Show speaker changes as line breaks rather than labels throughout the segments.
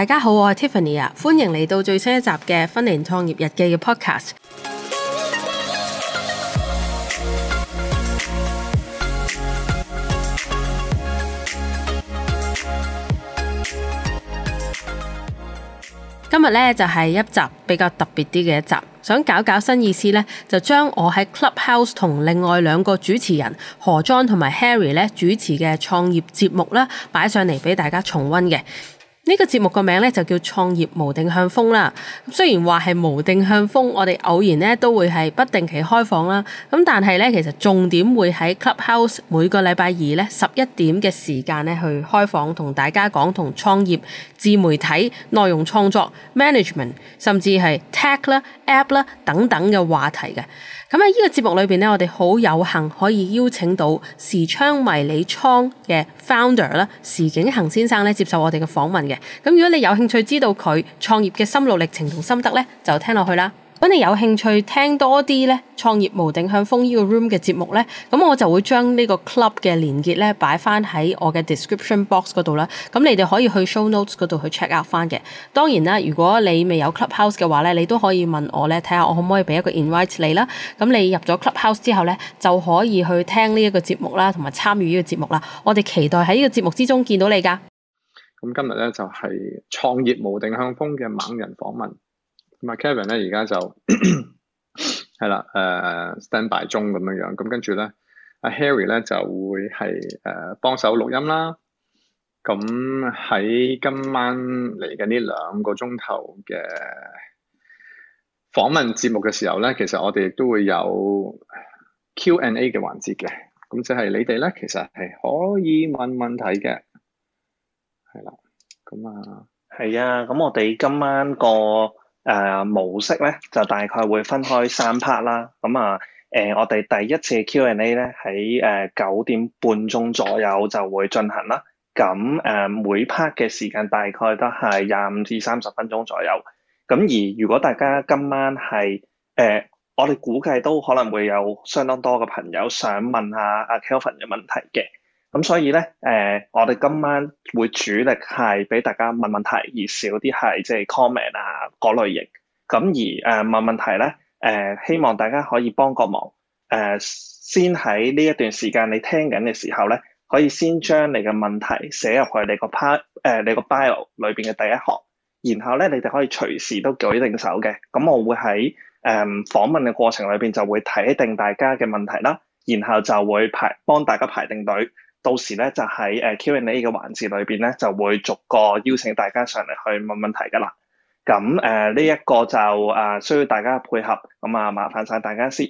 大家好，我係 Tiffany 啊，歡迎嚟到最新一集嘅《芬尼創業日記》Podcast。今日咧就係一集比較特別啲嘅一集，想搞搞新意思咧，就將我喺 Clubhouse 同另外兩個主持人何 John 同埋 Harry 咧主持嘅創業節目啦，擺上嚟俾大家重溫嘅。呢個節目個名咧就叫創業無定向瘋啦。雖然話係無定向瘋，我哋偶然咧都會係不定期開房啦。咁但係咧，其實重點會喺 Clubhouse 每個禮拜二咧，十一點嘅時間咧去開房同大家講同創業、自媒體內容創作、management 甚至係 tech 啦、app 啦等等嘅話題嘅。咁喺呢個節目裏面呢，我哋好有幸可以邀請到時昌迷你倉嘅 founder 時時景恆先生呢，接受我哋嘅訪問嘅。咁如果你有興趣知道佢創業嘅心路歷程同心得呢，就聽落去啦。如果你有興趣聽多啲咧，創業無定向瘋呢個 room 嘅節目咧，咁我就會將呢個 club 嘅連結咧擺翻喺我嘅 description box 嗰度啦。咁你哋可以去 show notes 嗰度去 check out 翻嘅。當然啦，如果你未有 clubhouse 嘅話咧，你都可以問我咧，睇下我可唔可以俾一個 invite 你啦。咁你入咗 clubhouse 之後咧，就可以去聽呢一個節目啦，同埋參與呢個節目啦。我哋期待喺呢個節目之中見到你噶。
咁今日咧就係創業無定向瘋嘅猛人訪問。咁啊 Kevin 咧而家就係啦誒、 呃、standby 中咁樣樣，咁跟住咧阿 Harry 咧就會係誒、呃、幫手錄音啦。咁喺今晚嚟緊呢兩個鐘頭嘅訪問節目嘅時候咧，其實我哋亦都會有 Q&A 嘅環節嘅。咁即係你哋咧，其實
係可以問問題嘅。係啦。咁啊。係啊。咁我哋今晚個誒、呃、模式咧，就大概會分開三 part 啦。咁啊，誒、呃、我哋第一次 Q&A 咧，喺九、呃、點半鐘左右就會進行啦。咁誒、呃、每 part 嘅時間大概都係廿五至三十分鐘左右。咁而如果大家今晚係誒、呃，我哋估計都可能會有相當多嘅朋友想問下阿、啊、Kelvin 嘅問題嘅。咁所以咧，誒、呃，我哋今晚會主力係俾大家問問題，而少啲係即係 comment 啊嗰類型。咁而誒、呃、問問題咧，誒、呃、希望大家可以幫個忙，誒、呃、先喺呢一段時間你聽緊嘅時候咧，可以先將你嘅問題寫入去你個 part 誒你個 bio 裏面嘅第一行，然後咧你哋可以隨時都舉定手嘅。咁我會喺誒、呃、訪問嘅過程裏面就會睇定大家嘅問題啦，然後就會排幫大家排定隊。到時咧就喺 Q&A 嘅環節裏面咧，就會逐個邀請大家上嚟去問問題噶啦。咁誒呢一個就誒、呃、需要大家配合，咁啊麻煩晒大家先。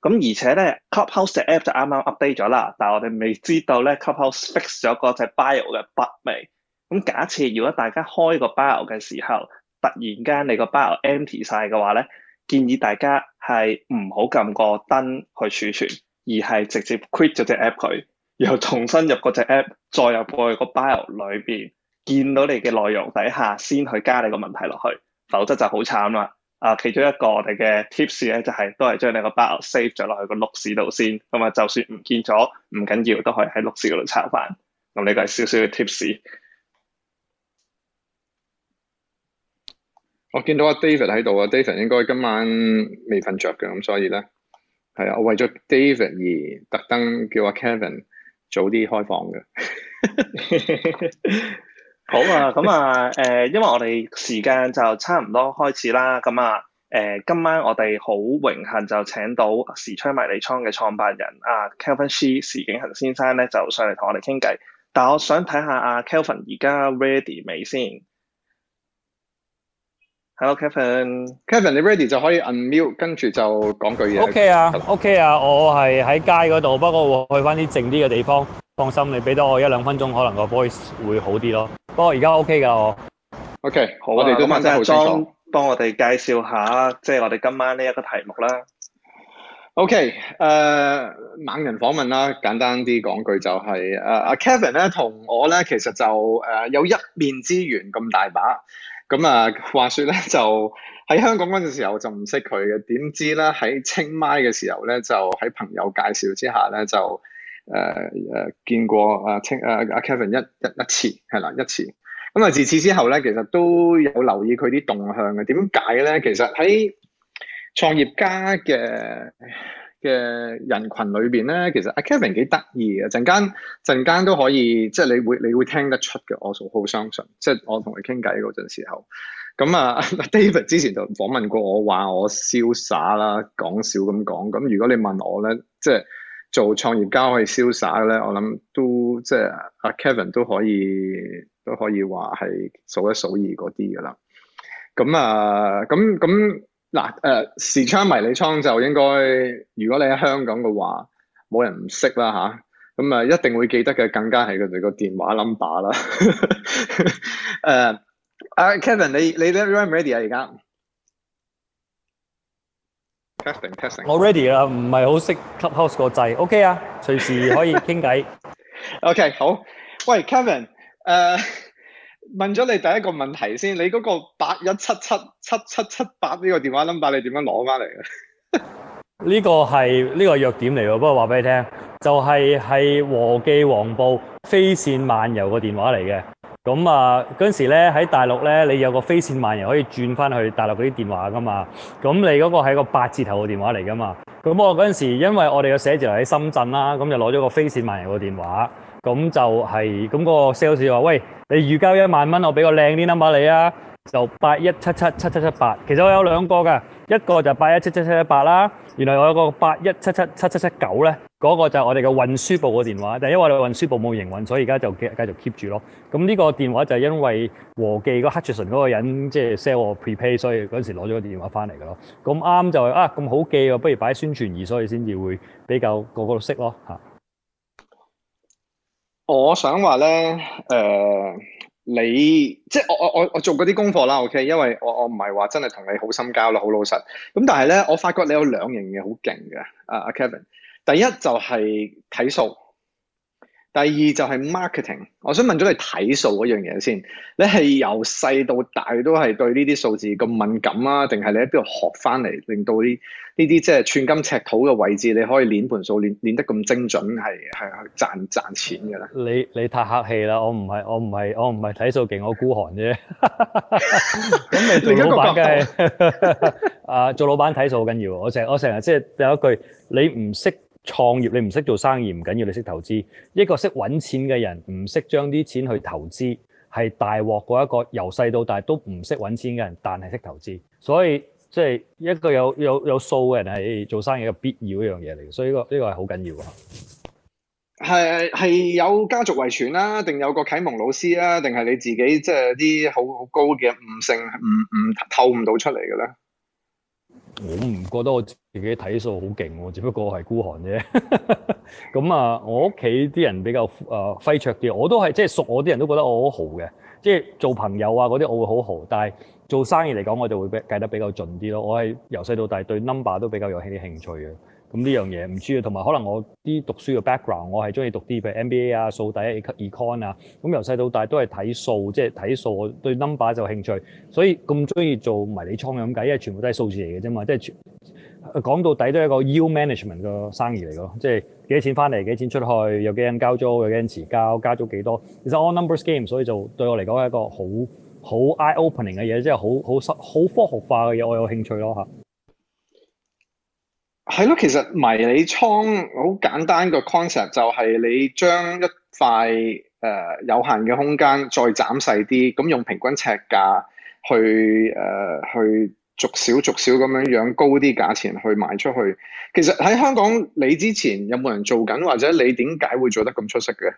咁而且咧 Clubhouse 嘅 app 就啱啱 update 咗啦，但我哋未知道咧 Clubhouse fix 咗嗰隻 bio 嘅 bug 未。咁假設如果大家開個 bio 嘅時候，突然間你個 bio empty 晒嘅話咧，建議大家係唔好撳個燈去儲存，而係直接 quit 咗隻 app 佢。又重新入嗰隻 app，再入去個 bio 裏邊，見到你嘅內容底下先去加你個問題落去，否則就好慘啦。啊，其中一個我哋嘅 tips 咧，就係、係、都係將你個 bio save 咗落去個錄事度先。咁啊，就算唔見咗，唔緊要，都可以喺錄事度抄返。咁呢個係少少嘅 tips。
我見到阿 David 喺度啊，David 應該今晚未瞓着嘅，咁所以咧，係啊，我為咗 David 而特登叫阿 Kevin。早啲開放嘅。
好啊，咁啊，誒，因為我哋時間就差唔多開始啦，咁、嗯、啊，誒、嗯，今晚我哋好榮幸就請到時昌迷你倉嘅創辦人啊 Kelvin She、e, 時景恆先生咧，就上嚟同我哋傾偈。但我想睇下啊 Kelvin 而家 ready 未先。
Hello Kevin Kevin，你 ready 就可以 unmute，跟住就講句嘢。O、okay、K 啊
吧，O、okay、K 啊，我係喺街嗰度，不過我去翻啲靜啲嘅地方。放心，你俾多我一兩分鐘，可能個 voice 會，會好啲咯。不過而家 O K 噶，我 O K。Okay, 好啊、我哋今晚真係好清楚。
幫我哋介紹下，即、就、係、是、我哋今晚呢一個題目啦。
O K，誒，猛人訪問啦，簡單啲講句就係、是、誒，阿、呃、Kevin 咧同我咧，其實就誒、呃、有一面之緣咁大把。咁啊，話説咧就喺香港嗰陣時候就唔識佢嘅，點知咧喺清邁嘅時候咧就喺朋友介紹之下咧就誒誒、呃、見過啊清啊啊 Kevin 一一一次係啦一次，咁啊自此之後咧其實都有留意佢啲動向嘅，點解咧？其實喺創業家嘅。嘅人群裏邊咧，其實阿 Kevin 幾得意嘅，陣間陣間都可以，即係你會你會聽得出嘅，我好相信。即係我同佢傾偈嗰陣時候，咁啊，David 之前就訪問過我，話我瀟灑啦，講笑咁講。咁如果你問我咧，即係做創業家可以瀟灑咧，我諗都即係、啊、阿 Kevin 都可以都可以話係數一數二嗰啲㗎喇。咁啊，咁咁。嗱，誒、啊、時昌迷你倉就應該，如果你喺香港嘅話，冇人唔識啦嚇，咁啊一定會記得嘅，更加係佢哋個電話 number 啦。誒，阿 Kevin，你你你 ready 啊？而家
testing，testing，我 ready 啊，唔係好識 clubhouse 個掣。OK 啊，隨時可以傾偈。 OK，好，喂，Kevin，誒、uh。問咗你第一個問題先，
你嗰個八一七七七七七八呢個電話 number 你點樣攞翻嚟嘅？
呢 個係呢、呢個弱點嚟喎，不過話俾你聽，就係、係、係和記黃埔飛線漫遊個電話嚟嘅。咁啊嗰陣時咧喺大陸咧，你有個飛線漫遊可以轉翻去大陸嗰啲電話噶嘛。咁你嗰個係個八字頭嘅電話嚟噶嘛。咁我嗰陣時因為我哋嘅寫字樓喺深圳啦，咁就攞咗個飛線漫遊個電話。咁就係、是、咁、咁個 sales 話，喂，你預交一萬蚊，我俾個靚啲 number 你啊，就八一七七七七七八。78, 其實我有兩個噶，一個就八一七七七七八啦，原來我有個八一七七七七七九咧，嗰個就係我哋嘅運輸部嘅電話。但係因為我哋運輸部冇營運，所以而家就繼續 keep 住咯。咁呢個電話就係因為和記個 Hutchison 嗰個人即係 sell 我 prepay，所以嗰時攞咗個電話翻嚟噶咯。咁啱就係、啊咁好記喎，不如擺宣傳儀，所以先至會比較個個都識咯吓。
我想話咧，誒、呃，你即係我我我我做嗰啲功課啦，OK？因為我我唔係話真係同你好深交啦，好老實。咁但係咧，我發覺你有兩樣嘢好勁嘅，阿阿、uh, Kevin。第一就係睇數。第二就係 marketing，我想問咗你睇數嗰樣嘢先。你係由細到大都係對呢啲數字咁敏感啊？定係你喺邊度學翻嚟，令到呢呢啲即係寸金尺土嘅位置，你可以練盤數練練得咁精準，係係賺賺錢嘅
咧？
你你太客氣啦！我唔係我唔係我唔係睇數勁，我孤寒啫。
咁 你做老闆嘅，
啊做老闆睇數好緊要。我成我成日即係有一句，你唔識。創業你唔識做生意唔緊要，你識投資。一個識揾錢嘅人唔識將啲錢去投資，係大鑊過一個由細到大都唔識揾錢嘅人，但係識投資。所以即係一個有有有數嘅人係做生意嘅必要一樣嘢嚟嘅，所以呢個呢個係好緊要啊。
係係
有家族遺傳啦，定有個啟蒙老師啊，定係你自己即係啲好好高嘅悟性，唔唔透唔到出嚟嘅咧？
我唔覺得我自己睇數好勁喎，只不過係孤寒啫。咁啊，我屋企啲人比較啊揮霍啲，我都係即係熟我啲人都覺得我好豪嘅，即係做朋友啊嗰啲我會好豪，但係做生意嚟講我就會計得比較盡啲咯。我係由細到大對 number 都比較有啲興趣嘅。咁呢樣嘢唔知啊，同埋可能我啲讀書嘅 background，我係中意讀啲譬如 MBA 啊、數底 e econ 啊，咁由細到大都係睇數，即係睇數，我對 number 就興趣，所以咁中意做迷你倉咁解，因為全部都係數字嚟嘅啫嘛，即係講到底都係一個 yield management 嘅生意嚟咯，即係幾錢翻嚟、幾錢出去，有幾人交租、有幾人遲交、交咗幾多，其實 all numbers game，所以就對我嚟講係一個好好 eye opening 嘅嘢，即係好好好科學化嘅嘢，我有興趣咯嚇。
係咯，其實迷你倉好簡單，個 concept 就係你將一塊誒、呃、有限嘅空間再斬細啲，咁用平均尺價去誒、呃、去逐少逐少咁樣樣高啲價錢去賣出去。其實喺香港，你之前有冇人做緊，或者你點解會做得咁出色嘅？誒、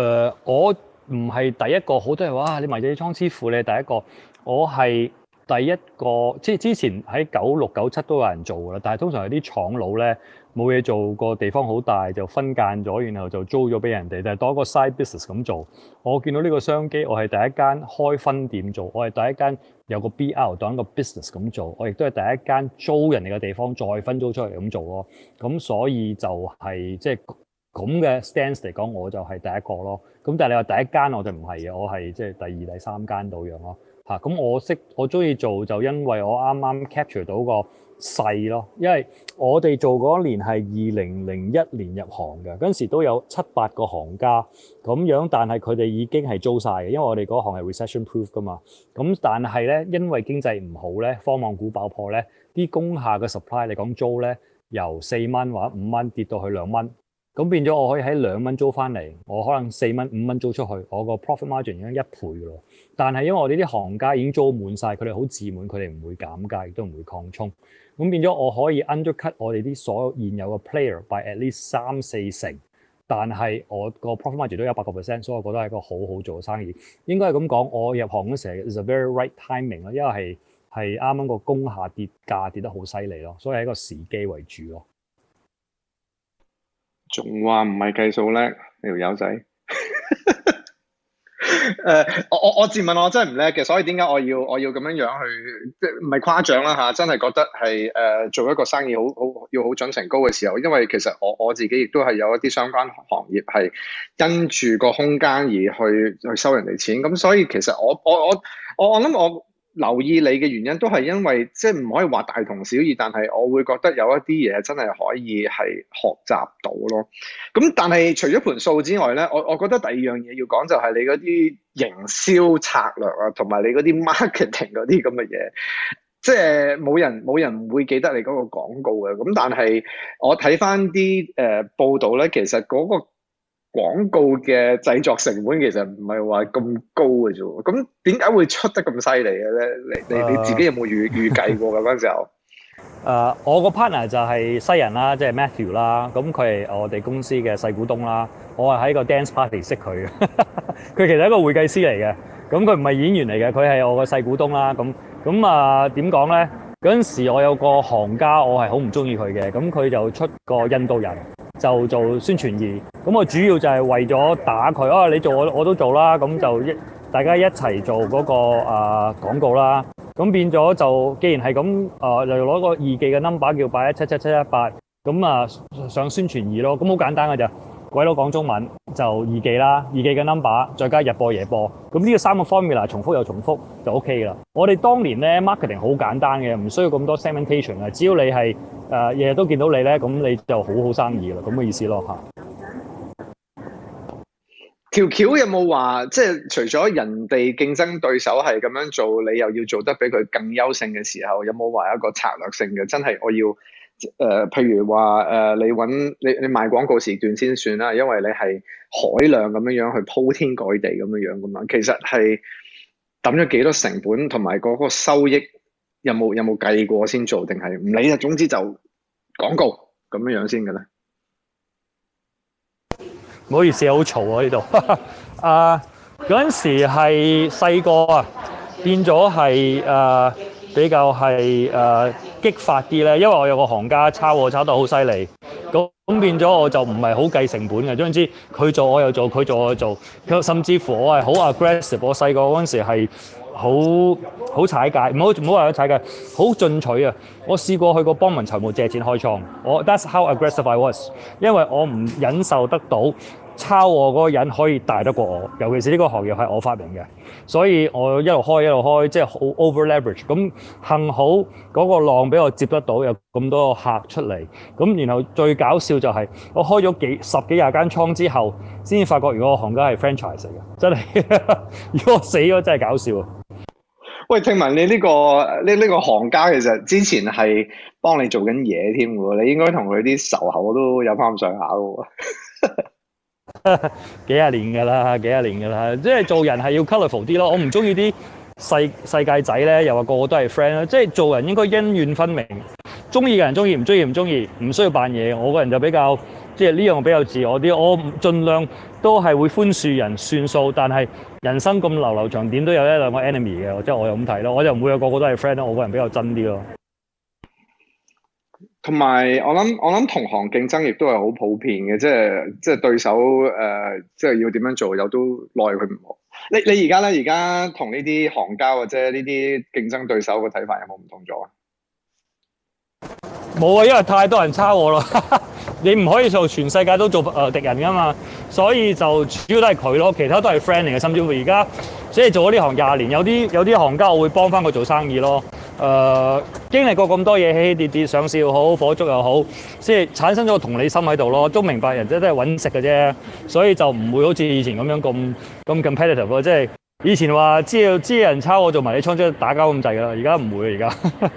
呃，我唔係第一個，好多人話、啊、你迷你倉師傅，你，第一個我係。第一個即係之前喺九六九七都有人做啦，但係通常係啲廠佬咧冇嘢做，個地方好大就分間咗，然後就租咗俾人哋，但係當一個 side business 咁做。我見到呢個商機，我係第一間開分店做，我係第一間有個 BR 當一個 business 咁做，我亦都係第一間租人哋嘅地方再分租出嚟咁做咯。咁所以就係即係咁嘅 stance 嚟講，我就係第一個咯。咁但係你話第一間我就唔係嘅，我係即係第二、第三間度樣咯。吓，咁、啊、我識我中意做就因為我啱啱 capture 到個勢咯，因為我哋做嗰年係二零零一年入行嘅，嗰時都有七八個行家咁樣，但係佢哋已經係租晒嘅，因為我哋嗰行係 recession proof 噶嘛。咁但係咧，因為經濟唔好咧，科網股爆破咧，啲工廈嘅 supply 你講租咧，由四蚊或者五蚊跌到去兩蚊。咁變咗我可以喺兩蚊租翻嚟，我可能四蚊五蚊租出去，我個 profit margin 已經一倍咯。但係因為我哋啲行家已經租滿晒，佢哋好自滿，佢哋唔會減價亦都唔會擴充。咁變咗我可以 undercut 我哋啲所有現有嘅 player by at least 三四成，但係我個 profit margin 都有一百個 percent，所以我覺得係一個好好做嘅生意。應該係咁講，我入行嗰時係 it's a very right timing 咯，因為係啱啱個工下跌價跌得好犀利咯，所以係一個時機為主咯。
仲話唔係計數叻，你條友仔？誒，我我我自問我真係唔叻嘅，所以點解我要我要咁樣樣去？即係唔係誇張啦嚇、啊？真係覺得係誒、呃、做一個生意好好要好準成高嘅時候，因為其實我我自己亦都係有一啲相關行業係跟住個空間而去去收人哋錢，咁所以其實我我我我我我。諗我我留意你嘅原因都係因為，即係唔可以話大同小異，但係我會覺得有一啲嘢真係可以係學習到咯。咁但係除咗盤數之外咧，我我覺得第二樣嘢要講就係你嗰啲營銷策略啊，同埋你嗰啲 marketing 嗰啲咁嘅嘢，即係冇人冇人唔會記得你嗰個廣告嘅。咁但係我睇翻啲誒報道咧，其實嗰、嗰個。廣告嘅製作成本其實唔係話咁高嘅啫，咁點解會出得咁犀利嘅咧？你你你自己有冇預預計過嗰陣時候？
誒，我個 partner 就係西人啦，即係 Matthew 啦，咁佢係我哋公司嘅細股東啦。我係喺個 dance party 識佢嘅，佢其實係一個會計師嚟嘅，咁佢唔係演員嚟嘅，佢係我個細股東啦。咁咁啊，點講咧？嗰陣時我有個行家，我係好唔中意佢嘅，咁佢就出個印度人就做宣傳員。咁我主要就係為咗打佢啊！你做我我都做啦，咁就一大家一齊做嗰、嗰個啊、呃、廣告啦。咁變咗就，既然係咁啊，就攞個二記嘅 number 叫八一七七七一八，咁、呃、啊上宣傳二咯。咁好簡單嘅啫，鬼佬講中文就二記啦，二記嘅 number 再加日播夜播，咁呢個三個 formula 重複又重複就 OK 啦。我哋當年咧 marketing 好簡單嘅，唔需要咁多 segmentation 啊。只要你係誒日日都見到你咧，咁你就好好生意啦。咁嘅意思咯嚇。
條橋有冇話，即係除咗人哋競爭對手係咁樣做，你又要做得比佢更優勝嘅時候，有冇話一個策略性嘅？真係我要，誒、呃，譬如話誒、呃，你揾你你賣廣告時段先算啦，因為你係海量咁樣樣去鋪天蓋地咁樣樣咁啊，其實係抌咗幾多成本同埋嗰個收益有冇有冇計過先做定係唔理啊？總之就廣告咁樣樣先嘅喇。
唔好意思，好嘈啊呢度。啊、 uh，嗰陣時係細個啊，變咗係誒比較係誒、uh, 激發啲咧，因為我有個行家抄我，抄得好犀利。咁咁變咗我就唔係好計成本嘅。總之，佢做我又做，佢做，佢做我又做，做，做。甚至乎我係好 aggressive。我細個嗰陣時係好好踩界，唔好唔好話去踩界，好進取啊！我試過去過幫民財務借錢開倉。我 that's how aggressive I was，因為我唔忍受得到。抄我嗰個人可以大得過我，尤其是呢個行業係我發明嘅，所以我一路開一路開，即係好 over leverage 好。咁幸好嗰個浪俾我接得到，有咁多個客出嚟。咁然後最搞笑就係我開咗幾，幾十幾廿間倉之後，先發覺如果個行家係 franchise 嘅，真係 如果我死咗真係搞笑
啊。喂，聽聞你
呢、個呢呢、個個、行家其實之前係幫你做緊
嘢添喎，你應該同佢啲仇口都有返咁上下喎。
幾廿年噶啦，幾廿年噶啦，即係做人係要 colorful 啲咯。我唔中意啲世世界仔咧，又話個個都係 friend 啦。即係做人應該恩怨分明，中意嘅人中意，唔中意唔中意，唔需要扮嘢。我個人就比較即係呢樣比較自我啲，我盡量都係會寬恕人算數，但係人生咁流流長，點都有一兩個 enemy 嘅，即係我又咁睇咯，我就唔會有個個都係 friend 咯。我個人比較真啲咯。
同埋我諗我諗同行競爭亦都係好普遍嘅，即係即係對手誒，即係要點樣做，有都耐佢唔好。你你而家咧，而家同呢啲行家或者呢啲競爭對手個睇法有冇唔同咗啊？
冇啊，因為太多人抄我咯。 你唔可以做全世界都做誒敵人噶嘛，所以就主要都係佢咯，其他都係 friend 嚟嘅，甚至乎而家即係做咗呢行廿年，有啲有啲行家我會幫翻佢做生意咯。誒、uh, 經歷過咁多嘢，起起跌跌，上市又好，火燭又好，先產生咗個同理心喺度咯，都明白人即都係揾食嘅啫，所以就唔會好似以前咁樣咁咁 competitive 咯，即係以前話知要知人抄我做迷你倉，即係打交咁滯噶啦，而家唔會，而家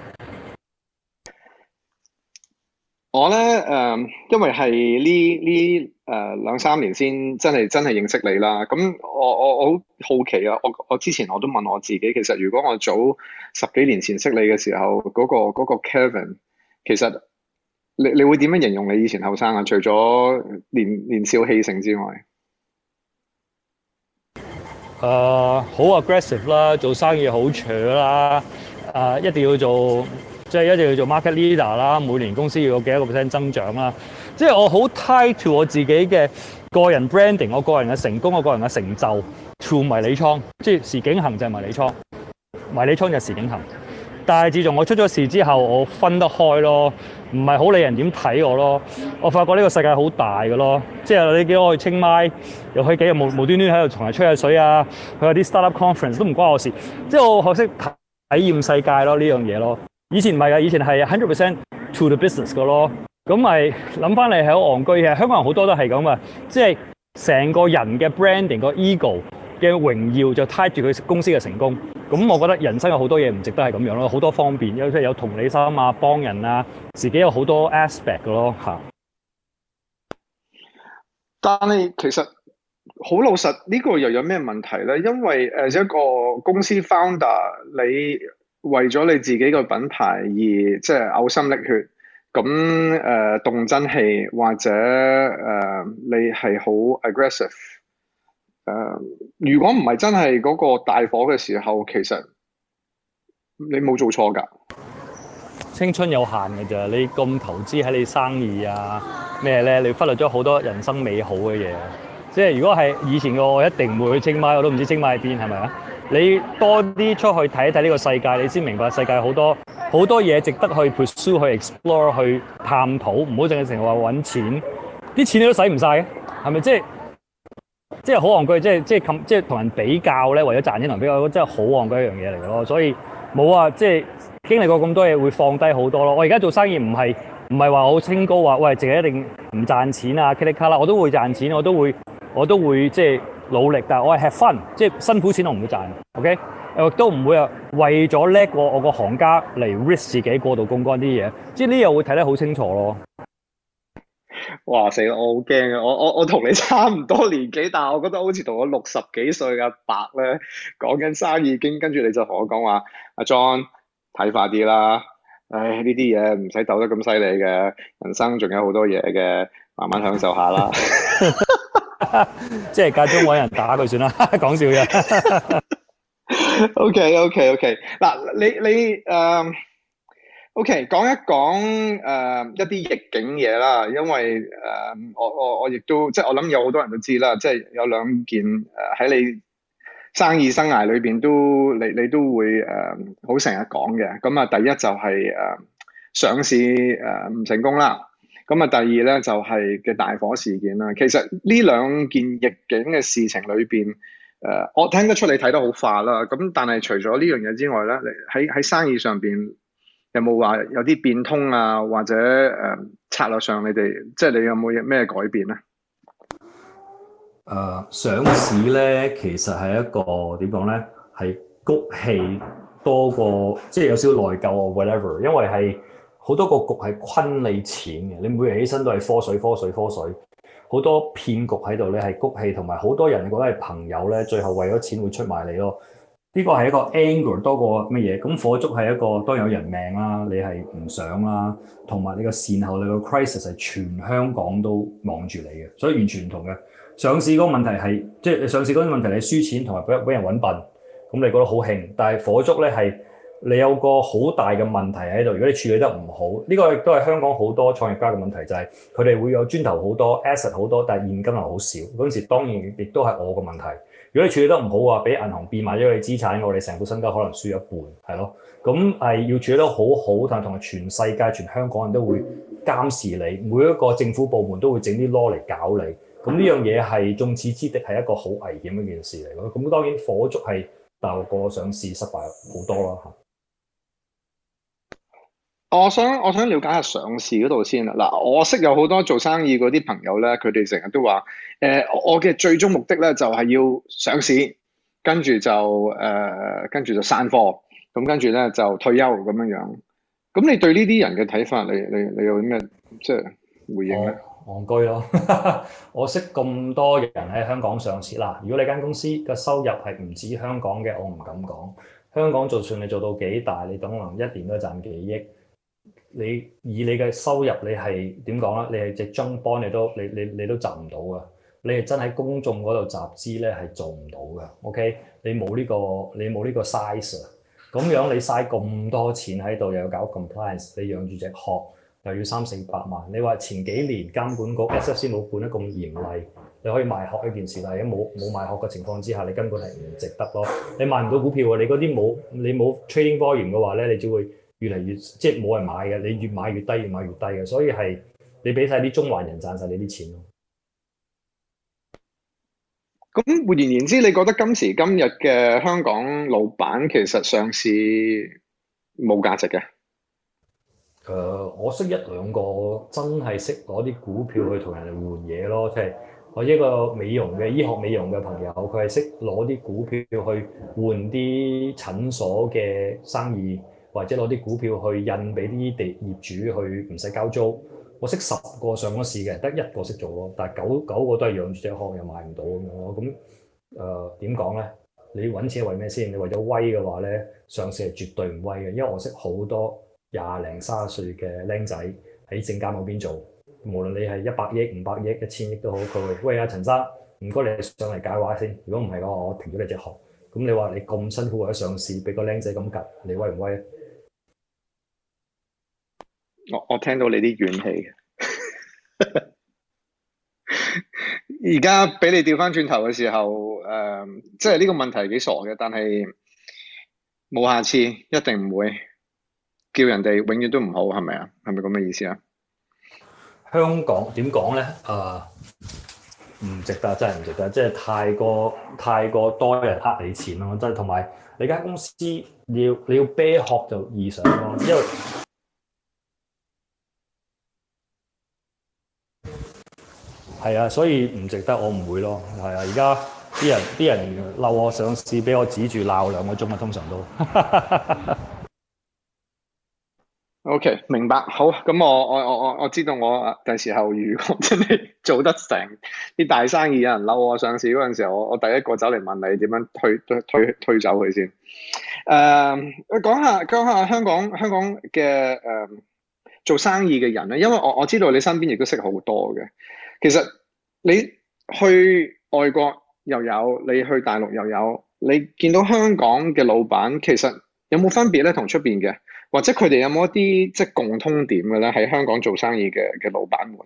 我咧誒、呃，因為係呢呢。誒、uh, 兩三年先真係真係認識你啦。咁我我我好好奇啊！我我之前我都問我自己，其實如果我早十幾年前識你嘅時候，嗰、那個那個 Kevin，其實你你會點樣形容你以前後生啊？除咗年年少氣盛之外，
誒好、uh, aggressive 啦，做生意好搶啦，誒、uh, 一定要做即係、就是、一定要做 market leader 啦，每年公司要有幾多個 percent 增長啦。即係我好 tie to 我自己嘅個人 branding，我個人嘅成功，我個人嘅成就，to 迷你倉，即係時景恆就係迷你倉，迷你倉就係時景恆。但係自從我出咗事之後，我分得開咯，唔係好理人點睇我咯。我發覺呢個世界好大㗎咯，即係你幾多去清邁，又去幾幾日無無端端喺度同人吹下水啊。去下啲 startup conference 都唔關我事。即係我學識體驗世界咯，呢樣嘢咯。以前唔係㗎，以前係 hundred percent to the business 㗎咯。咁咪諗翻嚟係好戇居嘅，香港人好多都係咁啊！即係成個人嘅 branding 個 ego 嘅榮耀就 tie 住佢公司嘅成功。咁我覺得人生有好多嘢唔值得係咁樣咯，好多方便，有即係有同理心啊，幫人啊，自己有好多 aspect 嘅咯吓。
但係其實好老實，呢個又有咩問題咧？因為誒一個公司 founder，你為咗你自己個品牌而即係嘔心瀝血。咁誒、呃、動真氣，或者、呃、你係好 aggressive、呃、如果唔係真係嗰個大火嘅時候，其實你冇做錯㗎。
青春有限嘅咋，你咁投資喺你生意啊咩咧，你忽略咗好多人生美好嘅嘢。即係如果係以前嘅我，一定唔會去清邁，我都唔知清邁喺邊係咪啊？你多啲出去睇一睇呢個世界，你先明白世界好多好多嘢值得去 pursue、去 explore、去探討。唔好淨係成日話揾錢，啲錢你都使唔晒嘅，係咪？即係即係好戇居，即係係咁，即係同人比較咧，為咗賺錢同人比較，真係好戇居一樣嘢嚟嘅咯。所以冇啊，即係經歷過咁多嘢，會放低好多咯。我而家做生意唔係唔係話好清高話，喂，自己一定唔賺錢啊，卡哩卡啦，我都會賺錢，我都會我都會即係。就是努力，但係我係 have fun，即係辛苦錢我唔會賺，OK？誒都唔會話為咗叻過我個行家嚟 risk 自己過度公關啲嘢，即係呢啲嘢會睇得好清楚咯。
嘩死啦，我好驚啊！我我我同你差唔多年紀，但我覺得好似同我六十幾歲嘅伯咧講緊生意經，跟住你就同我講話阿 John 睇快啲啦！唉，呢啲嘢唔使鬥得咁犀利嘅，人生仲有好多嘢嘅，慢慢享受下啦。
即係假裝揾人打佢算啦，講笑啫。 OK OK OK，
嗱你你誒、uh,，OK 講一講誒、uh, 一啲逆境嘢啦，因為誒、uh, 我我我亦都即係我諗有好多人都知啦，即係有兩件喺、uh, 你生意生涯裏邊都你你都會誒好成日講嘅。咁、uh, 啊、嗯，第一就係誒上市誒唔成功啦。咁啊，第二咧就係嘅大火事件啦。其實呢兩件逆境嘅事情裏邊，誒，我聽得出你睇得好快啦。咁但係除咗呢樣嘢之外咧，喺喺生意上邊有冇話有啲變通啊，或者誒策略上你哋即係你有冇咩改變咧？
誒、呃、上市咧，其實係一個點講咧，係谷氣多過，即係有少少內疚啊。Whatever，因為係。好多個局係昆你錢嘅，你每日起身都係科水科水科水，好多騙局喺度咧係谷氣，同埋好多人覺得係朋友咧，最後為咗錢會出賣你咯。呢個係一個 anger 多過乜嘢？咁火燭係一個當然有人命啦，你係唔想啦，同埋你個善後你個 crisis 係全香港都望住你嘅，所以完全唔同嘅。上市嗰個問題係即係上市嗰個問題，你輸錢同埋俾俾人揾笨，咁你覺得好興，但係火燭咧係。你有個好大嘅問題喺度，如果你處理得唔好，呢、這個亦都係香港好多創業家嘅問題，就係佢哋會有磚頭好多 asset 好多，但係現金又好少。嗰陣時當然亦都係我嘅問題。如果你處理得唔好話俾銀行變賣咗你資產，我哋成個身家可能輸一半，係咯。咁、嗯、係、嗯、要處理得好好，但同埋全世界、全香港人都會監視你，每一個政府部門都會整啲 law 嚟搞你。咁呢樣嘢係眾矢之的，係一個好危險嘅件事嚟咯。咁、嗯、當然火燭係大陸個上市失敗好多啦我想我
想了解下上市嗰度先啦。嗱，我識有好多做生意嗰啲朋友咧，佢哋成日都話：誒、呃，我嘅最終目的咧就係要上市，跟住就誒、呃，跟住就散貨，咁跟住咧就退休咁樣樣。咁你對呢啲人嘅睇法，你你你有咩即係回應咧？
戇居咯， 我識咁多人喺香港上市啦。如果你間公司嘅收入係唔止香港嘅，我唔敢講。香港就算你做到幾大，你都可能一年都賺幾億。你以你嘅收入你係，你係點講咧？你係隻 junk bond 你都你你你都集唔到啊。你係真喺公眾嗰度集資咧，係做唔到噶。OK，你冇呢、呢個你冇呢個 size，咁樣你嘥咁多錢喺度，又要搞 compliance，你養住隻殼又要三四百萬。你話前幾年監管局 SFC 冇管得咁嚴厲，你可以賣殼呢件事，但係冇冇賣殼嘅情況之下，你根本係唔值得咯。你賣唔到股票你嗰啲冇你冇 trading volume 嘅話咧，你只會。越嚟越即係冇人買嘅，你越買越低，越買越低嘅，所以係你俾晒啲中環人賺晒你啲錢咯。
咁換言言之，你覺得今時今日嘅香港老闆其實上市冇價值嘅？
誒、呃，我識一兩個真係識攞啲股票去同人哋換嘢咯，即係我一個美容嘅醫學美容嘅朋友，佢係識攞啲股票去換啲診所嘅生意。或者攞啲股票去印俾啲地業主去，唔使交租。我識十個上咗市嘅，得一個識做咯。但係九九個都係養住隻殼，又買唔到咁樣。咁誒點講咧？你揾錢為咩先？你為咗威嘅話咧，上市係絕對唔威嘅。因為我識好多廿零三十歲嘅僆仔喺證監嗰邊做，無論你係一百億、五百億、一千億都好，佢會喂，啊陳生，唔該你上嚟解話先。如果唔係嘅話，我停咗你隻殼。咁你話你咁辛苦為咗上市，俾個僆仔咁及，你威唔威？
我我聽到你啲怨氣，而家俾你調翻轉頭嘅時候，誒、呃，即係呢個問題幾傻嘅，但係冇下次，一定唔會叫人哋永遠都唔好，係咪啊？係咪咁嘅意思啊？
香港點講咧？誒，唔值得，真係唔值得，即係太過太過多人黑你錢咯，即係同埋你間公司，你要你要啤殼就易上咯，之後。係啊，所以唔值得，我唔會咯。係啊，而家啲人啲人嬲我上市，俾我指住鬧兩個鐘啊，通常都。 o、
okay, K，明白。好，咁我我我我我知道我，我第時候如果真係做得成啲大生意，有人嬲我上市嗰陣時候我，我我第一個走嚟問你點樣推推推推走佢先。誒、uh，講下講下香港香港嘅誒、uh, 做生意嘅人咧，因為我我知道你身邊亦都識好多嘅。其實你去外國又有，你去大陸又有，你見到香港嘅老闆，其實有冇分別咧？同出邊嘅，或者佢哋有冇一啲即係共通點嘅咧？喺香港做生意嘅嘅老闆們，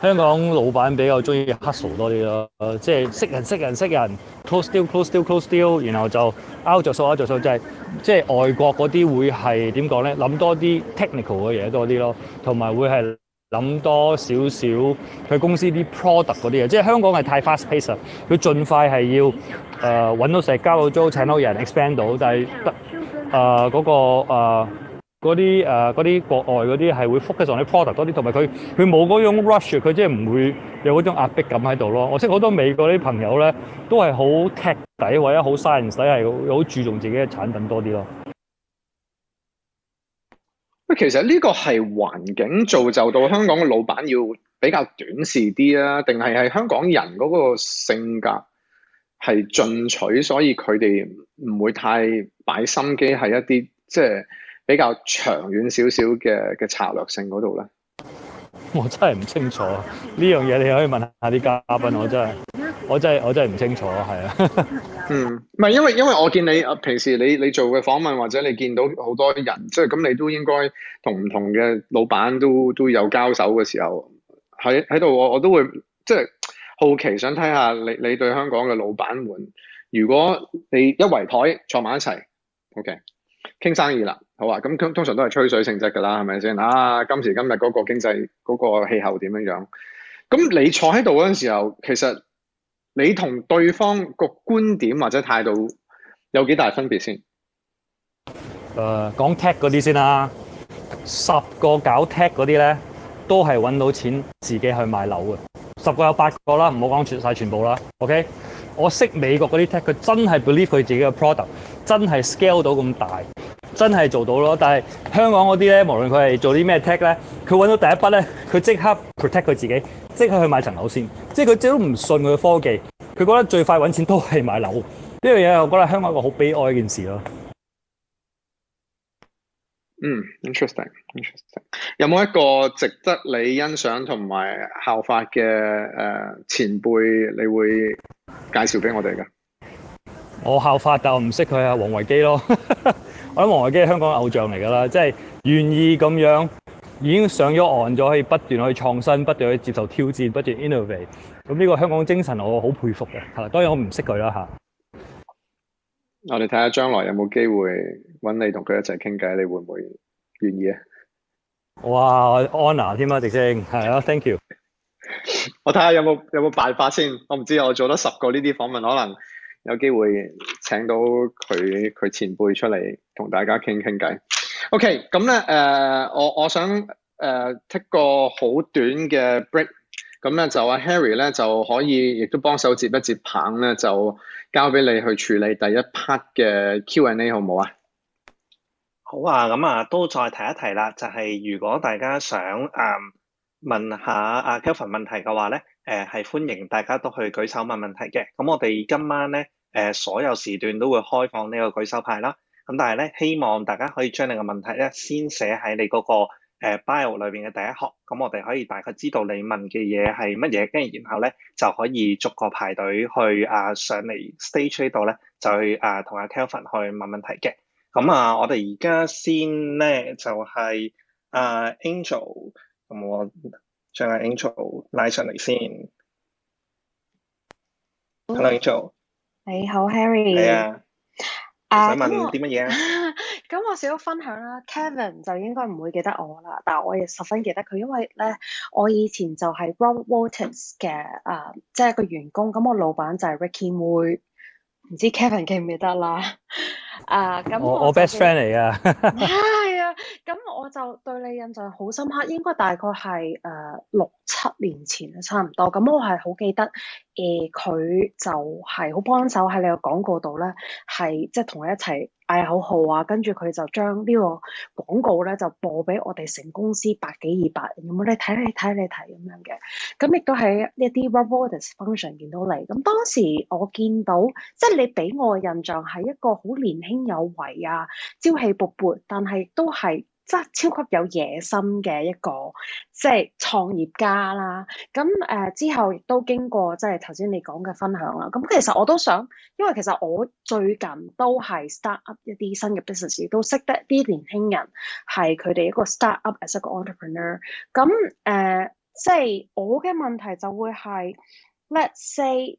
香港老闆比較中意 hustle 多啲咯，誒，即係識人、識人、識人，close deal、close deal、close deal，然後就 out 拗著數、拗著數，就係即係外國嗰啲會係點講咧？諗多啲 technical 嘅嘢，多啲咯，同埋會係。諗多少少佢公司啲 product 嗰啲嘢，即係香港係太 fast pace，佢盡快係要誒搵、呃、到食交到租，請到人 expand 到，但係誒嗰個誒嗰啲誒嗰啲國外嗰啲係會 focus on 啲 product 多啲，同埋佢佢冇嗰種 rush，佢即係唔會有嗰種壓迫感喺度咯。我識好多美國啲朋友咧，都係好 tech 底，或者好 science 底，係好注重自己嘅產品多啲咯。
其實呢個係環境造就到香港嘅老闆要比較短視啲啦，定係係香港人嗰個性格係進取，所以佢哋唔會太擺心機，喺一啲即係比較長遠少少嘅嘅策略性嗰度咧。
我真係唔清楚呢樣嘢，這件事你可以問下啲嘉賓，我真係。我真係我真係唔清楚，係啊， 嗯，唔係因為
因為我見你啊，平時你你做嘅訪問或者你見到好多人，即係咁你都應該同唔同嘅老闆都都有交手嘅時候，喺喺度我我都會即係好奇想睇下你你對香港嘅老闆們，如果你一圍台坐埋一齊，OK，傾生意啦，好啊，咁通常都係吹水性質噶啦，係咪先啊？今時今日嗰個經濟嗰個氣候點樣樣？咁你坐喺度嗰陣時候，其實。你同對方個觀點或者態度有幾大分別、uh, 先那
些？誒，講 tech 嗰啲先啦。十個搞 tech 嗰啲咧，都係揾到錢自己去買樓嘅。十個有八個啦，唔好講全晒全部啦。OK，我識美國嗰啲 tech，佢真係 believe 佢自己嘅 product，真係 scale 到咁大，真係做到咯。但係香港嗰啲咧，無論佢係做啲咩 tech 呢，咧，佢揾到第一筆咧，佢即刻 protect 佢自己。即係佢買層樓先，即係佢自己都唔信佢嘅科技，佢覺得最快揾錢都係買樓呢樣嘢。這個、我覺得香港一個好悲哀嘅一件事咯。嗯，interesting，interesting。Interesting,
Interesting. 有冇一個值得你欣賞同埋效法嘅誒前輩，你會介紹俾我哋㗎？
我效法，但我唔識佢啊，王維基咯。 我諗王維基係香港偶像嚟㗎喇，即係願意咁樣。已經上咗岸咗，可以不斷去創新，不斷去接受挑戰，不斷 innovate。咁呢個香港精神，我好佩服嘅。係啦，當然我唔識佢啦嚇。
我哋睇下將來有冇機會揾你同佢一齊傾偈，你會唔會願意啊？
哇！安娜添啊，迪星係啊，thank you。我睇下
有冇有冇辦法先。我唔知我做得十個呢啲訪問，可能有機會請到佢佢前輩出嚟同大家傾傾偈。O.K. 咁咧，誒、呃、我我想誒、呃、take 個好短嘅 break，咁咧就阿 Harry 咧就可以，亦都幫手接一接棒咧，就交俾你去處理第一 part 嘅 Q&A，好唔好啊？
好啊，咁啊都再提一提啦，就係、是、如果大家想誒、啊、問一下阿、啊、Kelvin 問題嘅話咧，誒、啊、係歡迎大家都去舉手問問題嘅。咁我哋今晚咧誒、啊、所有時段都會開放呢個舉手牌啦。咁但係咧，希望大家可以將你個問題咧先寫喺你嗰、嗰個、呃、bio 裏邊嘅第一行，咁我哋可以大概知道你問嘅嘢係乜嘢，跟住然後咧就可以逐個排隊去啊上嚟 stage 嗰度咧，就去啊同阿 Kelvin 去問問題嘅。咁啊，我哋而家先咧就係、係、啊 Angel，咁我將阿 Angel 拉上嚟先。Hello Angel，
你好 Harry。
係啊。
唔使、
uh, 問點乜嘢啦。咁、uh, 我，我少分享啦。Kevin 就應該唔會記得我啦，但係我亦十分記得佢，因為咧我以前就係 Robertson 嘅啊，即、uh, 係一個員工。咁我老闆就係 Ricky 妹，唔知 Kevin 記唔記得啦？啊、uh,，咁我我 best friend 嚟噶。咁我就對你印象好深刻，應該大概係誒六七年前差唔多。咁我係好記得，誒、呃、佢就係好幫手喺你個廣告度咧，係即係同佢一齊。嗌口號啊，跟住佢就將呢個廣告咧就播俾我哋成公司百幾二百人，我哋睇你睇你睇你睇咁樣嘅，咁亦都喺一啲 rewarding function 見到你。咁當時我見到，即係你俾我嘅印象係一個好年輕有為啊，朝氣勃勃，但係都係。即係超級有野心嘅一個即係、就是、創業家啦，咁誒、呃、之後亦都經過即係頭先你講嘅分享啦，咁其實我都想，因為其實我最近都係 start up 一啲新嘅 business，都識得啲年輕人係佢哋一個 start up as 一個 entrepreneur，咁誒即係我嘅問題就會係 let's say。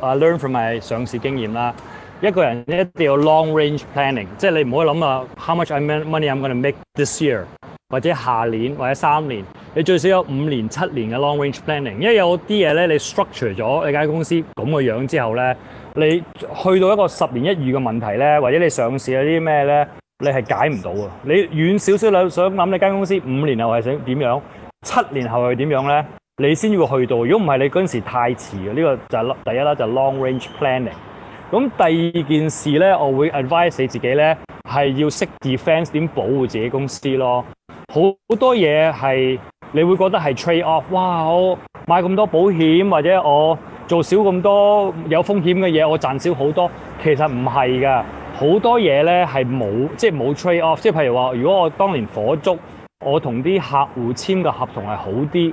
啊，learn from my 上市經驗啦。一個人一定要 long range planning，即係你唔好諗啊，how much I meant money I'm going to make this year，或者下年或者三年，你最少有五年七年嘅 long range planning。因為有啲嘢咧，你 structure 咗你間公司咁嘅樣之後咧，你去到一個十年一遇嘅問題咧，或者你上市有啲咩咧，你係解唔到啊。你遠少少你想諗你間公司五年後係想點樣，七年後係點樣咧？你先要去到，如果唔係你嗰陣時太遲嘅，呢個就係第一啦，就 long range planning。咁第二件事咧，我會 advise 你自己咧，係要識 defence 點保護自己公司咯。好多嘢係你會覺得係 trade off，哇！我買咁多保險，或者我做少咁多有風險嘅嘢，我賺少好多。其實唔係噶，好多嘢咧係冇，即係冇 trade off。即係譬如話，如果我當年火燭，我同啲客戶簽嘅合同係好啲。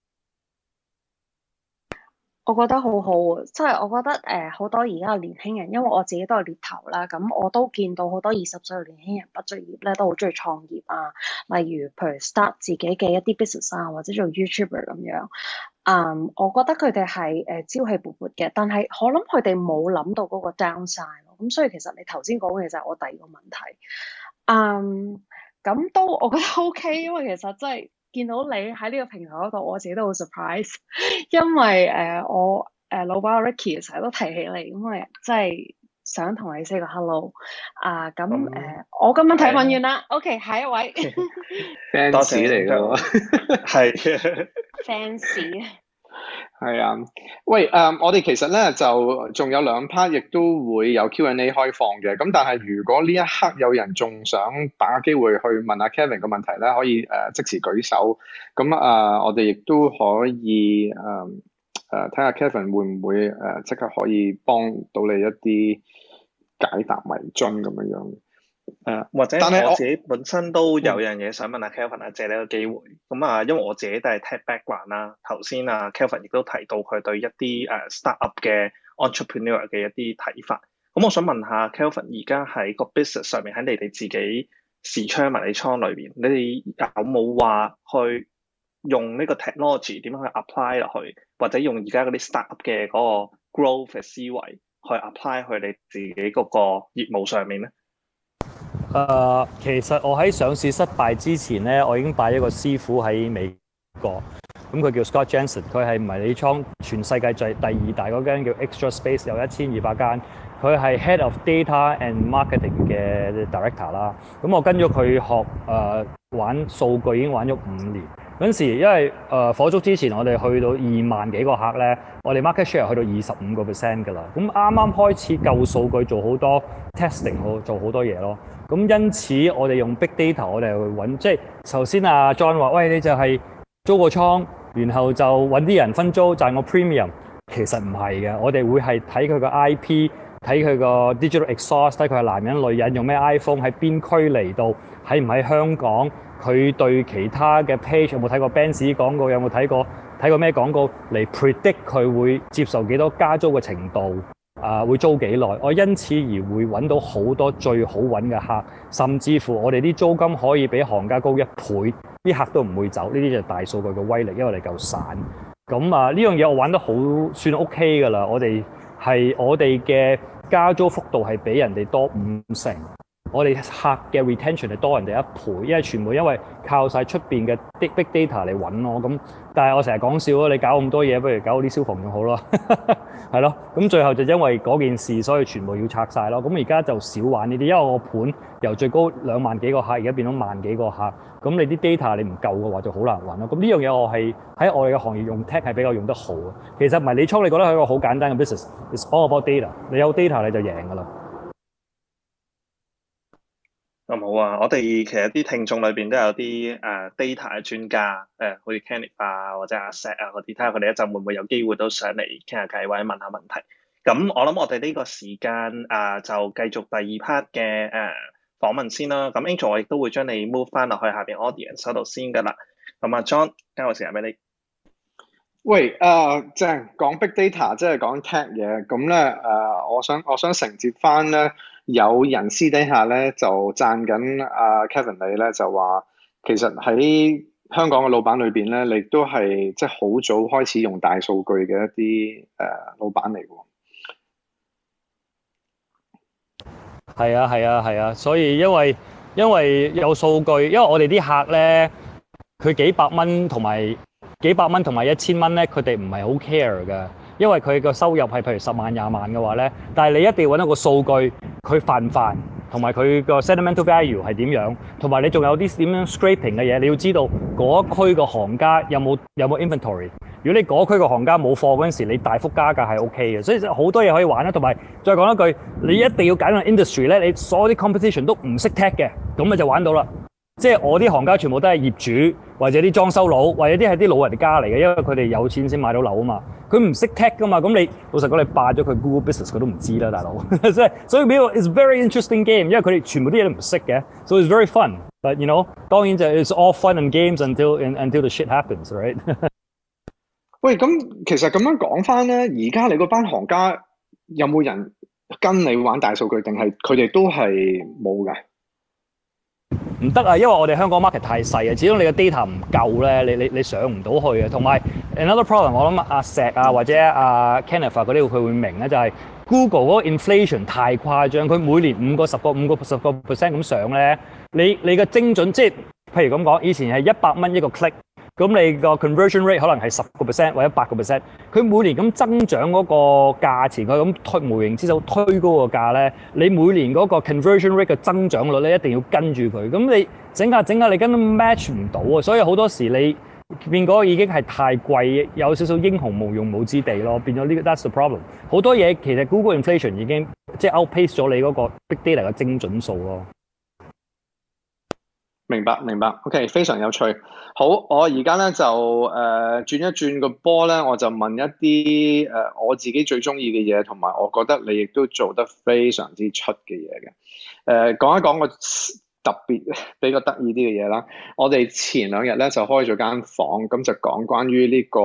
我覺得好好，即係我覺得誒好多而家年輕人，因為我自己都係獵頭啦，咁我都見到好多二十歲年輕人畢咗業咧，都好中意創業啊，例如譬如 start 自己嘅一啲 business 啊，或者做 youtuber 咁樣。嗯，我覺得佢哋係誒朝氣勃勃嘅，但係我諗佢哋冇諗到嗰個 downside 咯。咁所以其實你頭先講嘅就係我第二個問題。嗯，咁都我覺得 OK，因為其實真係。見到你喺呢個平台嗰度，我自己都好 surprise，因為誒、呃、我誒、呃、老闆 Ricky 成日都提起你，因為真係想同你 say 個 hello、呃。啊、嗯，咁誒、嗯呃、我今日睇返完啦的，OK，下一
位。
fans 嚟㗎，係 。
fans。
係啊，喂，誒、呃，我哋其實咧就仲有兩 part，亦都會有 Q&A 開放嘅。咁但係如果呢一刻有人仲想把握機會去問下 Kevin 嘅問題咧，可以誒、呃、即時舉手。咁啊、呃，我哋亦都可以誒誒，睇、呃、下 Kevin 會唔會誒即、呃、刻可以幫到你一啲解答迷津咁樣樣。誒、uh, 或者但我，我自己
本身都有一樣嘢想問阿、啊、Kelvin，嗯、借你呢個機會咁啊，因為我自己都係 tech background 啦，頭先啊 Kelvin 亦都提到佢對一啲 startup 嘅 entrepreneur 嘅一啲睇法，咁、嗯、我想問一下 Kelvin，而家喺個 business 上面喺你哋自己市窗文理倉時昌迷你倉裏面，你哋有冇話去用呢個 technology 點樣去 apply 落去，或者用而家嗰啲 startup 嘅嗰個 growth 嘅思維去 apply 去你自己嗰個業務上面咧？
誒，uh, 其實我喺上市失敗之前咧，我已經拜一個師傅喺美國，咁佢叫 Scott Jensen，佢係迷你倉全世界最第二大嗰間叫 Extra Space，有一千二百間，佢係 Head of Data and Marketing 嘅 Director 啦。咁我跟咗佢學、呃、玩數據，已經玩咗五年嗰陣時，因為、呃、火燭之前，我哋去到二萬幾個客咧，我哋 market share 去到二十五個 percent 㗎啦。咁啱啱開始夠數據做試試，做好多 testing，好做好多嘢咯。咁因此，我哋用 big data，我哋去揾，即係頭先啊 John 話：「喂，你就係租個倉，然後就揾啲人分租賺我 premium。」其實唔係嘅，我哋會係睇佢個 IP，睇佢個 digital exhaust，睇佢係男人女人，用咩 iPhone，喺邊區嚟到，喺唔喺香港，佢對其他嘅 page 有冇睇過 Benz 廣告，有冇睇過睇過咩廣告嚟 predict 佢會接受幾多加租嘅程度。啊！會租幾耐？我因此而會揾到好多最好揾嘅客，甚至乎我哋啲租金可以比行家高一倍，啲客都唔會走。呢啲就係大數據嘅威力，因為你夠散。咁啊，呢樣嘢我玩得好算 OK 㗎啦。我哋係我哋嘅加租幅度係比人哋多五成。我哋客嘅 retention 係多人哋一倍，因為全部因為靠晒出邊嘅 big data 嚟揾我。咁但係我成日講笑咯，你搞咁多嘢，不如搞啲消防用好咯，係 咯。咁最後就因為嗰件事，所以全部要拆晒咯。咁而家就少玩呢啲，因為我盤由最高兩萬幾個客，而家變到萬幾個客。咁你啲 data 你唔夠嘅話就好難揾咯。咁呢樣嘢我係喺我哋嘅行業用 tech 係比較用得好。其實唔係，你初你覺得係一個好簡單嘅 business。It's all about data。你有 data 你就贏㗎啦。
咁、嗯、好啊！我哋其實啲聽眾裏邊都有啲誒 data 嘅專家，誒、呃，好似 Kenny 啊或者阿 s 石啊嗰啲，睇下佢哋一陣會唔會，會有機會都上嚟傾下偈或者問下問題。咁我諗我哋呢個時間啊、呃，就繼續第二 part 嘅誒訪問先啦。咁、嗯、Angel，我亦都會將你 move 翻落去下邊 Audience 度先㗎啦。咁阿 John 交我時間俾你。
喂，誒、呃，鄭講 big data 即係講 tech 嘅。咁咧誒，我想我想承接翻咧。有人私底下咧就讚緊阿 Kevin 你咧，就話其實喺香港嘅老闆裏邊咧，你都係即係好早開始用大數據嘅一啲誒老闆嚟嘅
喎。係啊，係啊，係啊，所以因為因為有數據，因為我哋啲客咧，佢幾百蚊同埋幾百蚊同埋一千蚊咧，佢哋唔係好 care 㗎。因為佢個收入係譬如十萬廿萬嘅話呢，但係你一定要揾一個數據，佢煩唔煩，同埋佢個 sentimental value 係點樣，同埋你仲有啲點樣 scraping 嘅嘢，你要知道嗰區個行家有冇有冇 inventory。如果你嗰區個行家冇貨嗰陣時，你大幅加價係 OK 嘅，所以好多嘢可以玩啦。同埋再講一句，你一定要揀個 industry 呢，你所有啲 competition 都唔識 tag 嘅，咁你就玩到啦。即係我啲行家全部都係業主，或者啲裝修佬，或者啲係啲老人家嚟嘅，因為佢哋有錢先買到樓啊嘛。佢唔識 tech 噶嘛，咁你老實講，你霸咗佢 Google Business，佢都唔知啦，大佬。所以所以俾我，it's very interesting game，因為佢哋全部啲嘢都唔識嘅，所以 very fun。But you know，當然就 it's all fun and games until until the shit happens，right？
喂，咁其實咁樣講翻咧，而家你嗰班行家有冇人跟你玩大數據，定係佢哋都係冇嘅？
唔得啊，因為我哋香港 market 太細啊，始終你個 data 唔夠咧，你你你上唔到去啊。同埋 another problem，我諗阿石啊或者阿、啊、Kenneth 嗰啲佢會明咧，就係、是、Google 嗰個 inflation 太誇張，佢每年五個十個五個十個 percent 咁上咧，你你嘅精準即係譬如咁講，以前係一百蚊一個 click。咁你個 conversion rate 可能係十個 percent 或者八個 percent，佢每年咁增長嗰個價錢，佢咁推無形之手推高個價咧，你每年嗰個 conversion rate 嘅增長率咧，你一定要跟住佢。咁你整下整下，你根本 match 唔到啊！所以好多時你變嗰個已經係太貴，有少少英雄無用武之地咯。變咗呢個，that's the problem。好多嘢其實 Google inflation 已經即係 outpace 咗你嗰個 big data 嘅精準數咯。
明白，明白。OK，非常有趣。好，我而家咧就誒、呃、轉一轉個波咧，我就問一啲誒、呃、我自己最中意嘅嘢，同埋我覺得你亦都做得非常之出嘅嘢嘅。誒、呃、講一講個特別比較得意啲嘅嘢啦。我哋前兩日咧就開咗間房，咁就講關於呢、呢個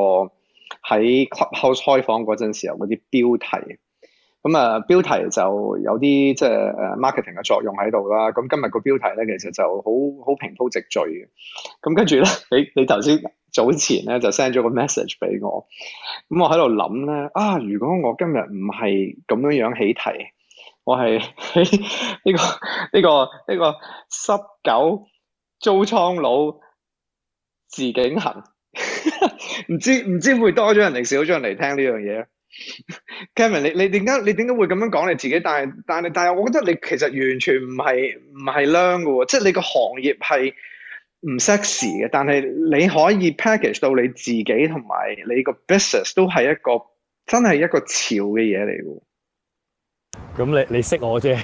喺 Clubhouse 開房嗰陣時候嗰啲標題。咁啊，標題就有啲即係 marketing 嘅作用喺度啦。咁今日個標題咧，其實就好好平鋪直敍嘅。咁跟住咧，你你頭先早前咧就 send 咗個 message 俾我。咁我喺度諗咧，啊，如果我今日唔係咁樣起題，我係喺呢個呢、呢個呢、呢個、呢個、濕狗租倉佬時景恆，唔 知唔知會多咗人嚟，少咗人嚟聽呢樣嘢。Kevin，你你點解你點解會咁樣講你自己？但係但係但係，我覺得你其實完全唔係唔係僆噶喎，即係、就是、你個行業係唔 sexy 嘅，但係你可以 package 到你自己同埋你個 business 都係一個真係一個潮嘅嘢嚟嘅。
咁你你識我啫，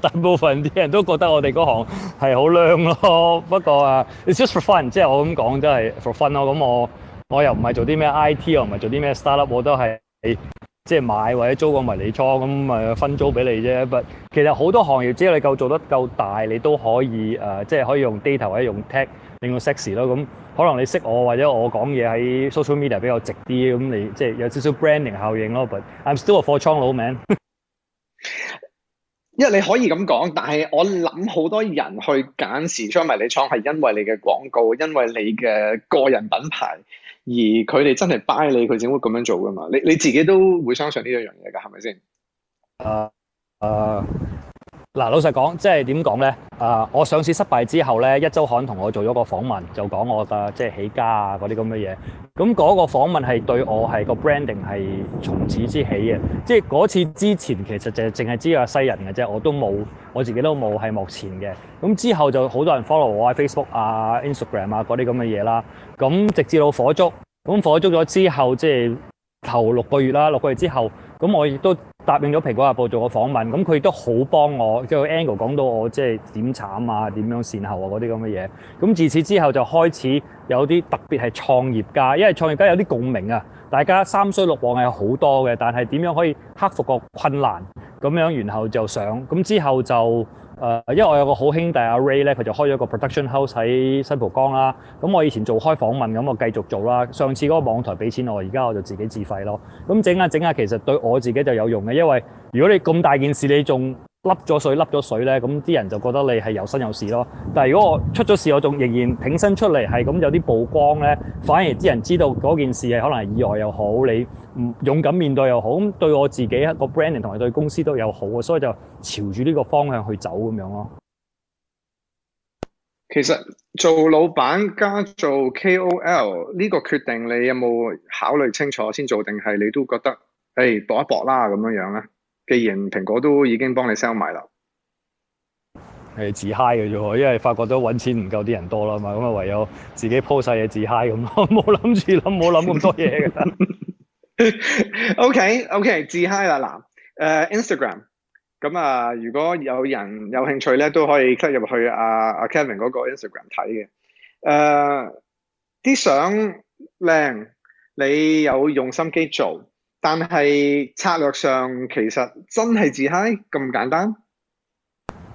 大部分啲人都覺得我哋嗰行係好僆咯。不過啊，It's just for fun，即係我咁講，真係 for fun 咯。咁我我又唔係做啲咩 IT，又唔係做啲咩 startup，我都係。即係買或者租個迷你倉咁啊分租俾你啫，but 其實好多行業只要你夠做得夠大，你都可以誒、呃，即係可以用 data 或者用 tech 令到 sexy 咯。咁可能你識我或者我講嘢喺 social media 比較直啲，咁你即係有少少 branding 效應咯。But I'm still a 貨倉佬 man，
因為你可以咁講，但係我諗好多人去揀時昌迷你倉係因為你嘅廣告，因為你嘅個人品牌。而佢哋真係 buy 你，佢先會咁樣做㗎嘛？你你自己都會相信呢一樣嘢㗎，係咪先？
啊啊、uh, uh！嗱，老實講，即係點講呢？啊、uh，我上次失敗之後呢，一周刊同我做咗個訪問，就講我啊，即係起家啊嗰啲咁嘅嘢。咁嗰個訪問係對我係個 branding 係從此之起嘅。即係嗰次之前其實就淨、是、係知阿西人嘅啫，我都冇，我自己都冇係目前嘅。咁之後就好多人 follow 我喺 Facebook 啊、Instagram 啊嗰啲咁嘅嘢啦。咁直至到火足，咁火足咗之後，即係頭六個月啦，六個月之後，咁我亦都。答應咗蘋果日報做個訪問，咁佢亦都好幫我。叫 Angle 講到我即係點慘啊，點樣善後啊嗰啲咁嘅嘢。咁自此之後就開始有啲特別係創業家，因為創業家有啲共鳴啊。大家三衰六旺係好多嘅，但係點樣可以克服個困難咁樣。然後就上咁之後就。誒，因為我有個好兄弟阿 Ray 咧，佢就開咗個 production house 喺新蒲崗啦。咁我以前做開訪問，咁我繼續做啦。上次嗰個網台俾錢我，而家我就自己自費咯。咁整下整下，其實對我自己就有用嘅，因為如果你咁大件事，你仲～甩咗水，甩咗水咧，咁啲人就覺得你係有身有事咯。但係如果我出咗事，我仲仍然挺身出嚟，係咁有啲曝光咧，反而啲人知道嗰件事係可能係意外又好，你唔勇敢面對又好，咁對我自己一個 branding 同埋對公司都有好。所以就朝住呢個方向去走咁樣咯。
其實做老闆加做 KOL 呢個決定，你有冇考慮清楚先做定係？你都覺得誒搏、欸、一搏啦咁樣樣咧？既然蘋果都已經幫你 sell 埋啦，
係自嗨 i g 嘅啫喎，因為發覺都揾錢唔夠啲人多啦嘛，咁啊唯有自己鋪晒嘢自嗨。咁我冇諗住諗冇諗咁多嘢
嘅。 OK OK，自嗨 i 啦嗱，誒、uh, Instagram，咁啊，如果有人有興趣咧，都可以 click 入去阿、啊、阿、啊、Kevin 嗰個 Instagram 睇嘅。誒啲相靚，你有用心機做。但係策略上，其實真係自嗨咁簡單，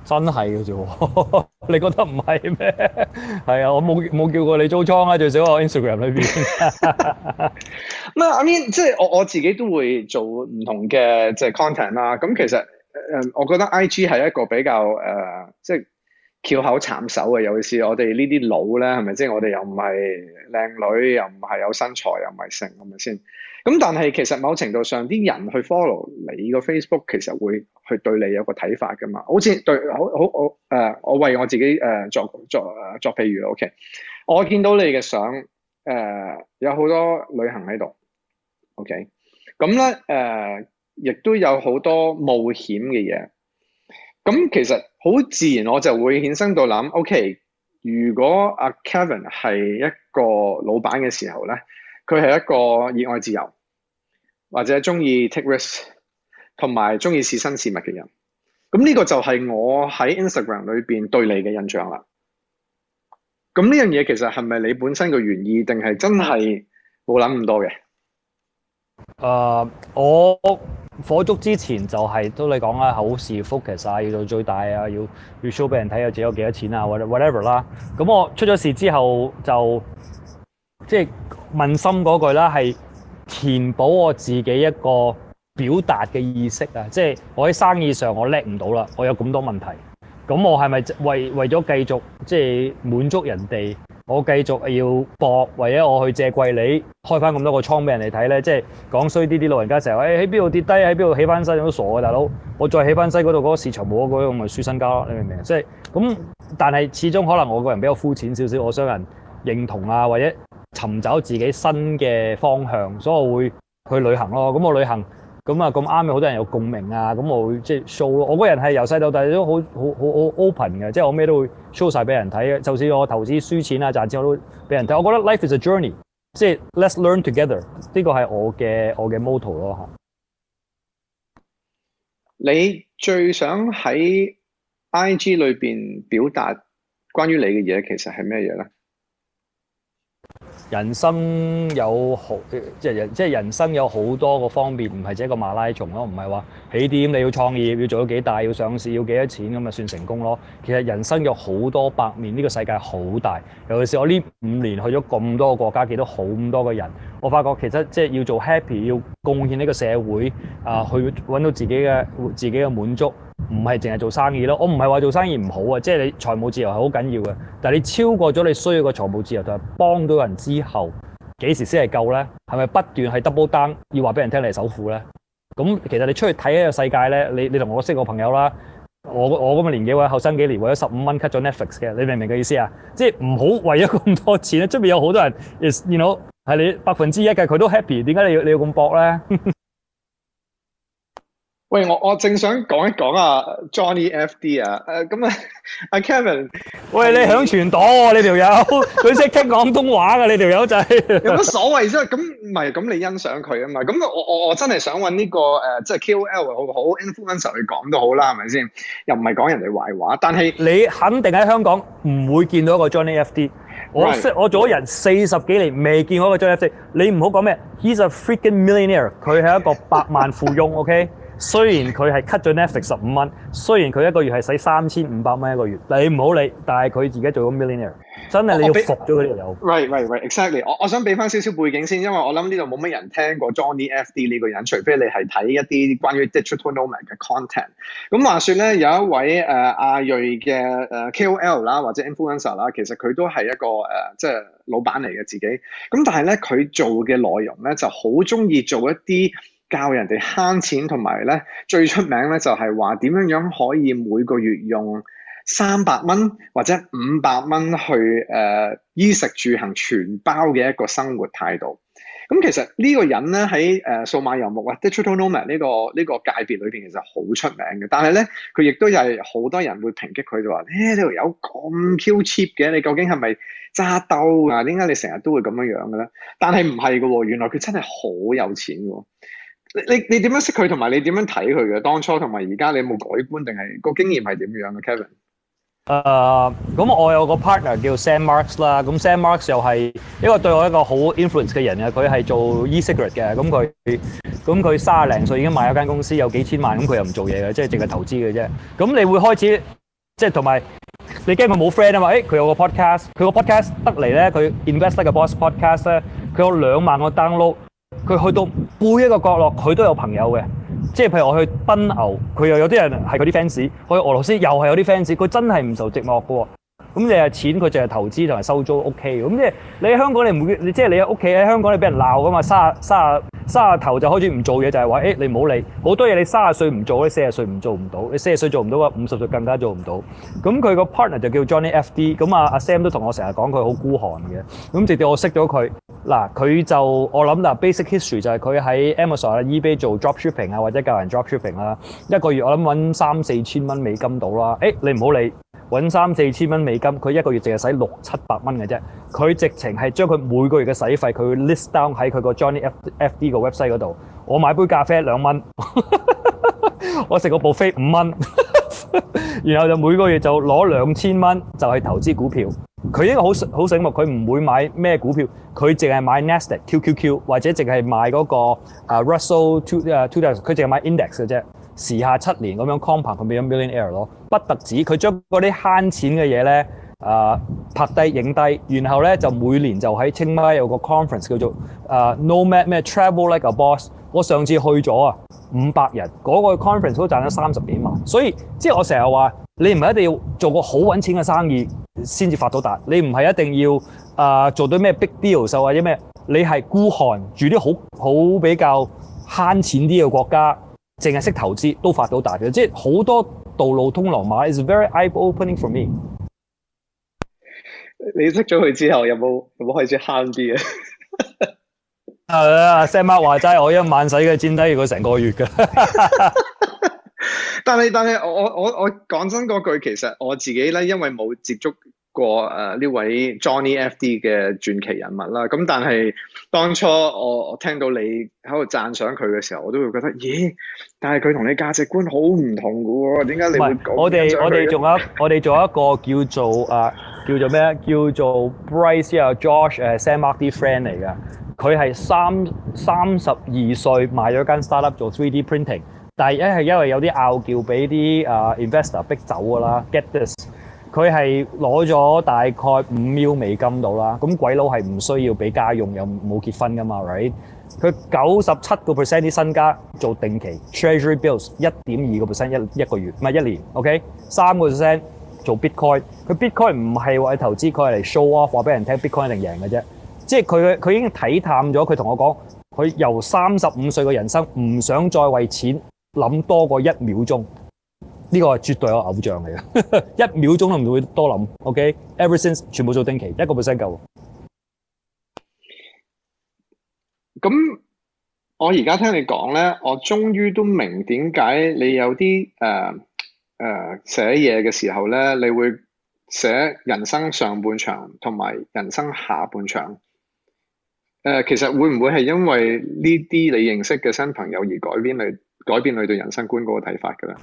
真係嘅啫喎！ 你覺得唔係咩？係 啊，我冇冇叫過你租倉啊？最少我 Instagram 裏邊。咁
啊 I mean，阿即係我我自己都會做唔同嘅即係 content 啦。咁其實誒，我覺得 IG 係一個比較誒、呃，即係翹口殘手嘅。尤其是我哋呢啲老咧，係咪即係我哋又唔係靚女，又唔係有身材，又唔係性，係咪先？咁但係其實某程度上啲人去 follow 你個 Facebook 其實會去對你有個睇法㗎嘛，好似對好好我誒、呃、我為我自己誒、呃、作作作譬如 O、okay、K，我見到你嘅相誒有好多旅行喺度，O K，咁咧誒亦都有好多冒險嘅嘢，咁其實好自然我就會衍生到諗 O K，如果阿、啊、Kevin 係一個老闆嘅時候咧。佢係一個熱愛自由，或者中意 take risk，同埋中意試新事物嘅人。咁呢個就係我喺 Instagram 裏邊對你嘅印象啦。咁呢樣嘢其實係咪你本身個原意，定係真係冇諗咁多嘅？
誒，uh，我火燭之前就係、是、都你講啦，好事 focus 啊，要到最大啊，要 show 看要 show 俾人睇下自己有幾多錢啊，或者 whatever 啦。咁我出咗事之後就。即係問心嗰句啦，係填補我自己一個表達嘅意識啊！即係我喺生意上我叻唔到啦，我有咁多問題，咁我係咪為咗繼續即係滿足人哋，我繼續要搏，或者我去借貴利開翻咁多個倉俾人哋睇咧？即係講衰啲啲老人家成日喺邊度跌低，喺邊度起翻身都傻嘅，大佬！我再起翻身嗰度嗰個市場冇嗰個咁嘅輸身家咯，你明唔明啊？即係咁，但係始終可能我個人比較膚淺少少，我想人認同啊，或者。尋找自己新嘅方向，所以我會去旅行咯。咁我旅行咁啊咁啱，有好多人有共鳴啊。咁我會即係 show 咯。我個人係由細到大都好好好 open 嘅，即係我咩都會 show 晒俾人睇嘅。就算我投資輸錢啊，賺錢我都俾人睇。我覺得 life is a journey，即係 let's learn together。呢個係我嘅我嘅 motto 咯嚇。
你最想喺 IG 裏邊表達關於你嘅嘢，其實係咩嘢咧？
人生有好，即係人，即係人生有好多個方面，唔係只一個馬拉松咯，唔係話起點你要創業，要做到幾大，要上市，要幾多錢咁啊算成功咯。其實人生有好多百面，呢個世界好大。尤其是我呢五年去咗咁多個國家，見到好咁多個人，我發覺其實即係要做 happy，要貢獻呢個社會啊，去揾到自己嘅自己嘅滿足。唔係淨係做生意咯，我唔係話做生意唔好啊，即係你財務自由係好緊要嘅。但係你超過咗你需要個財務自由就係幫到人之後，幾時先係夠咧？係咪不，不斷係 double down 要話俾人聽你係首富咧？咁其實你出去睇下個世界咧，你你同我識個朋友啦，我我咁嘅年紀或者後生幾年，我年，我年，我年，為咗十五蚊 cut 咗 Netflix 嘅，你明唔明嘅意思啊？即係唔好為咗咁多錢咧，出面有好多人，is you know 係你百分之一嘅佢都 happy，點解你要你要咁搏咧？
喂，我我正想講一講啊，Johnny F D 啊，誒
咁啊，阿、啊、Kevin，喂、嗯、你響全朵喎、啊，你條友，佢識 聽廣東話噶、啊，你條友仔，有乜所
謂啫、啊？咁唔係，咁你欣賞佢啊嘛？咁我我我真係想搵呢、這個即係 KOL 好好 influencer 去講都好啦，係咪先？又唔係講人哋壞話，
但係你肯定喺香港唔會見到一個 Johnny F D 我 f。我 Right. 我做咗人四十幾年未見過個 Johnny F D 你。你唔好講咩，He's a freaking millionaire，佢係一個百萬富翁，OK？ 雖然佢係 cut 咗 Netflix 十五蚊，雖然佢一個月係使三千五百蚊一個月，你唔好理，但係佢自己做咗 millionaire，真係你要服咗佢呢條友。
Right, right, right, exactly 我。我我想俾翻少少背景先，因為我諗呢度冇乜人聽過 Johnny FD 呢個人，除非你係睇一啲關於 Digital Nomad 嘅 content。咁話說咧，有一位誒阿瑞嘅 KOL 啦，或者 influencer 啦，其實佢都係一個誒即係老闆嚟嘅自己。咁但係咧，佢做嘅內容咧，就好中意做一啲。教人哋慳錢同埋咧，最出名咧就係話點樣樣可以每個月用三百蚊或者五百蚊去誒衣、呃、食住行全包嘅一個生活態度。咁、嗯、其實呢個人咧喺誒數碼遊牧或者 Digital Nomad 呢、呢個呢、呢個界別裏邊其實好出名嘅，但係咧佢亦都係好多人會抨擊佢就話，呢度有咁 q cheap 嘅，你究竟係咪揸兜啊？點解你成日都會咁樣樣嘅咧？但係唔係嘅喎，原來佢真係好有錢嘅喎。你你麼他你點樣識佢同埋你點樣睇佢嘅？當初同埋而家你有冇改觀定係個經驗係點樣嘅？Kevin，
誒，咁我有個 partner 叫 Sam Marks 啦，咁 Sam Marks 又係一個對我一個好 influence 嘅人嘅，佢係做 e-cigarette 嘅，咁佢，咁佢卅零歲已經買咗間公司有幾千萬，咁佢又唔做嘢嘅，即係淨係投資嘅啫。咁你會開始即係同埋你驚佢冇 friend 啊、欸、嘛？誒，佢、like、有個 podcast，佢個 podcast 得嚟咧，佢 Invest Like a Boss podcast 咧，佢有兩萬個 download，佢去到，每一個角落佢都有朋友嘅，即係譬如我去奔牛，佢又有啲人係佢啲 fans；我去俄羅斯又係有啲 fans，佢真係唔受寂寞嘅喎。咁你係錢，佢淨係投資同埋收租，OK。咁即係你喺香港，你唔會，就係、你即係你喺屋企喺香港，你俾人鬧噶嘛？卅卅卅頭就開始唔做嘢，就係、是、話，誒、欸、你唔好理。好多嘢你卅歲唔做咧，你四十歲唔做唔到，你四十歲做唔到嘅，五十歲更加做唔到。咁佢個 partner 就叫 Johnny FD，咁啊阿 Sam 都同我成日講佢好孤寒嘅。咁直至我識咗佢，嗱佢就我諗嗱 basic history 就係佢喺 Amazon eBay 做 dropshipping 啊或者教人 dropshipping 啦，一個月我諗揾三四千蚊美金到啦、欸。你唔好理。揾三四千蚊美金，佢一個月淨係使六七百蚊嘅啫。佢直情係將佢每個月嘅使費，佢會 list down 喺佢個 Johnny FD 個 website 嗰度。我買一杯咖啡兩蚊， 我食個 buffet 五蚊， 然後就每個月就攞兩千蚊就去投資股票。佢應該好好醒目，佢唔會買咩股票，佢淨係買 NASDAQ QQQ 或者淨係買嗰個啊 Russell Two Two Index，佢淨係買 index 嘅啫。時下七年咁樣 company 佢變咗 millionaire 咯？不特止，佢將嗰啲慳錢嘅嘢咧，誒、啊、拍低影低，然後咧就每年就喺清邁有個 conference 叫做誒、啊、no mad 咩 travel like a boss。我上次去咗啊，五百人嗰個 conference 都賺咗三十幾萬。所以即係我成日話，你唔係一定要做個好揾錢嘅生意先至發到達，你唔係一定要誒、啊、做到咩 big deal，或者咩，你係孤寒住啲好好比較慳錢啲嘅國家。淨係識投資都發到大嘅，即係好多道路通羅馬，is very eye opening for me。
你識咗佢之後，有冇有冇開始慳啲啊？
係啊 s t mark 話齋，我,我的一晚使佢煎低佢成個月噶。
但係但係我我我講真嗰句，其實我自己咧，因為冇接觸。過誒呢位 Johnny F.D. 嘅傳奇人物啦，咁但係當初我我聽到你喺度讚賞佢嘅時候，我都會覺得，咦？但係佢同你價值觀好唔同嘅喎，點解你唔係？我哋我哋仲有
我哋仲有一個叫做啊叫做咩叫做 Bryce 啊 George 誒 Sam Mark 啲 friend 嚟嘅，佢係三三十二歲買咗間 startup 做 3D printing，但係因係因為有啲拗撬，俾啲 investor 逼走嘅啦。嗯、get this。佢係攞咗大概五 mil 美金到啦，咁鬼佬係唔需要俾家用又冇結婚噶嘛，right？佢九十七個 percent 啲身家做定期 treasury bills 一點二個 percent 一一個月唔係一年，ok 三個 percent 做 bitcoin，佢 bitcoin 唔係為投資，佢係嚟 show off 話俾人聽 bitcoin 一定贏嘅啫，即係佢佢已經睇淡咗，佢同我講，佢由三十五歲嘅人生唔想再為錢諗多過一秒鐘。呢個係絕對我偶像嚟嘅，一秒鐘都唔會多諗。OK，everything、okay? 全部做定期，一個 percent 夠。
咁我而家聽你講咧，我終於都明點解你有啲誒誒寫嘢嘅時候咧，你會寫人生上半場同埋人生下半場。誒、呃，其實會唔會係因為呢啲你認識嘅新朋友而改變你？改變佢對人生觀嗰個睇法㗎啦！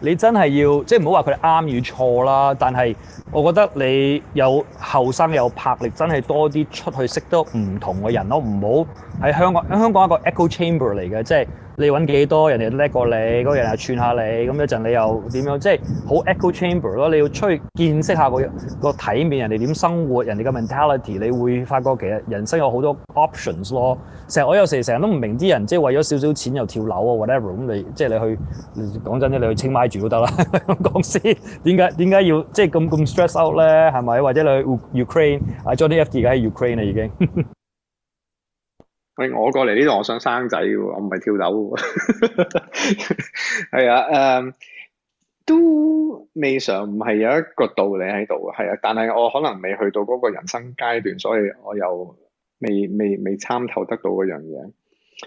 你真係要，即係唔好話佢啱與錯啦。但係，我覺得你有後生有魄力，真係多啲出去識得唔同嘅人咯。唔好喺香港，喺香港是一個 echo chamber 嚟嘅，即係。你揾幾多，人哋叻過你，嗰人又串下你，咁一陣你又點樣？即係好 echo chamber 咯。你要出去見識下個個體面，人哋點生活，人哋嘅 mentality，你會發覺其實人生有好多 options 咯。成日我有時成日都唔明啲人，即係為咗少少錢又跳樓啊，whatever。咁你即係你去講真啲，你去清邁住都得啦。講 先，點解點解要即係咁咁 stress out 咧？係咪？或者你去 Ukraine？啊，做啲 FT 而家喺 Ukraine 啊已經。
我過嚟呢度，我想生仔喎，我唔係跳樓嘅喎。係 啊，誒、嗯，都未常唔係有一個道理喺度，係啊，但係我可能未去到嗰個人生階段，所以我又未未未參透得到嗰樣嘢。誒、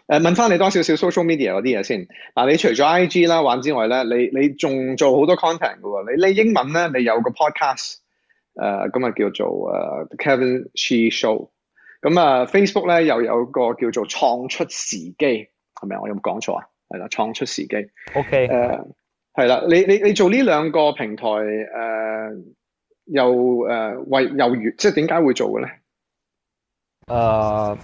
啊，問翻你多少少 social media 嗰啲嘢先。嗱、啊，你除咗 IG 啦玩之外咧，你你仲做好多 content 嘅喎、哦。你你英文咧，你有個 podcast，誒、啊，咁啊叫做誒、啊、Kevin She Show。咁啊，Facebook 咧又有一個叫做創出時機，係咪啊？我有冇講錯啊？係啦，創出時機，OK。誒 Okay.、呃，係啦，你你你做呢兩個平台誒、呃，又誒、呃、為又如，即係點解會做嘅咧？誒
，uh,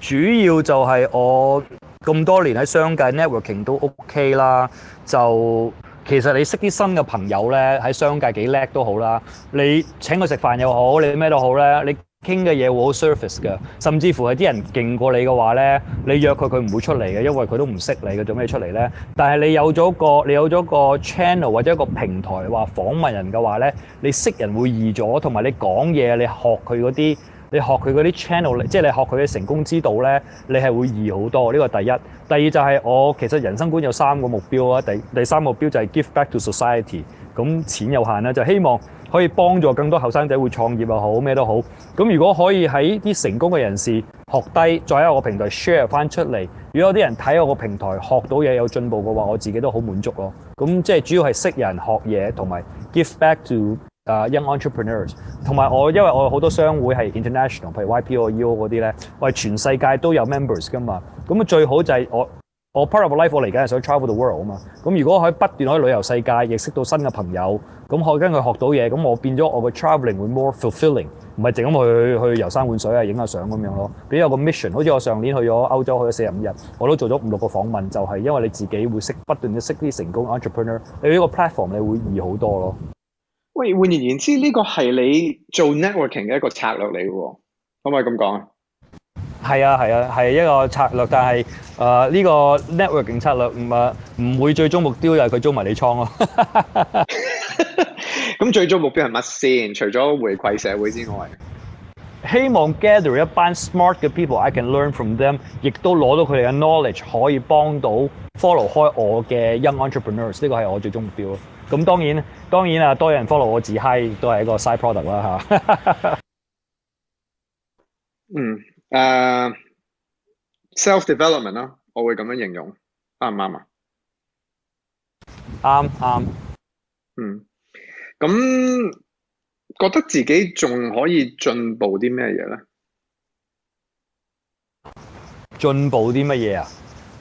主要就係我咁多年喺商界 networking 都 OK 啦。就其實你識啲新嘅朋友咧，喺商界幾叻都好啦。你請佢食飯又好，你咩都好咧，你。傾嘅嘢會好 surface 嘅，甚至乎係啲人勁過你嘅話呢，你約佢佢唔會出嚟嘅，因為佢都唔識你，佢做咩出嚟呢？但係你有咗個，你有咗個 channel 或者一個平台話訪問人嘅話呢，你識人會易咗，同埋你講嘢，你學佢嗰啲，你學佢嗰啲 channel，即係你學佢嘅成功之道呢，你係會易好多。呢個第一，第二就係我其實人生觀有三個目標啊。第第三目標就係 give back to society。咁錢有限啦，就希望。可以幫助更多後生仔會創業又好咩都好咁。如果可以喺啲成功嘅人士學低，再喺我個平台 share 翻出嚟。如果有啲人睇我個平台學到嘢有進步嘅話，我自己都好滿足咯。咁即係主要係識人學嘢同埋 give back to 啊，young entrepreneurs。同埋我因為我有好多商會係 international，譬如 Y P O U 嗰啲咧，我係全世界都有 members 㗎嘛。咁最好就係我。我 part of my life 我嚟緊係想 travel the world 啊嘛，咁如果可以不斷可以旅遊世界，認識到新嘅朋友，咁可以跟佢學到嘢，咁我變咗我嘅 traveling 會 more fulfilling，唔係淨係咁去去遊山玩水啊，影下相咁樣咯。比如有個 mission，好似我上年去咗歐洲，去咗四十五日，我都做咗五六個訪問，就係因為你自己會識不斷嘅識啲成功 entrepreneur，你呢個 platform 你會易好多咯。
喂，換言言之，呢個係你做 networking 嘅一個策略嚟嘅喎，可唔可以咁講啊？
係啊，係啊，係一個策略，但係誒呢個 networking 策略唔啊唔會最終目標，就係佢租迷你倉咯。
咁最終目標係乜先？除咗回饋社會之外，
希望 gather 一班 smart 嘅 people，I can learn from them，亦都攞到佢哋嘅 knowledge，可以幫到 follow 開我嘅 young entrepreneurs。呢個係我最終目標咯。咁當然，當然啊，多人 follow 我自嗨都係一個 side product 啦吓。嗯。
誒、uh,，self development 啦，develop ment, 我會咁樣形容啱唔啱啊？
啱啱，嗯，咁
覺得自己仲可以進步啲咩嘢咧？
進步啲乜嘢啊？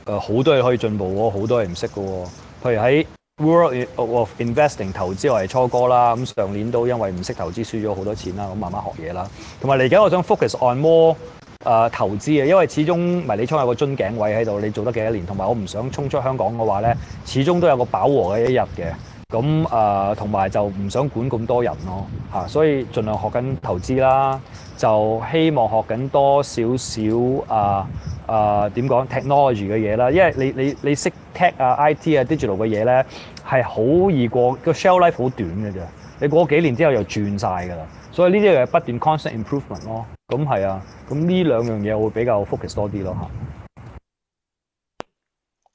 誒、呃，好多嘢可以進步喎，好多嘢唔識嘅。譬如喺 World of Investing 投資我係初哥啦，咁上年都因為唔識投資輸咗好多錢啦。咁慢慢學嘢啦，同埋嚟緊我想 focus on more。誒、啊、投資嘅，因為始終迷你倉有個樽頸位喺度，你做得幾多年，同埋我唔想衝出香港嘅話咧，始終都有個飽和嘅一日嘅。咁、啊、誒，同埋就唔想管咁多人咯、啊、所以盡量學緊投資啦，就希望學緊多少少誒誒、啊、點講、啊、technology 嘅嘢啦，因為你你你識 tech 啊、IT 啊、digital 嘅嘢咧，係好易過個 shelf life 好短嘅啫，你過幾年之後又轉晒㗎啦。所以呢啲嘢不斷 constant improvement 咯，咁係啊，咁呢兩樣嘢我會比較 focus 多啲咯嚇。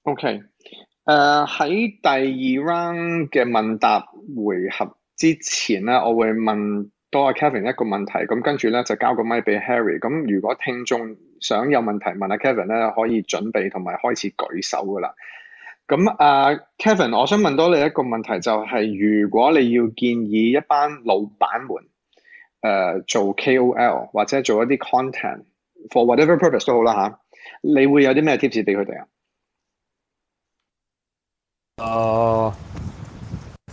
OK，誒、uh, 喺第二 round 嘅問答回合之前咧，我會問多阿 Kevin 一個問題，咁跟住咧就交個麥俾 Harry。咁如果聽眾想有問題問阿 Kevin 咧，可以準備同埋開始舉手噶啦。咁阿、uh, Kevin，我想問多你一個問題，就係、是、如果你要建議一班老闆們。誒、uh, 做 KOL 或者做一啲 content for whatever purpose 都好啦吓、啊，你會有啲咩 tips 俾佢哋
啊？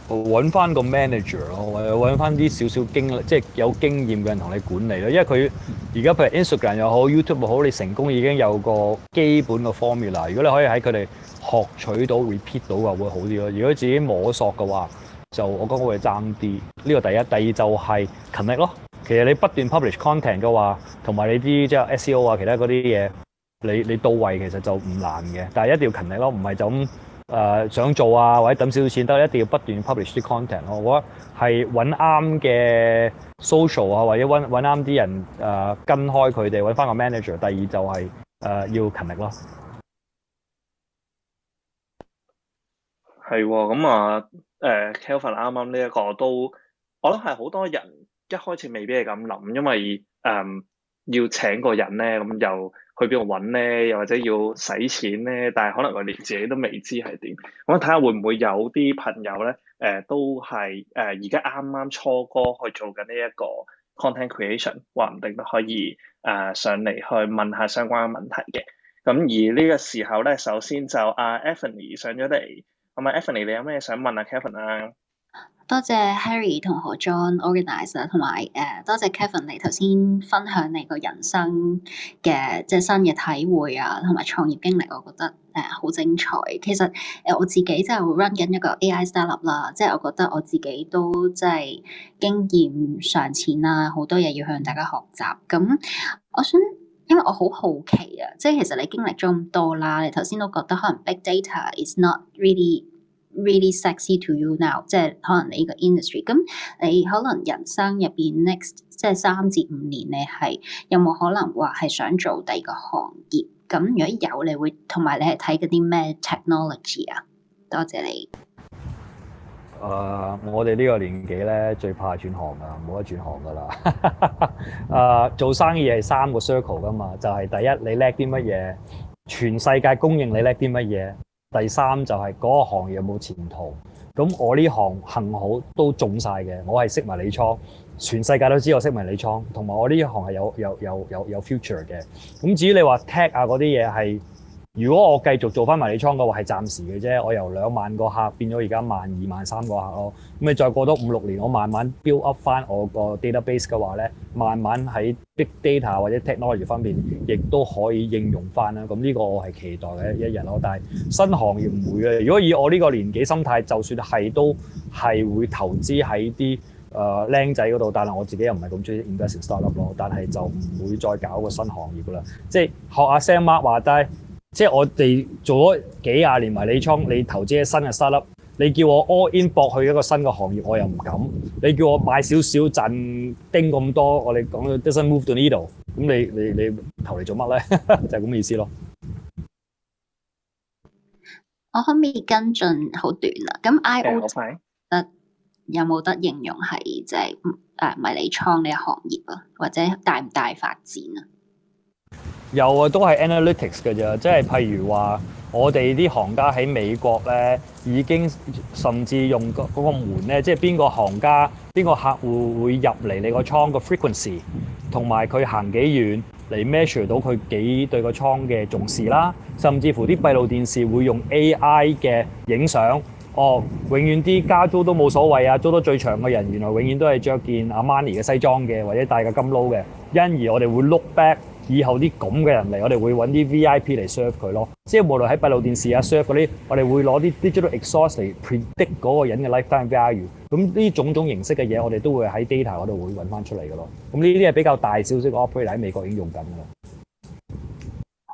揾翻、uh, 個 manager 咯，或揾翻啲少少經驗，即係有經驗嘅人同你管理咯。因為佢而家譬如 Instagram 又好，YouTube 又好，你成功已經有個基本嘅 formula。如果你可以喺佢哋學取到、repeat 到嘅，會好啲咯。如果自己摸索嘅話，就我覺得會爭啲。呢個第一，第二就係勤力咯。其實你不斷 publish content 嘅話，同埋你啲即係 SEO 啊，其他嗰啲嘢，你你到位其實就唔難嘅。但係一定要勤力咯，唔係就咁誒、呃、想做啊，或者揼少少錢得，但一定要不斷 publish 啲 content 咯。我覺得係揾啱嘅 social 啊，或者揾揾啱啲人誒、呃、跟開佢哋，揾翻個 manager。第二就係、是、誒、呃、要勤力咯。
係喎、哦，咁啊。誒、uh, Calvin 啱啱呢一個都，我諗係好多人一開始未必係咁諗，因為誒、嗯、要請個人咧，咁又去邊度揾咧，又或者要使錢咧，但係可能我哋自己都未知係點。我睇下會唔會有啲朋友咧，誒、呃、都係誒而家啱啱初哥去做緊呢一個 content creation，話唔定都可以誒、呃、上嚟去問下相關嘅問題嘅。咁而呢個時候咧，首先就阿 Anthony 上咗嚟。阿咪，Evany，你有
咩想問啊？Kevin 啊，多謝 Harry 同何 John organizer 同埋誒，多謝 Kevin 你頭先分享你個人生嘅即係新嘅體會啊，同埋創業經歷，我覺得誒好精彩。其實誒我自己即係 run 緊一個 AI startup 啦，即係我覺得我自己都即係經驗尚淺啦，好多嘢要向大家學習。咁我想。因為我好好奇啊，即係其實你經歷咗咁多啦，你頭先都覺得可能 Big Data is not really really sexy to you now，即係可能你呢個 industry，咁你可能人生入面 next 即係三至五年你係有冇可能話係想做第二個行業？咁如果有，你會同埋你係睇嗰啲咩 technology 啊？多謝你。
誒，uh, 我哋呢個年紀咧，最怕轉行㗎，冇得轉行㗎啦。誒、 uh,，做生意係三個 circle 㗎嘛，就係、是、第一你叻啲乜嘢，全世界公認你叻啲乜嘢；第三就係嗰個行業有冇前途。咁我呢行幸好都中晒嘅，我係識迷你倉，全世界都知道我識迷你倉，同埋我呢一行係有有有有有 future 嘅。咁至於你話 tech 啊嗰啲嘢係。如果我繼續做翻迷你倉嘅話，係暫時嘅啫。我由兩萬個客變咗而家萬二萬三個客咯。咁你再過多五六年，我慢慢 build up 翻我個 database 嘅話咧，慢慢喺 big data 或者 technology 方面亦都可以應用翻啦。咁呢個我係期待嘅一日咯。但係新行業唔會嘅。如果以我呢個年紀心態，就算係都係會投資喺啲誒靚仔嗰度，但係我自己又唔係咁中意 invest in startup 咯。但係就唔會再搞個新行業啦。即係學阿 Sam Mark 話齋。即係我哋做咗幾廿年迷你倉，你投資喺新嘅沙粒，你叫我 all in 搏去一個新嘅行業，我又唔敢。你叫我買少少賺丁咁多，我哋講到 doesn't move to 呢度，咁你你你投嚟做乜咧？就係咁嘅意思咯。
我可唔可以跟進好短啊。咁 IoT 有冇得應用係即係誒迷你倉呢個行業啊，或者大唔大發展啊？
有啊，都係 analytics 嘅啫。即係，譬如話我哋啲行家喺美國咧，已經甚至用嗰嗰個門咧，即係邊個行家邊個客戶會入嚟你個倉個 frequency，同埋佢行幾遠嚟 measure 到佢幾對個倉嘅重視啦。甚至乎啲閉路電視會用 AI 嘅影相哦，永遠啲加租都冇所謂啊，租得最長嘅人原來永遠都係着件 Armani 嘅西裝嘅，或者戴個金撈嘅。因而我哋會 look back。以後啲咁嘅人嚟，我哋會揾啲 V I P 嚟 serve 佢咯。即係無論喺閉路電視啊 serve 嗰啲，嗯、我哋會攞啲 digital exhaust 嚟 predict 嗰個人嘅 lifetime value。咁呢種種形式嘅嘢，我哋都會喺 data 嗰度會揾翻出嚟嘅咯。咁呢啲係比較大少少嘅 operator 喺美國已經用緊嘅喇。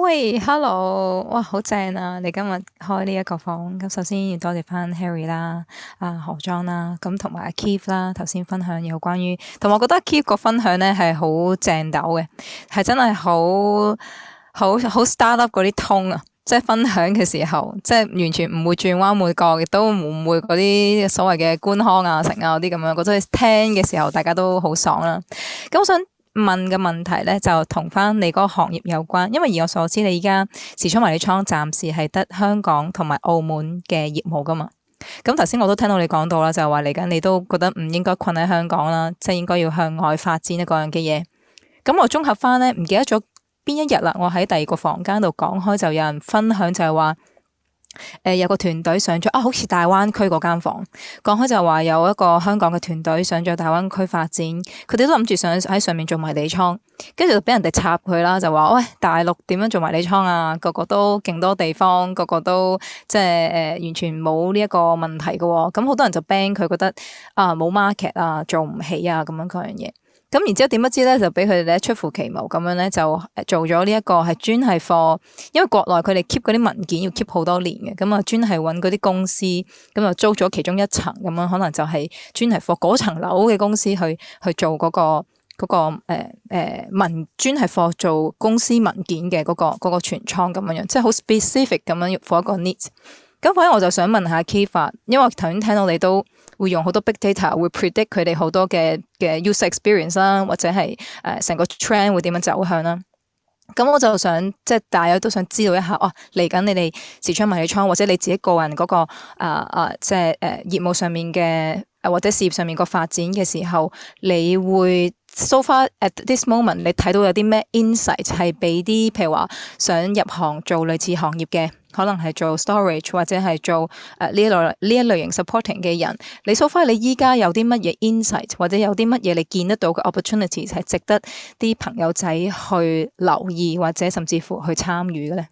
喂，Hello！哇，好正啊！你今日開呢一個房，咁首先要多謝翻 Harry 啦，啊、啊何莊啦，咁同埋阿 Keith 啦，頭先分享有關於，同埋我覺得阿 Keith 個分享咧係好正斗嘅，係真係好好好 startup 嗰啲通啊！即係分享嘅時候，即係完全唔會轉彎抹角，亦都唔會嗰啲所謂嘅官腔啊，啊、成啊嗰啲咁樣，我真係聽嘅時候大家都好爽啦，啊。咁我想。問嘅問題咧，就同翻你嗰個行業有關，因為以我所知你，持你依家時昌迷你倉暫時係得香港同埋澳門嘅業務噶嘛。咁頭先我都聽到你講到啦，就係話嚟緊你都覺得唔應該困喺香港啦，即係應該要向外發展一個樣嘅嘢。咁我綜合翻咧，唔記得咗邊一日啦，我喺第二個房間度講開就有人分享就係話。誒，有個團隊上咗啊，好似大灣區嗰間房。講開就話，有一個香港嘅團隊上咗大灣區發展，佢哋都諗住上喺上面做迷你倉，跟住就俾人哋插佢啦，就話喂，大陸點樣做迷你倉啊？個個都勁多地方，個個都即係誒，完全冇呢一個問題噶喎。咁好多人就 ban 佢，覺得啊，冇 market 啊，做唔起啊，咁樣嗰樣嘢。咁然之後點不知咧，就俾佢哋咧出乎其謀咁樣咧，就做咗呢一個係專係貨，因為國內佢哋 keep 嗰啲文件要 keep 好多年嘅，咁啊專係揾嗰啲公司，咁啊租咗其中一層咁樣，可能就係專係貨嗰層樓嘅公司去去做嗰個嗰個誒誒文專係貨做公司文件嘅嗰個嗰個存倉咁樣，即係好 specific 咁樣要 for 一個 need。咁反而我就想問下 Kiva，因為頭先聽到你都。會用好多 big data 會 predict 佢哋好多嘅嘅 user experience 啦，或者係誒成個 trend 會點樣走向啦。咁我就想即係大家都想知道一下，哇、啊！嚟緊你哋時昌迷你倉或者你自己個人嗰、那個啊、呃、啊，即係誒、呃、業務上面嘅或者事業上面個發展嘅時候，你會 so far at this moment 你睇到有啲咩 insight 係俾啲，譬如話想入行做類似行業嘅。可能係做 storage 或者係做誒呢、呃、類呢一類型 supporting 嘅人。你 so far 你依家有啲乜嘢 insight，或者有啲乜嘢你見得到嘅 opportunities 係值得啲朋友仔去留意或者甚至乎去參與嘅咧？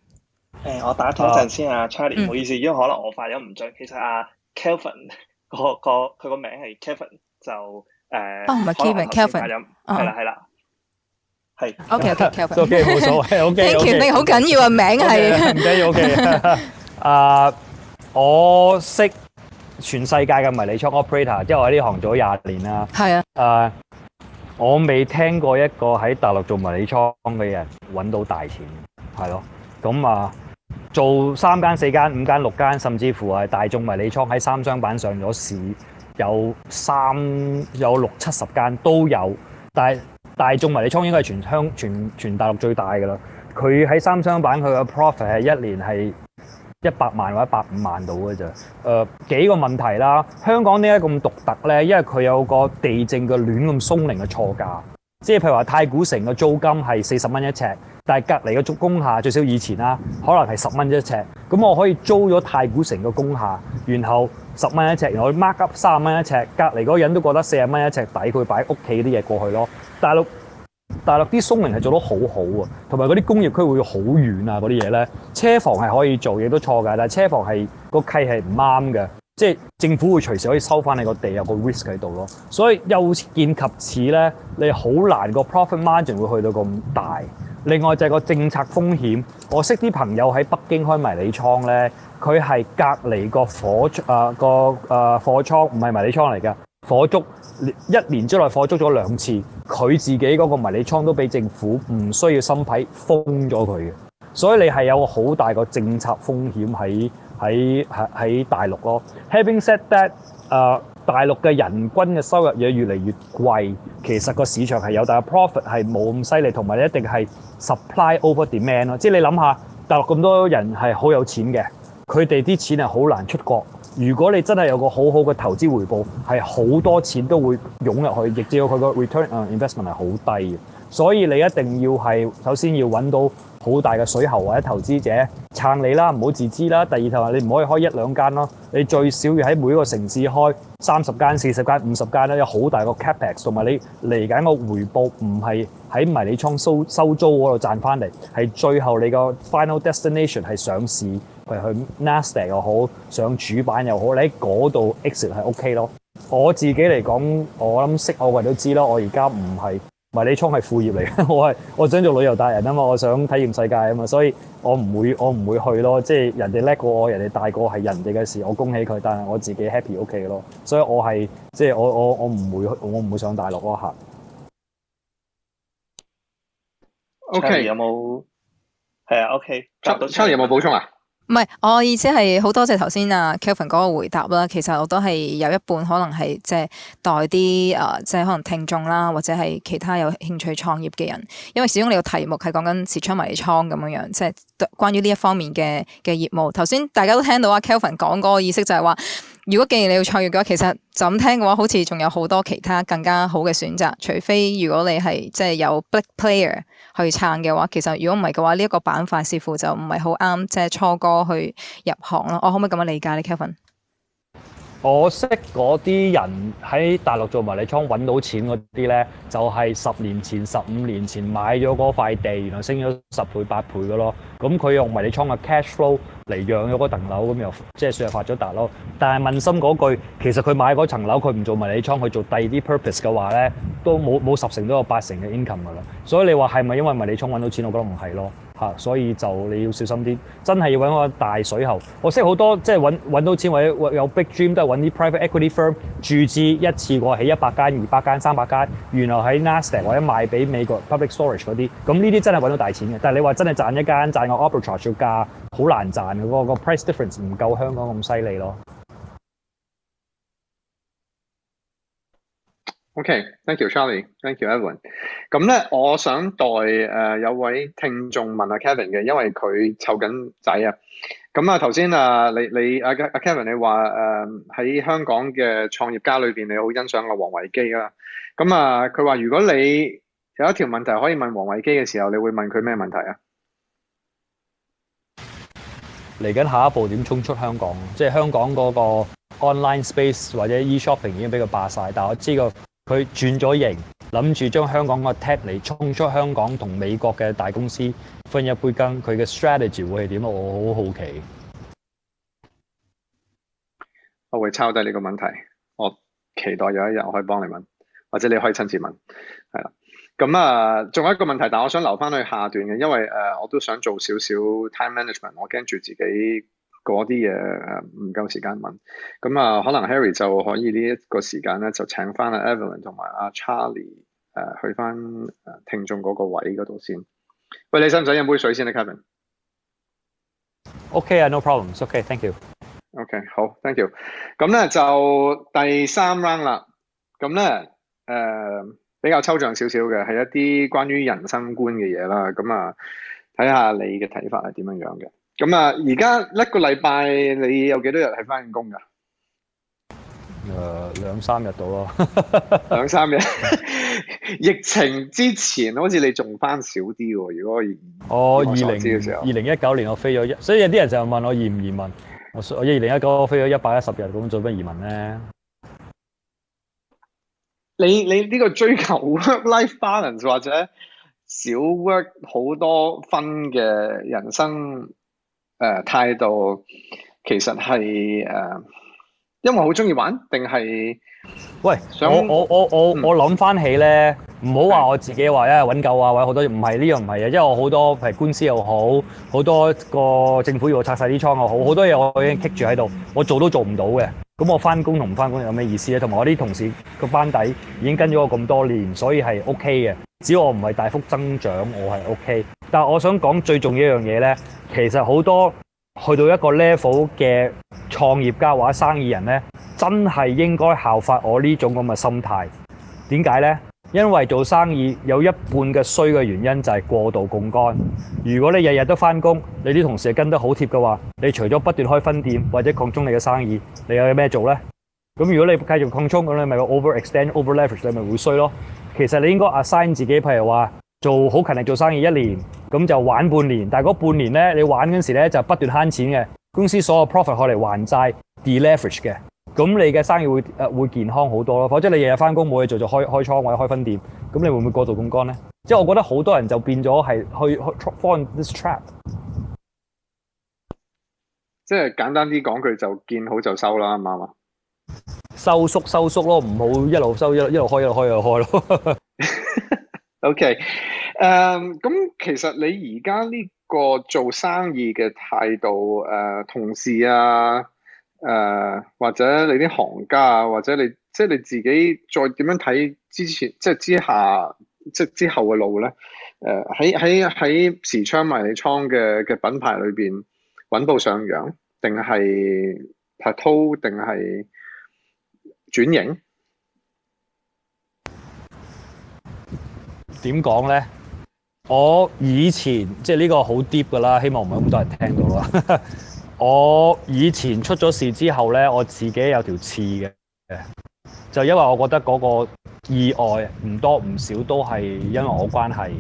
誒、欸，我打斷陣先啊、哦，Charlie，唔好意思，嗯、因為可能我發音唔準。其實啊，Kevin，個佢個名係 Kevin，就誒。呃、哦，唔係 Kevin，Kevin。係
啦 Calvin,、哦，係啦。係，OK，OK，冇所謂，OK，OK，權利好緊要啊 名係，唔緊要，OK，啊
，okay. Uh, 我識全世界嘅迷你倉 operator，因為我喺呢行做咗廿年啦，係啊，誒，uh, 我未聽過一個喺大陸做迷你倉嘅人搵到大錢，係咯，咁啊，做三間四間五間六間，甚至乎係大眾迷你倉喺三箱板上咗市，有三有六七十間都有，但係。大眾迷你倉應該係全香全全，全大陸最大噶啦，佢喺三箱版佢個 profit 係一年係一百萬或者一百五萬度嘅啫。誒，幾個問題啦，香港呢一個咁獨特咧，因為佢有個地政嘅亂咁鬆零嘅錯價。即係譬如話太古城嘅租金係四十蚊一尺，但係隔離嘅租工廈最少以前啦，可能係十蚊一尺。咁我可以租咗太古城嘅工廈，然後十蚊一尺，然後 mark up 三十蚊一尺，隔籬嗰人都覺得四十蚊一尺抵，佢擺屋企啲嘢過去咯。大陸大陸啲聰明係做得好好啊，同埋嗰啲工業區會好遠啊，嗰啲嘢咧，車房係可以做，嘢都錯噶，但係車房係、個契係唔啱嘅。即係政府會隨時可以收返你個地，有個 risk 喺度咯。所以又見及此咧，你好難個 profit margin 會去到咁大。另外就係個政策風險。我識啲朋友喺北京開迷你倉咧，佢係隔離個火啊個誒、啊啊、貨倉，唔係迷你倉嚟㗎。火燭一年之內火燭咗兩次，佢自己嗰個迷你倉都俾政府唔需要審批，封咗佢嘅。所以你係有個好大個政策風險喺。喺喺喺大陸咯。Having said that，誒、uh, 大陸嘅人均嘅收入嘢越嚟越貴，其實個市場係有，但係 profit 係冇咁犀利，同埋你一定係 supply over demand 咯。即係你諗下，大陸咁多人係好有錢嘅，佢哋啲錢係好難出國。如果你真係有個好好嘅投資回報，係好多錢都會湧入去，亦只要佢個 return on investment 係好低嘅。所以你一定要係首先要揾到。好大嘅水喉或者投資者撐你啦，唔好自知啦。第二就係你唔可以開一兩間咯，你最少要喺每個城市開三十間、四十間、五十間咧，有好大個 capex，同埋你嚟緊個回報唔係喺迷你倉收收租嗰度賺翻嚟，係最後你個 final destination 係上市，譬如去 NASDAQ 又好，上主板又好，你喺嗰度 exit 係 OK 咯。我自己嚟講，我諗識我嘅人都知啦，我而家唔係。唔係你倉係副業嚟嘅，我係我想做旅遊達人啊嘛，我想體驗世界啊嘛，所以我唔會我唔會去咯，即係人哋叻過我，人哋大過我係人哋嘅事，我恭喜佢，但係我自己 happy 屋企咯，所以我係即係我我我唔會去我唔會上大陸嗰一下。
OK 有冇？係啊，O K。Charlie 有冇補充啊？
唔係，我意思係好多謝頭先啊 Kelvin 嗰個回答啦。其實我都係有一半可能係即係代啲啊，即、呃、係可能聽眾啦，或者係其他有興趣創業嘅人。因為始終你個題目係講緊時昌迷你倉咁樣樣，即係關於呢一方面嘅嘅業務。頭先大家都聽到啊 Kelvin 講嗰個意思就係話。如果既然你要創業嘅話，其實就咁聽嘅話，好似仲有好多其他更加好嘅選擇。除非如果你係即係有 big player 去撐嘅話，其實如果唔係嘅話，呢、這、一個板塊似乎就唔係好啱，即係初哥去入行咯。我、哦、可唔可以咁樣理解咧，Kevin？
我識嗰啲人喺大陸做迷你倉揾到錢嗰啲咧，就係、是、十年前、十五年前買咗嗰塊地，原來升咗十倍、八倍噶咯。咁佢用迷你倉嘅 cash flow 嚟養咗嗰層樓，咁又即係算係發咗達咯。但係問心嗰句，其實佢買嗰層樓，佢唔做迷你倉，去做第啲 purpose 嘅話咧，都冇冇十成都有八成嘅 income 㗎啦。所以你話係咪因為迷你倉揾到錢，我覺得唔係咯。吓、啊，所以就你要小心啲，真係要搵個大水喉。我識好多，即係搵揾到錢或者有 big dream 都係揾啲 private equity firm 注資一次過起一百間、二百間、三百間，原來喺 Nasdaq 或者賣俾美國 public storage 嗰啲。咁呢啲真係搵到大錢嘅。但你話真係賺一間賺個 operational 價，好難賺嘅，那個個 price difference 唔夠香港咁犀利咯。
OK，thank、okay, you Charlie，thank you Evan。咁咧，我想代誒、呃、有位聽眾問啊 Kevin 嘅，因為佢湊緊仔啊。咁啊，頭先啊，你你啊啊 Kevin 你話誒喺香港嘅創業家裏邊，你好欣賞阿王維基啦。咁啊，佢話、啊、如果你有一條問題可以問王維基嘅時候，你會問佢咩問題啊？
嚟緊下一步點衝出香港？即係香港嗰個 online space 或者 e shopping 已經俾佢霸晒，但我知個。佢轉咗型，諗住將香港個 tech 嚟，衝出香港同美國嘅大公司分一杯羹。佢嘅 strategy 會係點？我好好奇。
我會抄低呢個問題，我期待有一日我可以幫你問，或者你可以親自問。係啦，咁啊，仲有一個問題，但係我想留翻去下一段嘅，因為誒、呃，我都想做少少 time management，我驚住自己。嗰啲嘢唔夠時間問，咁啊可能 Harry 就可以呢一個時間咧，就請翻阿 Evelyn 同埋阿 Charlie 誒、呃、去翻聽眾嗰個位嗰度先。喂，你想唔想飲杯水先啊
，Kevin？Okay 啊、uh，no problems。Okay，thank you。
Okay，好，thank you。咁咧就第三 round 啦。咁咧誒比較抽象少少嘅，係一啲關於人生觀嘅嘢啦。咁啊睇下你嘅睇法係點樣樣嘅。咁啊！而家一個禮拜你有幾多日係翻工噶？誒、uh,，兩 三日到咯。兩三日。疫情之前好似你仲翻少啲喎。如果我所、哦、二,零二零一九年我，飛我二
零一九年我飛咗一，所以有啲人就問我移唔移民？我說我二零一九我飛咗一百一十日，咁做咩移民咧？
你你呢個追求咧，work life balance 或者少 work 好多分嘅人生。誒，態、呃、度其實係誒、呃，因為好中意玩定係？喂，
我我我我想我我我我我諗翻起咧，唔好話我自己話咧揾夠啊，或者好多嘢。唔係呢樣唔係嘢，因為我好多譬如官司又好，好多個政府要我拆晒啲倉啊，好好多嘢我已經棘住喺度，我做都做唔到嘅。咁我翻工同唔翻工有咩意思咧？同埋我啲同事個班底已經跟咗我咁多年，所以係 OK 嘅。只要我唔係大幅增長，我係 OK。但係我想講最重要一樣嘢呢，其實好多去到一個 level 嘅創業家或者生意人呢，真係應該效法我呢種咁嘅心態。點解呢？因為做生意有一半嘅衰嘅原因就係過度槓桿。如果你日日都返工，你啲同事又跟得好貼嘅話，你除咗不斷開分店或者擴充你嘅生意，你有咩做呢？咁如果你繼續擴充，咁你咪 overextend，over leverage，你咪會衰咯。其實你應該 assign 自己，譬如話做好勤力做生意一年，咁就玩半年。但係嗰半年咧，你玩嗰時咧就不斷慳錢嘅公司所有 profit 可嚟還債、deleverage 嘅。咁你嘅生意會誒會健康好多咯。否則你日日翻工冇嘢做，就開開倉或者開分店，咁你會唔會過度槓杆咧？即係我覺得好多人就變咗係去去 fall this trap。
即係簡單啲講，佢就見好就收啦，
啱唔啱啊？收縮收縮咯，唔好一路收一開一路開一路開又開咯。
OK，誒，咁其實你而家呢個做生意嘅態度，誒、呃，同事啊，誒、呃，或者你啲行家啊，或者你即係、就是、你自己再點樣睇之前，即、就、係、是、之下，即、就、係、是、之後嘅路咧？誒、uh,，喺喺喺時昌迷你倉嘅嘅品牌裏邊穩步上揚，定係拍拖，
定係？轉型點講呢？我以前即係呢個好 deep 噶啦，希望唔係咁多人聽到啦。 我以前出咗事之後呢，我自己有條刺嘅，就因為我覺得嗰個意外唔多唔少都係因為我關係。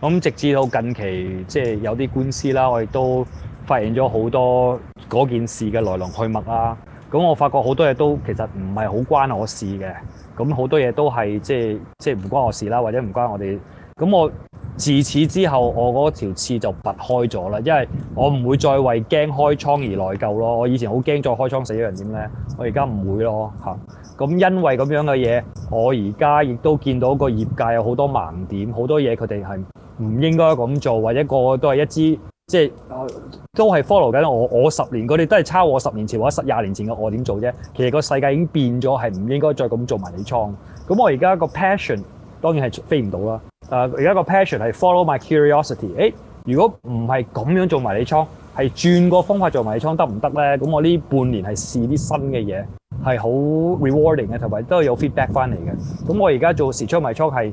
咁直至到近期即係有啲官司啦，我亦都發現咗好多嗰件事嘅來龍去脈啊。咁我發覺好多嘢都其實唔係好關我事嘅，咁好多嘢都係即係即係唔關我事啦，或者唔關我哋。咁我自此之後，我嗰條刺就拔開咗啦，因為我唔會再為驚開倉而內疚咯。我以前好驚再開倉死咗人點咧，我而家唔會咯嚇。咁因為咁樣嘅嘢，我而家亦都見到個業界有好多盲點，好多嘢佢哋係唔應該咁做，或者個個都係一支。即係都係 follow 緊。我。我十年，佢哋都係抄。我十年前或者十廿年前嘅我點做啫。其實個世界已經變咗，係唔應該再咁做迷你倉。咁我而家個 passion 當然係飛唔到啦。而、呃、家個 passion 係 follow my curiosity、欸。誒，如果唔係咁樣做迷你倉，係轉個方法做迷你倉得唔得咧？咁我呢半年係試啲新嘅嘢，係好 rewarding 嘅，同埋都係有 feedback 翻嚟嘅。咁我而家做時昌迷你倉係。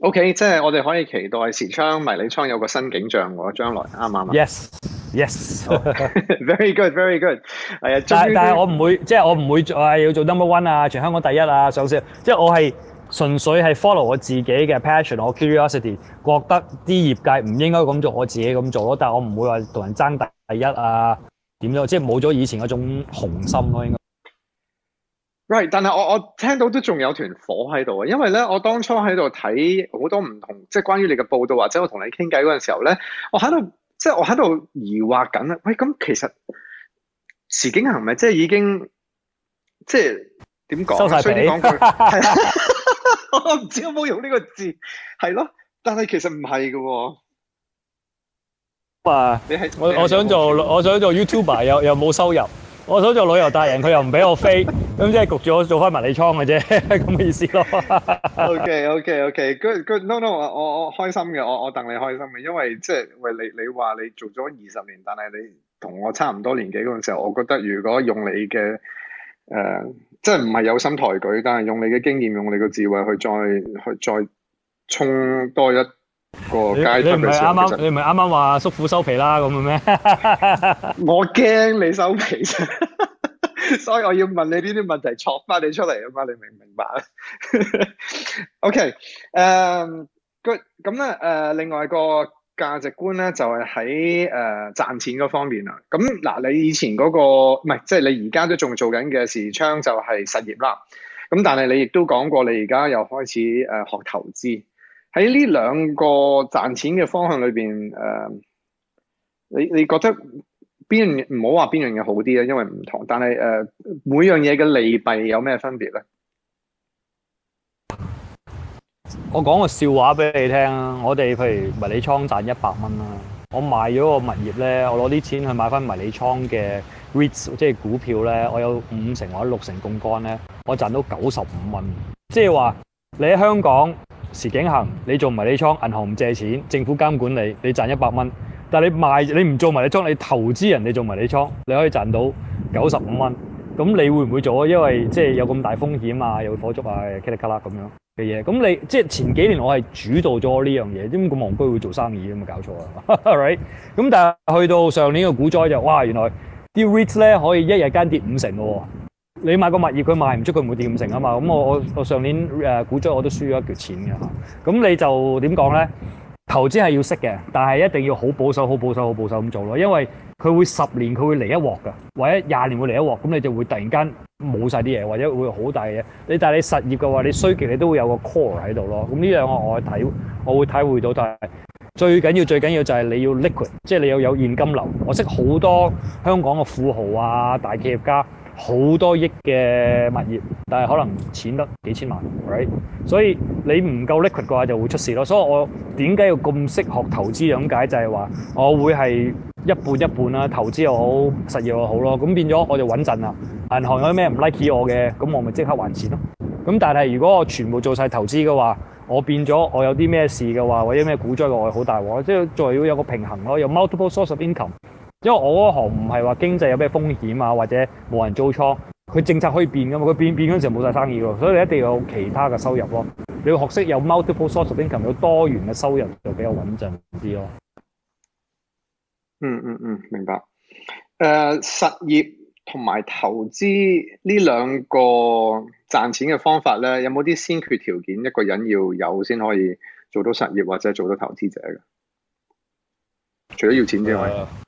O.K.，即係我哋可以期待時昌迷你倉有個新景象喎。將來啱唔啱？Yes yes.
yes. very good, very good. 啊但，但係我唔會， 即係我唔會再要做 number one 啊，全香港第一啊，上市即係我係純粹係 follow 我自己嘅 passion，我 curiosity，覺得啲業界唔應該咁做，我自己咁做咯。但係我唔會話同人爭第一啊，點樣？即係冇咗以前嗰種雄心咯，應該。
Right，但係我我聽到都仲有團火喺度啊，因為咧我當初喺度睇好多唔同，即係關於你嘅報道或者我同你傾偈嗰陣時候咧，我喺度即係我喺度疑惑緊啊，喂咁其實時景恆係咪即係已經即係點講收晒體俾？ 我唔知有冇用呢個字，係咯，但係其實唔係嘅。哇、
uh,！你我我想做有有我想做 YouTuber，又又冇收入。 我想做旅遊達人，佢又唔俾我飛，咁 即係焗住我做翻迷你倉嘅啫，咁 嘅意思咯。OK OK
OK，good okay. good，no no，我我我開心嘅，我我等你開心嘅，因為即係喂你你話你做咗二十年，但係你同我差唔多年紀嗰陣時候，我覺得如果用你嘅誒、呃，即係唔係有心抬舉，但係用你嘅經驗，用你個智慧去再去再衝多一過街燈嘅時候，你唔係啱啱你
唔係啱啱話叔父收皮啦咁嘅咩？ 我驚你收皮，
所以我要問你呢啲問題，戳翻你出嚟啊嘛？你明唔明白 ？OK，誒、um,，佢咁咧，誒，另外一個價值觀咧就係喺誒賺錢嗰方面啦。咁嗱，你以前嗰、那個唔係，即係、就是、你而家都仲做緊嘅時昌就係實業啦。咁但係你亦都講過，你而家又開始誒學投資。喺呢兩個賺錢嘅方向裏邊，誒、呃，你你覺得邊樣唔好話邊樣嘢好啲咧？因為唔同，但係誒、呃，每樣嘢嘅利弊有咩分別咧？
我講個笑話俾你聽啊！我哋譬如迷你倉賺一百蚊啦，我賣咗個物業咧，我攞啲錢去買翻迷你倉嘅 REITs，即係股票咧，我有五成或者六成槓桿咧，我賺到九十五蚊。即係話你喺香港。時景恆，你做迷你倉，銀行唔借錢，政府監管你，你賺一百蚊。但係你賣，你唔做迷你倉，你投資人，你做迷你倉，你可以賺到九十五蚊。咁你會唔會做啊？因為即係有咁大風險啊，有火燭啊，卡哩卡啦咁樣嘅嘢。咁你即係前幾年我係主導咗呢樣嘢，點解戇居會做生意咁啊？搞錯啦咁。 但係去到上年嘅股災就哇，原來啲 rate 咧可以一日間跌五成喎、哦。你買個物業，佢賣唔出，佢唔會跌咁成啊嘛。咁我我我上年誒股、呃、我都輸咗一條錢嘅嚇。咁你就點講咧？投資係要識嘅，但係一定要好保守、好保守、好保守咁做咯。因為佢會十年佢會嚟一鑊㗎，或者廿年會嚟一鑊。咁你就會突然間冇晒啲嘢，或者會好大嘅嘢。你但係你實業嘅話，你衰極你都會有個 call 喺度咯。咁呢兩個我睇，我會體會到，但係最緊要最緊要就係你要 liquid，即係你要有現金流。我識好多香港嘅富豪啊，大企業家，好多億嘅物業，但係可能錢得幾千萬，right? 所以你唔夠 liquid 嘅話就會出事咯。所以我點解要咁識學投資？咁解就係話，我會係一半一半啦，投資又好，實業又好咯。咁變咗我就穩陣啦。銀行有咩唔 like 我嘅，咁我咪即刻還錢咯。咁但係如果我全部做晒投資嘅話，我變咗我有啲咩事嘅話，或者咩股災嘅話，我好大鑊。即係再要有個平衡咯，有 multiple source of income。因為我嗰行唔係話經濟有咩風險啊，或者冇人租倉，佢政策可以變噶嘛，佢變變嗰陣時冇晒生意噶，所以你一定要有其他嘅收入咯、啊。你要學識有 multiple source of income，有多元嘅收入就比較穩陣啲咯。嗯嗯
嗯，明白。誒、uh，實業同埋投資呢兩個賺錢嘅方法咧，有冇啲先決條件？一個人要有先可以做到實業或者做到投資者嘅？除咗要錢之外。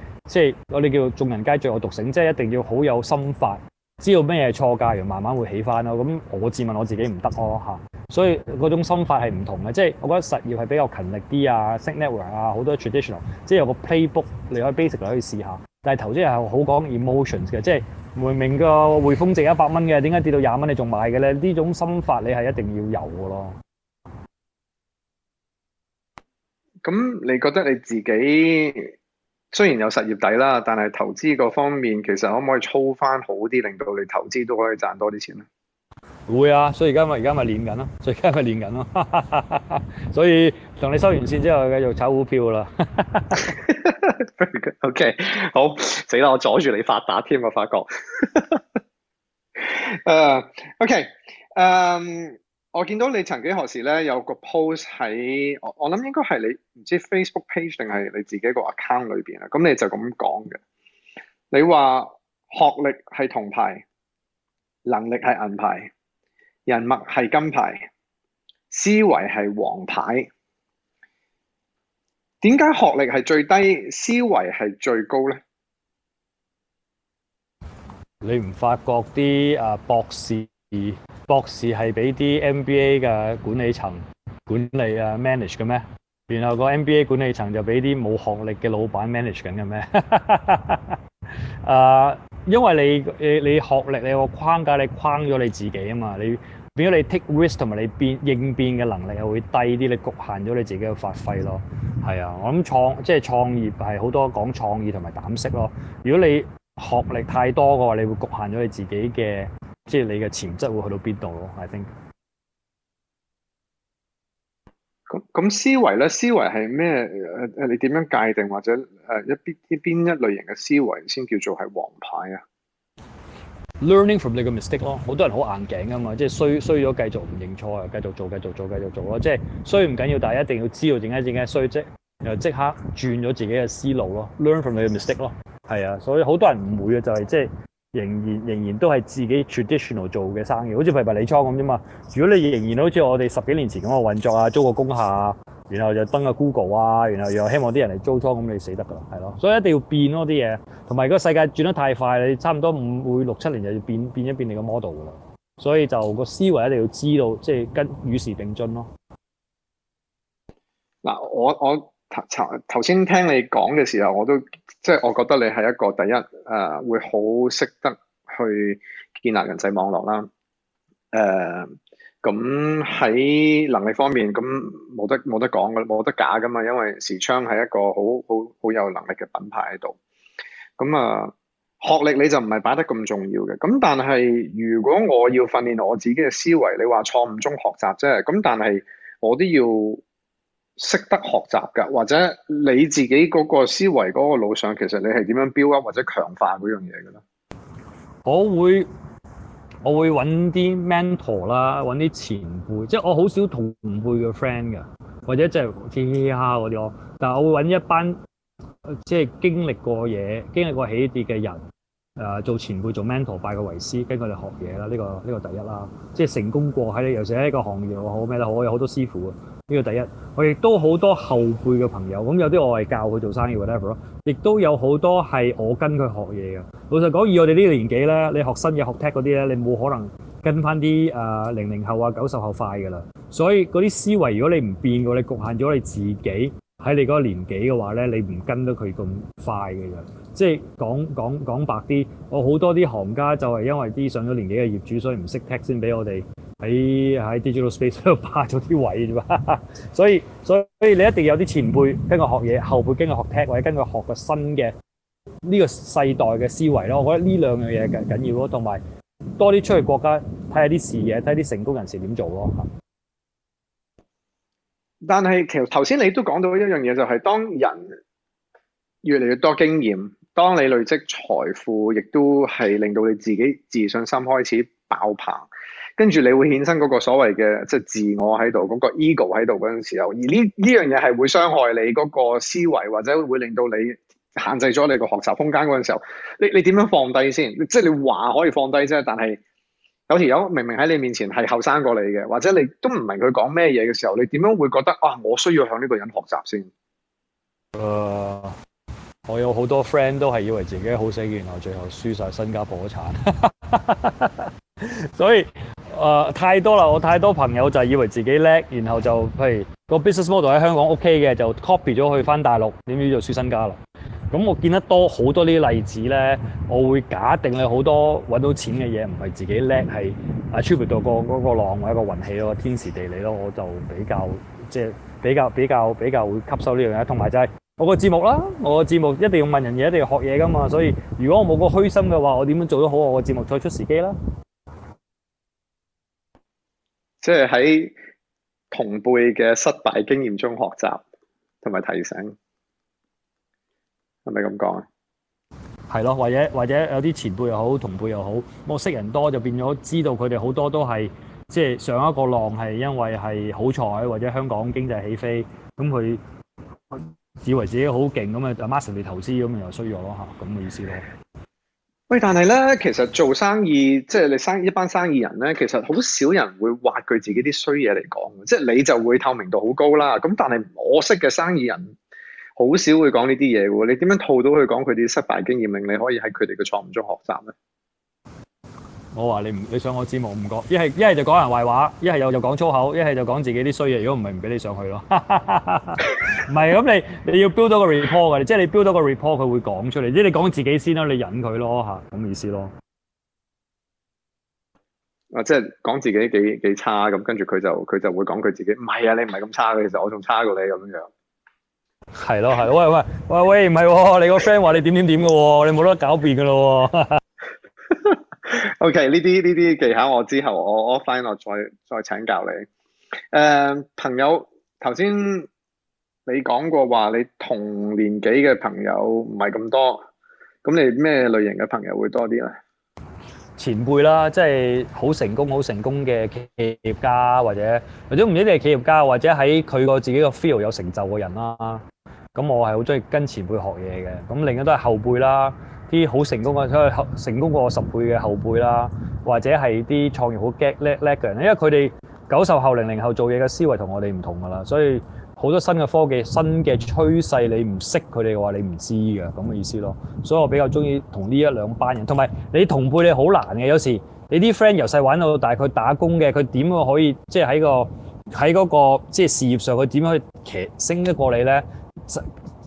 即係我哋叫眾人皆醉我獨醒，即係一定要好有心法，知道咩係錯價，然後慢慢會起翻咯。咁我自問我自己唔得咯吓，所以嗰種心法係唔同嘅。即係我覺得實業係比較勤力啲啊 set network 啊，好多 traditional，即係有個 playbook，你可以 basically 嚟，可以試下。但係頭先係好講 emotions 嘅，即係明明個匯豐值一百蚊嘅，點解跌到廿蚊你仲買嘅咧？呢種心法你係一定要有嘅咯。
咁你覺得你自己？雖然有實業底啦，但係投資嗰方面，其實可唔可以操翻好啲，令到你投資都可以賺多啲錢咧？
會啊，所以而家咪而家咪練緊咯，最近咪練緊咯，所以同你收完線之後，繼續炒股票啦。哈哈
哈哈 OK，好死啦！我阻住你發達添我發覺。誒、 uh，OK，誒、um。我見到你曾幾何時咧有個 post 喺我，我諗應該係你唔知 Facebook page 定係你自己個 account 裏邊啦，咁你就咁講嘅。你話學歷係銅牌，能力係銀牌，人脈係金牌，思維係黃牌。點解學歷係最低，思維係最高咧？
你唔發覺啲啊博士？而博士係俾啲 MBA 嘅管理層管理啊 manage 嘅咩？然後個 MBA 管理層就俾啲冇學歷嘅老闆 manage 緊嘅咩？啊、 uh,，因為你你你學歷你個框架你框咗你自己啊嘛，你變咗你 take risk 同埋你變應變嘅能力又會低啲，你局限咗你自己嘅發揮咯。係啊，我諗創即係創業係好多講創意同埋膽識咯。如果你學歷太多嘅話，你會局限咗你自己嘅。即係你嘅潛質會去到邊度咯？I think。咁
咁思維咧，思維係咩？誒誒，你點樣界定或者誒、呃、一邊呢邊一類型嘅思維先叫做係王牌啊
？Learning from 你嘅 mistake 咯，好多人好硬頸啊嘛，即係衰衰咗繼續唔認錯啊，繼續做繼續做繼續做咯，即係衰唔緊要，但係一定要知道點解點解衰，即然後即刻轉咗自己嘅思路咯。Learn from 你嘅 mistake 咯，係啊，所以好多人唔會嘅就係、是、即係。仍然仍然都係自己 traditional 做嘅生意，好似譬如迷你倉咁啫嘛。如果你仍然好似我哋十幾年前咁嘅運作啊，租個工廈啊，然後就登個 Google 啊，然後又希望啲人嚟租倉，咁你死得噶啦，係咯。所以一定要變咯啲嘢，同埋個世界轉得太快，你差唔多五六七年就要變變一變你個 model 噶啦。所以就個思維一定要知道，即係跟與時並進咯。
嗱，我我。查頭先聽你講嘅時候，我都即係、就是、我覺得你係一個第一誒、呃，會好識得去建立人際網絡啦。誒、呃，咁喺能力方面，咁冇得冇得講嘅，冇得假㗎嘛。因為時昌係一個好好好有能力嘅品牌喺度。咁啊、呃，學歷你就唔係擺得咁重要嘅。咁但係如果我要訓練我自己嘅思維，你話錯誤中學習啫。咁但係我都要。識得學習噶，或者你自己嗰個思維嗰個路上，其實你係點樣 build up、就是，或者強化嗰樣嘢嘅咧？
我會我會揾啲 mentor 啦，揾啲前輩，即係我好少同輩嘅 friend 噶，或者即係嘻嘻哈哈嗰啲咯。但係我會揾一班即係、就是、經歷過嘢、經歷過起跌嘅人。誒做前輩做 mentor 拜佢為師跟佢哋學嘢啦，呢個呢個第一啦，即係成功過喺你，尤其喺呢個行業好咩好，我有好多師傅啊，呢個第一。我亦都好多後輩嘅朋友，咁有啲我係教佢做生意 whatever 咯亦都有好多係我跟佢學嘢嘅。老實講，以我哋呢個年紀咧，你學新嘢學 tech 嗰啲咧，你冇可能跟翻啲誒零零後啊九十後快㗎啦。所以嗰啲思維如果你唔變嘅，你局限咗你自己。喺你嗰個年紀嘅話咧，你唔跟得佢咁快嘅樣。即係講講講白啲，我、哦、好多啲行家就係因為啲上咗年紀嘅業主，所以唔識 tech，先俾我哋喺喺 digital space 度霸咗啲位啫。所以所以你一定有啲前輩跟佢學嘢，後輩跟佢學 tech，或者跟佢學個新嘅呢、呢個世代嘅思維咯。我覺得呢兩樣嘢緊要咯，同埋多啲出去國家睇下啲事嘢，睇下啲成功人士點做咯。
但係，其實頭先你都講到一樣嘢，就係、是、當人越嚟越多經驗，當你累積財富，亦都係令到你自己自信心開始爆棚，跟住你會衍生嗰個所謂嘅即係自我喺度，嗰、嗰個 ego 喺度嗰陣時候，而呢呢樣嘢係會傷害你嗰個思維，或者會令到你限制咗你個學習空間嗰陣時候，你你點樣放低先？即係你話可以放低啫，但係。有條友明明喺你面前係後生過你嘅，或者你都唔明佢講咩嘢嘅時候，你點樣會覺得啊？我需要向呢個人學習先。誒
，uh, 我有好多 friend 都係以為自己好死，然後最後輸晒身家破產。 所以誒、uh, 太多啦，我太多朋友就係以為自己叻，然後就譬如、個 business model 喺香港 OK 嘅，就 copy 咗去翻大陸，點知就輸身家啦。咁我見得多好多呢啲例子咧，我會假定你好多搵到錢嘅嘢唔係自己叻，係啊，超過到個嗰個浪，或者個運氣咯，天時地利咯，我就比較即係、就是、比較比較比較會吸收呢樣嘢。同埋就係我個節目啦，我個節目一定要問人嘢，一定要學嘢㗎嘛。所以如果我冇個虛心嘅話，我點樣做得好我個節目？退出時機啦。
即係喺同輩嘅失敗經驗中學習同埋提醒。係咪咁講
啊？係咯，或者或者有啲前輩又好，同輩又好，我識人多就變咗知道佢哋好多都係即係上一個浪係因為係好彩或者香港經濟起飛，咁佢以為自己好勁，咁啊阿 Martin 嚟投資，咁又衰咗咯吓，咁嘅意思咯。
喂，但係咧，其實做生意即係、就是、你生一班生意人咧，其實好少人會挖掘自己啲衰嘢嚟講，即、就、係、是、你就會透明度好高啦。咁但係我識嘅生意人。好少會講呢啲嘢嘅，你點樣套到佢講佢啲失敗經驗，令你可以喺佢哋嘅錯誤中學習咧？
我話你唔你想我知目唔得，一係一係就講人壞話，一係又又講粗口，一係就講自己啲衰嘢，如果唔係唔俾你上去咯。唔係咁，你你要 build 到個 report 嘅，即係你 build 到個 report 佢會講出嚟。即係你講自己先啦，你引佢咯吓，咁意思咯。
啊，即係講自己幾幾差咁，跟住佢就佢就，就會講佢自己，唔係啊，你唔係咁差嘅，其實我仲差過你咁樣。
係咯，係喂喂喂喂，唔係你個 friend 話你點點點嘅，你冇得狡辯噶咯。
OK，呢啲呢啲技巧，我之後我 offline 我再再請教你。誒、uh，朋友，頭先你講過話，你同年紀嘅朋友唔係咁多，咁你咩類型嘅朋友會多啲咧？
前輩啦，即係好成功、好成功嘅企業家，或者或者唔知你係企業家，或者喺佢個自己個 feel 有成就嘅人啦。咁我係好中意跟前輩學嘢嘅，咁另一都係後輩啦，啲好成功嘅，所以後成功過我十倍嘅後輩啦，或者係啲創業好 get 叻叻嘅人，因為佢哋九十後、零零後做嘢嘅思維同我哋唔同噶啦，所以好多新嘅科技、新嘅趨勢，你唔識佢哋嘅話，你唔知嘅咁嘅意思咯。所以我比較中意同呢一兩班人，同埋你同輩你好難嘅，有時你啲 friend 由細玩到大佢打工嘅，佢點樣可以即係喺個喺嗰個即係事業上，佢點樣去騎升得過你咧？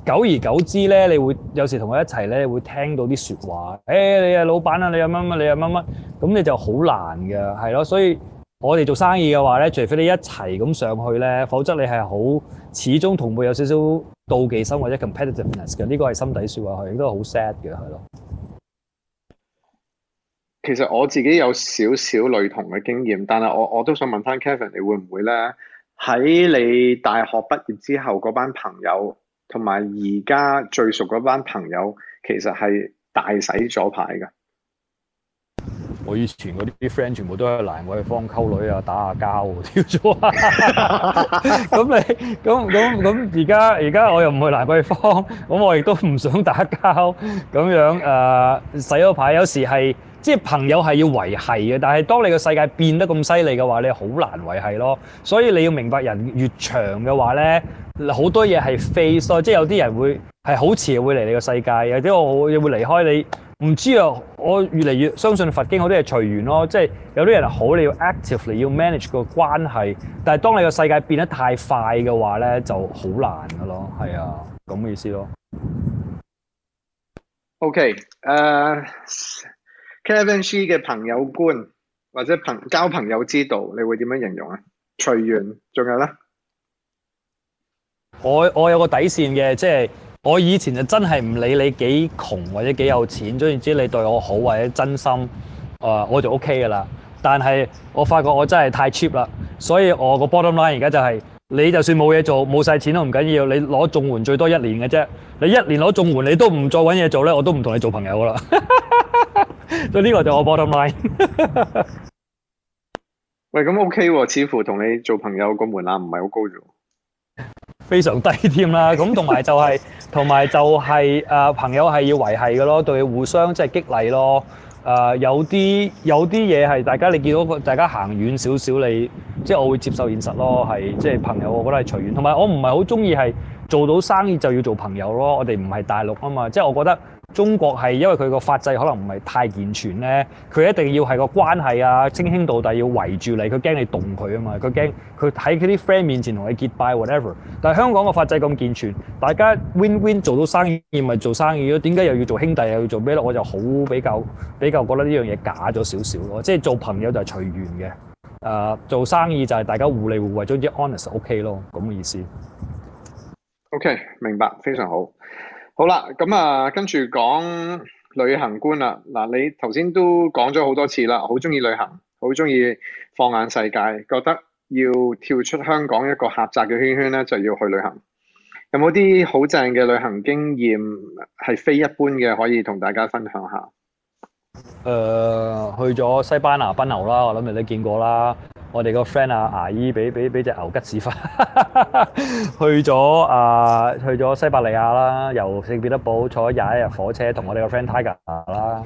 久而久之咧，你會有時同佢一齊咧，會聽到啲説話。誒，hey, 你係老闆啊，你係乜乜，你係乜乜，咁你就好難嘅，係咯。所以我哋做生意嘅話咧，除非你一齊咁上去咧，否則你係好始終同會有少少妒忌心或者 competitiveness 嘅。呢個係心底説話，係應該好 sad 嘅，係咯。
其實我自己有少少類同嘅經驗，但係我我都想問翻 Kevin，你會唔會咧喺你大學畢業之後嗰班朋友？同埋而家最熟嗰班朋友，其實係大洗咗牌㗎。
我以前我啲 friend 全部都喺度蘭桂坊溝女啊，打下交，屌咗啊！咁你咁咁咁而家而家我又唔去蘭桂坊，咁我亦都唔想打交，咁樣誒、呃、洗咗牌，有時係。即係朋友係要維繫嘅，但係當你個世界變得咁犀利嘅話，你好難維繫咯。所以你要明白，人越長嘅話咧，好多嘢係 fate，即係有啲人會係好遲會嚟你個世界，有啲人會離開你。唔知啊，我越嚟越相信佛經，好多係隨緣咯。即係有啲人好，你要 actively 要 manage 個關係。但係當你個世界變得太快嘅話咧，就好難㗎咯。係啊，咁嘅意思咯。
OK，誒、uh。Kevin Shee 嘅朋友觀，或者朋交朋友之道，你會點樣形容啊？隨緣，仲有咧，
我我有個底線嘅，即係我以前就真係唔理你幾窮或者幾有錢，總然之、嗯、你對我好或者真心，啊、呃、我就 OK 噶啦。但係我發覺我真係太 cheap 啦，所以我個 bottom line 而家就係你就算冇嘢做冇晒錢都唔緊要，你攞綜援最多一年嘅啫。你一年攞綜援你都唔再搵嘢做咧，我都唔同你做朋友噶啦。 所以呢個就是我 bottom line。
喂，咁 OK 喎，啊，似乎同你做朋友個門檻唔係好高啫，
非常低添啦。咁同埋就係、是，同埋 就係、是、誒、啊，朋友係要維繫嘅咯，對互相即係激勵咯。誒，有啲有啲嘢係大家你見到大家行遠少少，你即係我會接受現實咯。係即係朋友，我覺得係隨緣。同埋我唔係好中意係做到生意就要做朋友咯。我哋唔係大陸啊嘛，即係我覺得。中國係因為佢個法制可能唔係太健全咧，佢一定要係個關係啊，稱兄道弟要圍住你，佢驚你動佢啊嘛，佢驚佢喺佢啲 friend 面前同你結拜 whatever。但係香港個法制咁健全，大家 win win 做到生意咪做生意咯，點解又要做兄弟又要做咩咧？我就好比較比較覺得呢樣嘢假咗少少咯，即係做朋友就係隨緣嘅，誒，做生意就係大家互利互惠，將啲 honest ok 咯，咁嘅意思。
OK，明白，非常好。好啦，咁啊，跟住講旅行觀啦。嗱，你頭先都講咗好多次啦，好中意旅行，好中意放眼世界，覺得要跳出香港一個狹窄嘅圈圈咧，就要去旅行。有冇啲好正嘅旅行經驗係非一般嘅，可以同大家分享下？
誒、呃，去咗西班牙奔牛啦，我諗你都見過啦。我哋個 friend 阿牙醫俾俾俾隻牛吉屎忽、 呃，去咗啊，去咗西伯利亞啦，由聖彼得堡坐廿一日火車，同我哋個 friend Tiger 啦，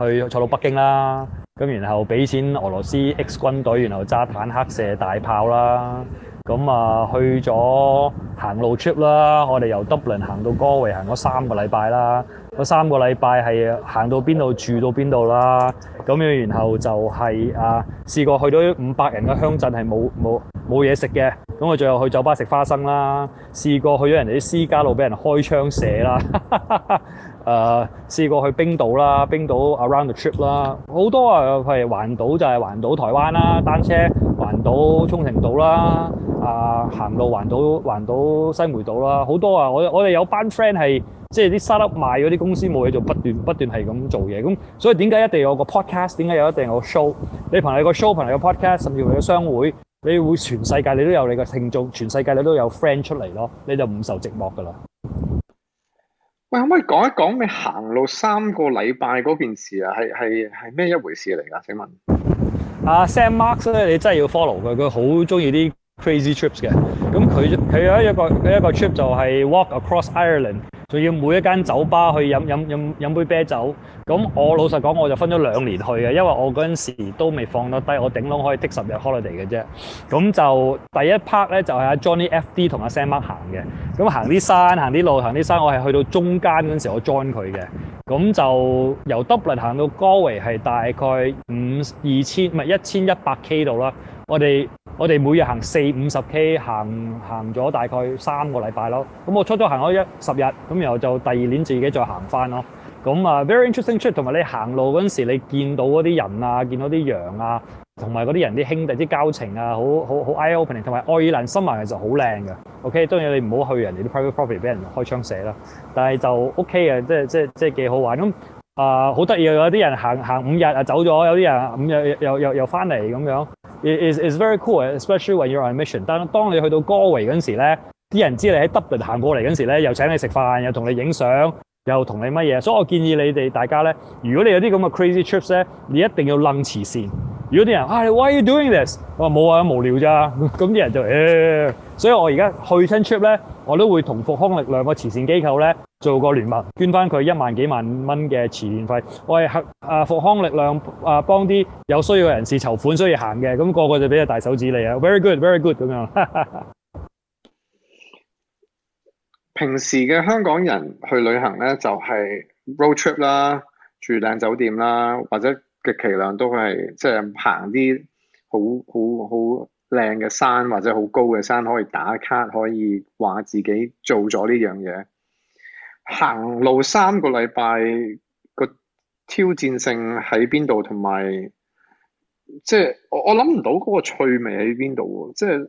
去坐到北京啦。咁然後俾錢俄羅斯 X 軍隊，然後揸坦克射大炮啦。咁啊，去咗行路 trip 啦，我哋由 Dublin 行到哥維，行咗三個禮拜啦。我三個禮拜係行到邊度住到邊度啦，咁樣然後就係、係、啊試過去到五百人嘅鄉鎮係冇冇冇嘢食嘅，咁我最後去酒吧食花生啦，試過去咗人哋啲私家路俾人開槍射啦，誒試、啊、過去冰島啦，冰島 Around the trip 啦，好多啊，譬如環島就係環島台灣啦，單車環島沖繩島啦，啊行路環島環島西梅島啦，好多啊，我我哋有班 friend 係。即係啲沙粒賣嗰啲公司冇嘢做，不斷不斷係咁做嘢，咁所以點解一定有一個 podcast？點解有一定有一個 show？你憑你個 show，憑你個 podcast，甚至乎你個商會，你會全世界你都有你個聽眾，全世界你都有 friend 出嚟咯，你就唔受寂寞噶啦。
喂，可唔可以講一講你行路三個禮拜嗰件事啊？係係係咩一回事嚟噶？請問
阿 Sam Marks 咧，uh，你真係要 follow 佢，佢好中意啲 crazy trips 嘅。咁佢佢有一個有一個一個 trip 就係 walk across Ireland。仲要每一間酒吧去飲飲飲飲杯啤酒，咁我老實講，我就分咗兩年去嘅，因為我嗰陣時都未放得低，我頂籠可以剔十日 holiday 嘅啫。咁就第一 part 咧，就係、是、阿 Johnny F D 同阿 Sam Mark 行嘅，咁行啲山，行啲路，行啲山，我係去到中間嗰陣時我，我 join 佢嘅。咁就由 Dublin 行到 Galway 係大概五二千，唔係一千一百 k 度啦。我哋我哋每日行四五十 K，行行咗大概三個禮拜咯。咁我初初行咗一十日，咁然後就第二年自己再行翻咯。咁啊，very interesting trip，同埋你行路嗰陣時，你見到嗰啲人啊，見到啲羊啊，同埋嗰啲人啲兄弟啲交情啊，好好好 eye opening 同埋愛爾蘭森林其實好靚嘅。OK，當然你唔好去人哋啲 private property 俾人開槍射啦。但係就 OK 嘅，即係即係即係幾好玩。咁。啊，好得意啊！有啲人行行五日啊，走咗；有啲人五日又又又翻嚟咁樣，it is very cool，especially when you're on mission。但當你去到戈維陣時咧，啲人知你喺 W 行過嚟陣時咧，又請你食飯，又同你影相。又同你乜嘢？所以我建議你哋大家咧，如果你有啲咁嘅 crazy trips 咧，你一定要楞慈善。如果啲人，啊 why are you doing this？我話冇啊，無聊咋。咁啲 人就誒、eh，所以我而家去親 trip 咧，我都會同復康力量個慈善機構咧做個聯盟，捐翻佢一萬幾萬蚊嘅慈善費。我係客啊，復康力量啊，幫啲有需要嘅人士籌款，需要行嘅，咁、那個個就俾隻大手指你啊，very good，very good，咁 very good 樣。
平時嘅香港人去旅行咧，就係 road trip 啦，住靚酒店啦，或者極其量都係即係行啲好好好靚嘅山或者好高嘅山，可以打卡，可以話自己做咗呢樣嘢。行路三個禮拜個挑戰性喺
邊度，同埋即係我我諗唔到嗰個趣味喺邊度喎，即係。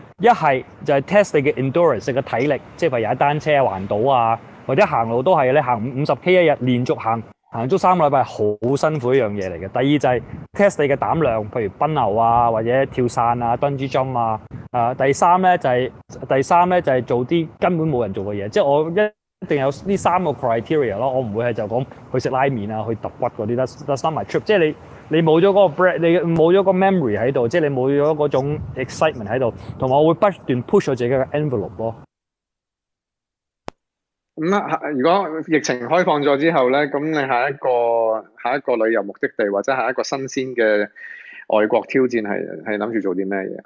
一係就係、是、test 你嘅 endurance 嘅體力，即係譬如踩單車啊、環島啊，或者行路都係咧，行五五十 K 一日，連續行行足三個禮拜，好辛苦的一樣嘢嚟嘅。第二就係 test 你嘅膽量，譬如奔牛啊，或者跳傘啊、bungee jump 啊。啊，第三咧就係、是、第三咧就係、是、做啲根本冇人做嘅嘢，即係我一定有呢三個 criteria 咯，我唔會係就咁去食拉麵啊、去揼骨嗰啲，啦，not my trip，即係你。你冇咗嗰個 bread，你冇咗個 memory 喺度，即係你冇咗嗰種 excitement 喺度，同埋我會不斷 push 咗自己嘅 envelope 咯。
咁啊，如果疫情開放咗之後咧，咁你下一個下一個旅遊目的地或者下一個新鮮嘅外國挑戰係係諗住做啲咩嘢？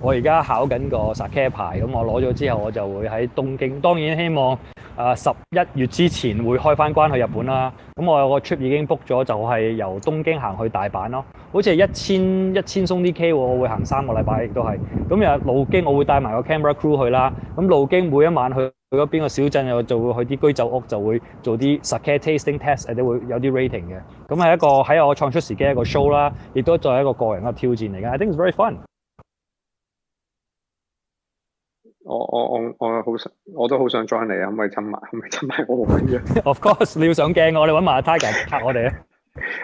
我而家考緊個 Sake 牌，咁我攞咗之後，我就會喺東京。當然希望誒十一月之前會開翻關去日本啦。咁我有個 trip 已經 book 咗，就係、是、由東京行去大阪咯。好似係一千一千鬆啲 k，我會行三個禮拜，亦都係。咁又路經我會帶埋個 camera crew 去啦。咁路經每一晚去邊去咗邊個小鎮，就會去啲居酒屋，就會做啲 Sake tasting test，或者會有啲 rating 嘅。咁係一個喺我創出時機一個 show 啦，亦都作為一個個人嘅挑戰嚟嘅。I think it's very fun。
我我我我好想，我都好想 join 你啊！可唔可以侵埋，可唔可以侵埋我玩嘅
？Of course，你要上鏡我，iger, 我哋揾埋阿 Tiger 拍我哋啊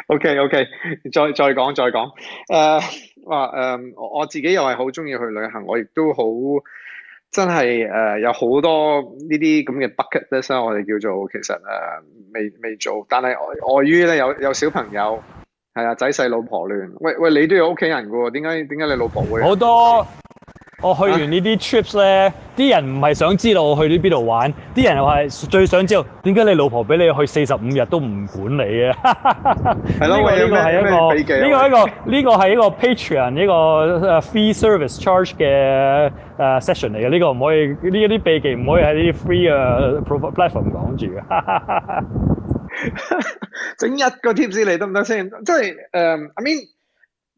！OK，OK，再再講，再講。誒，話誒，我自己又係好中意去旅行，我亦都好真係誒，uh, 有好多呢啲咁嘅 bucket list 啊，我哋叫做其實誒、uh, 未未做，但係礙於咧有有小朋友係啊仔細老婆亂。喂喂，你都有屋企人噶？點解點解你老婆會
好多？我去完呢啲 trips 咧、啊，啲人唔係想知道我去呢邊度玩，啲人又係最想知道點解你老婆俾你去四十五日都唔管你
嘅。係 咯的，呢、 呢個係喂一個
呢個一個呢個係一個、呢個、個 Patreon 呢個 free service charge 嘅誒、uh, session 嚟嘅，呢、呢個唔可以呢啲秘技唔可以喺啲 free 嘅、uh, platform 講住嘅。
整 一個 tips 嚟得唔得先，即係誒、um,，I mean。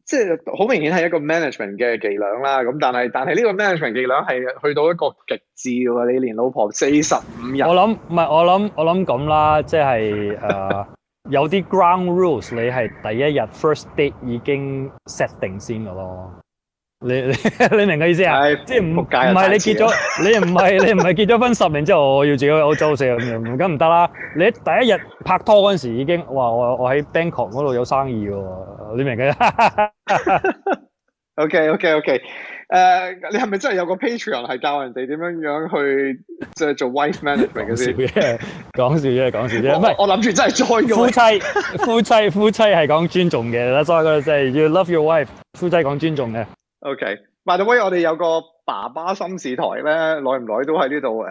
即係好明顯係一個 management 嘅伎倆啦，咁但係但係呢個 management 伎倆係去到一個極致喎，你連老婆四十
五日。我諗唔係，我諗我諗咁啦，即係誒有啲 ground rules，你係第一日 first date 已經 set 定先㗎咯。你你,你明嘅意思啊？哎、即係唔唔係你結咗次 你唔係你唔係結咗婚十年之後我要自己去澳洲死啊！唔咁唔得啦。你第一日拍拖嗰陣時已經哇，我我喺 Banking 嗰度有生意嘅，你明嘅
？OK OK OK。誒，你係咪真係有個 Patreon 係教人哋點樣樣去即係、就是、做 wife management 嘅
先？講笑啫，講笑啫，唔係我諗住不真係 join 嘅夫妻夫妻夫妻係講尊重嘅，所以即係要 love your wife。夫妻講尊重嘅。
O.K. By the way，我哋有個爸爸心事台咧，耐唔耐都喺呢度誒，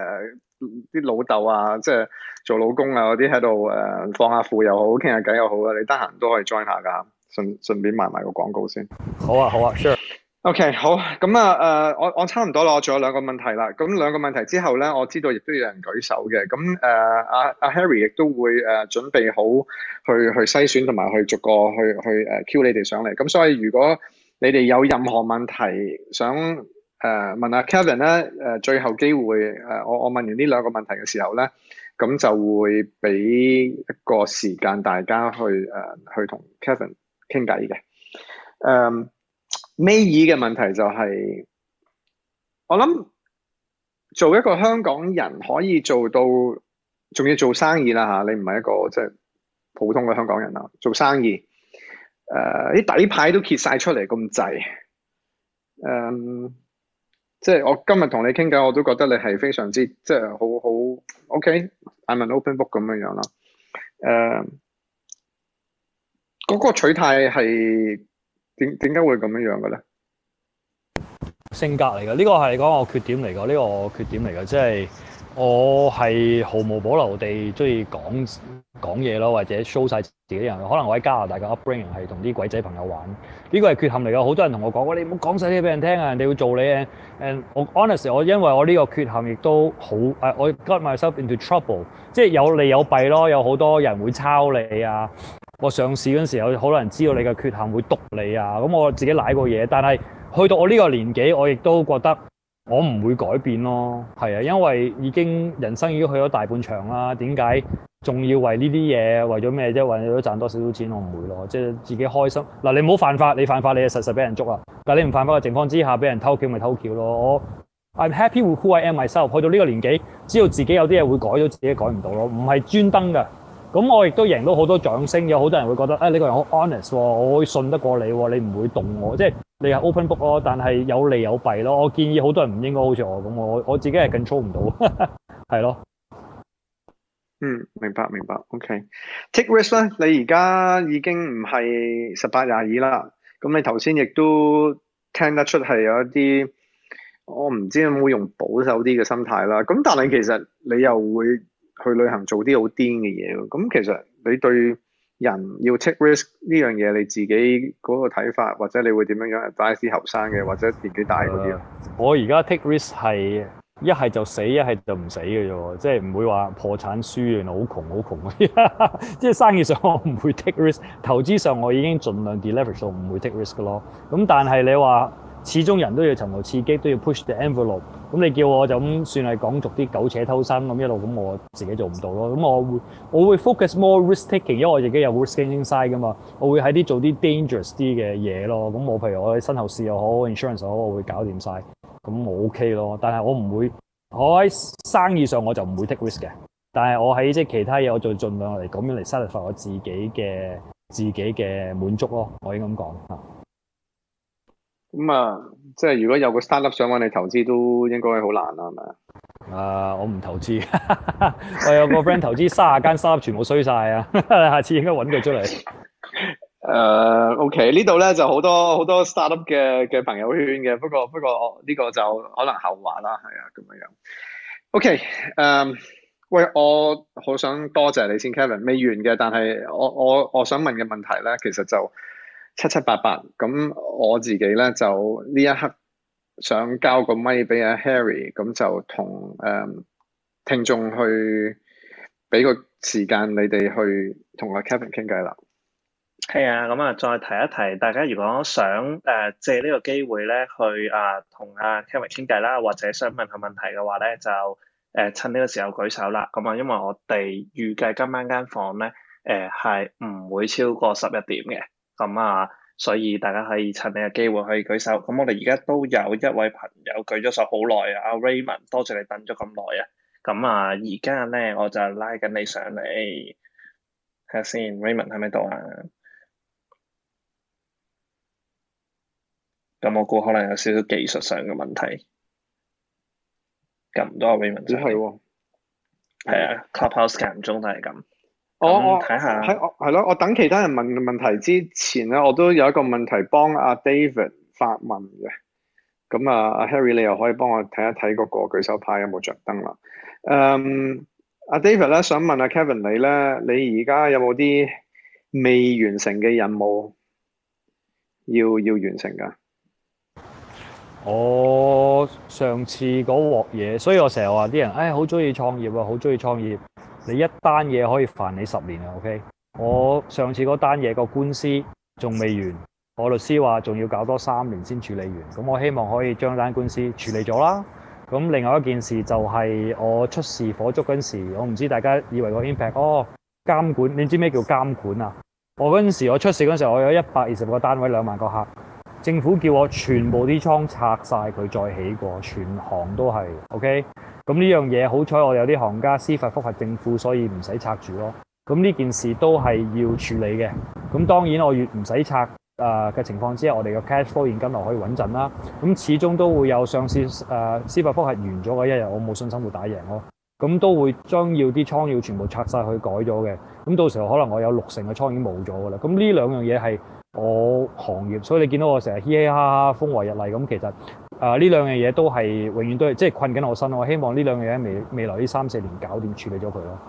啲老豆啊，即係做老公啊嗰啲喺度誒，放下褲又好，傾下偈又好啊，你得閒都可以 join 下噶，順順便賣埋個廣告先。好啊，好啊，Sure。O.K. 好，咁啊、呃、我我差唔多啦，我仲有兩個問題啦。咁兩個問題之後咧，我知道亦都有人舉手嘅。咁誒，阿、呃、阿、啊啊、Harry 亦都會誒、呃、準備好去去篩選同埋去逐個去去誒 Q、呃、你哋上嚟。咁所以如果你哋有任何問題想誒、呃、問阿 Kevin 咧，誒、呃、最後機會誒、呃，我我問完呢兩個問題嘅時候咧，咁就會俾一個時間大家去誒、呃、去同 Kevin 傾偈嘅。誒、呃，尾二嘅問題就係、是，我諗做一個香港人可以做到，仲要做生意啦嚇，你唔係一個即係、就是、普通嘅香港人啦，做生意。誒啲底牌都揭晒出嚟咁滯，誒，即係我今日同你傾偈，我都覺得你係非常之即係好好，OK，I'm an open book 咁樣樣啦。誒，嗰個取態係點點解會咁樣樣嘅咧？
性格嚟嘅，呢個係講我缺點嚟嘅，呢個缺點嚟嘅，即係。我係毫無保留地中意講講嘢咯，或者 show 晒自己人。可能我喺加拿大嘅 upbringing 係同啲鬼仔朋友玩，呢個係缺陷嚟㗎。好多人同我講，你唔好講晒啲俾人聽啊！人哋會做你嘅。我 honest，我因為我呢個缺陷亦都好 I 我 got myself into trouble，即係有利有弊咯。有好多人會抄你啊！我上市嗰陣時有好多人知道你嘅缺陷會篤你啊！咁、嗯、我自己舐過嘢，但係去到我呢個年紀，我亦都覺得。我唔會改變咯，係啊，因為已經人生已經去咗大半場啦。點解仲要為呢啲嘢？為咗咩？即係為你都賺多少少錢？我唔會咯，即係自己開心。嗱，你唔好犯法，你犯法你就實實俾人捉啦。但係你唔犯法嘅情況之下，俾人偷竅咪偷竅咯。我，I'm happy with who I am myself。去到呢個年紀，知道自己有啲嘢會改咗，自己改唔到咯。唔係專登噶。咁我亦都贏到好多掌聲，有好多人會覺得啊，呢個人好 honest，我會信得過你，你唔會動我，即係。你係 open book 咯，但係有利有弊咯。我建議好多人唔應該好似我咁，我我自己係更 control 唔到，係咯。
嗯，明白明白。OK，take risk 咧，你而家已經唔係十八廿二啦。咁你頭先亦都聽得出係有一啲，我唔知有冇用保守啲嘅心態啦。咁但係其實你又會去旅行做啲好癲嘅嘢喎。咁其實你對人要 take risk 呢樣嘢，你自己嗰個睇法，或者你會點樣樣帶啲後生嘅，或者自己帶嗰啲咯？Uh,
我而家 take risk 係一係就死，一係就唔死嘅啫，即係唔會話破產、輸完好窮、好窮。 即係生意上我唔會 take risk，投資上我已經盡量 deleverage，唔會 take risk 咯。咁但係你話。始終人都要尋求刺激，都要 push the envelope。咁你叫我就咁算係講俗啲，苟且偷生咁一路咁，我自己做唔到咯。咁我會，我會 focus more risk taking，因為我自己有 risk taking side 噶嘛。我會喺啲做啲 dangerous 啲嘅嘢咯。咁我譬如我喺身後試又好，insurance 又好，我會搞掂晒。咁我 OK 咯。但係我唔會，我喺生意上我就唔會 take risk 嘅。但係我喺即係其他嘢，我就儘量嚟咁樣嚟 satisfy 我自己嘅自己嘅滿足咯。我應該咁講。
咁啊、嗯，即係如果有個 startup 想揾你投資，都應該好難啦，係咪啊
？Uh, 我唔投資， 我有個 friend 投資卅間 startup 全部衰晒啊！ 下次應該揾佢出嚟。誒、uh,，OK，呢
度咧就好多好多 startup 嘅嘅朋友圈嘅，不過不過呢、這個就可能後話啦，係啊，咁樣樣。OK，誒、um,，喂，我好想多謝你先，Kevin 未完嘅，但係我我我想問嘅問題咧，其實就。七七八八咁，我自己咧就呢一刻想交個咪俾阿 Harry，咁就同誒、嗯、聽眾去俾個時間你哋去同阿 Kevin 傾偈啦。
係啊，咁、嗯、啊，再提一提，大家如果想、呃、借呢個機會咧，去啊同、呃、阿 Kevin 傾偈啦，或者想問下問題嘅話咧，就、呃、趁呢個時候舉手啦。咁、嗯、啊，因為我哋預計今晚間房咧，係、呃、唔會超過十一點嘅。咁啊，所以大家可以趁呢個機會可以舉手。咁我哋而家都有一位朋友舉咗手好耐啊，阿 Raymond，多謝你等咗咁耐啊。咁啊，而家呢我就拉緊你上嚟，睇下先，Raymond 喺咪度啊？咁我估可能有少少技術上嘅問題，撳唔到、啊、Raymond、嗯。咁係喎，係啊的、嗯、Clubhouse 間唔中都係咁。哦、我睇
下，喺我係咯，我等其他人問問題之前咧，我都有一個問題幫阿 David 發問嘅。咁啊，阿 Harry 你又可以幫我睇一睇嗰個舉手牌有冇着燈啦。嗯，阿 David 咧想問阿 Kevin 你咧，你而家有冇啲未完成嘅任務要要完成㗎？
我上次嗰鑊嘢，所以我成日話啲人，哎，好中意創業啊，好中意創業。你一單嘢可以煩你十年啊，OK？我上次嗰單嘢個官司仲未完，我律師話仲要搞多三年先處理完。咁我希望可以將單官司處理咗啦。咁另外一件事就係我出事火燭嗰時，我唔知大家以為個 impact 哦監管，你知咩叫監管啊？我嗰時時我出事嗰時時，我有一百二十個單位，兩萬個客。政府叫我全部啲倉拆晒，佢再起過，全行都係，OK。咁呢樣嘢好彩，我哋有啲行家司法復核政府，所以唔使拆住咯。咁呢件事都係要處理嘅。咁當然我越唔使拆嘅、呃、情況之下，我哋嘅 cash flow 現金流可以穩陣啦。咁始終都會有上次誒、呃、司法復核完咗嘅一日，我冇信心會打贏咯。咁都會將要啲倉要全部拆晒去改咗嘅。咁到時候可能我有六成嘅倉已經冇咗噶啦。咁呢兩樣嘢係。我行業，所以你見到我成日嘻嘻哈哈風和日麗咁，其實誒呢兩樣嘢都係永遠都係即係困緊我身。我希望呢兩樣嘢未未來呢三四年搞掂處理咗佢咯。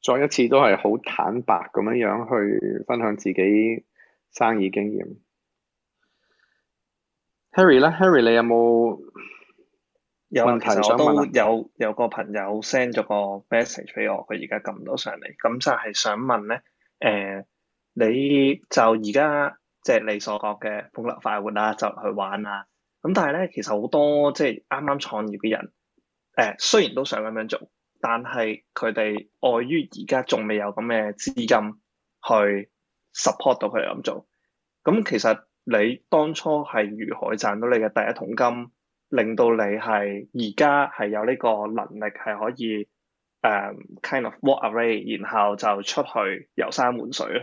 再一次都係好坦白咁樣樣去分享自己生意經驗。Harry 咧，Harry 你有冇？有，問題我都
有有個朋友 send 咗個 message 俾我，佢而家撳到上嚟，咁就係想問咧，誒、呃，你就而家即係你所講嘅風流快活啦，就去玩啦。咁但係咧，其實好多即係啱啱創業嘅人，誒、呃，雖然都想咁樣做，但係佢哋礙於而家仲未有咁嘅資金去 support 到佢哋咁做。咁其實你當初係如何賺到你嘅第一桶金？令到你係而家係有呢個能力係可以誒、um, kind of walk away，然後就出去遊山玩水啊！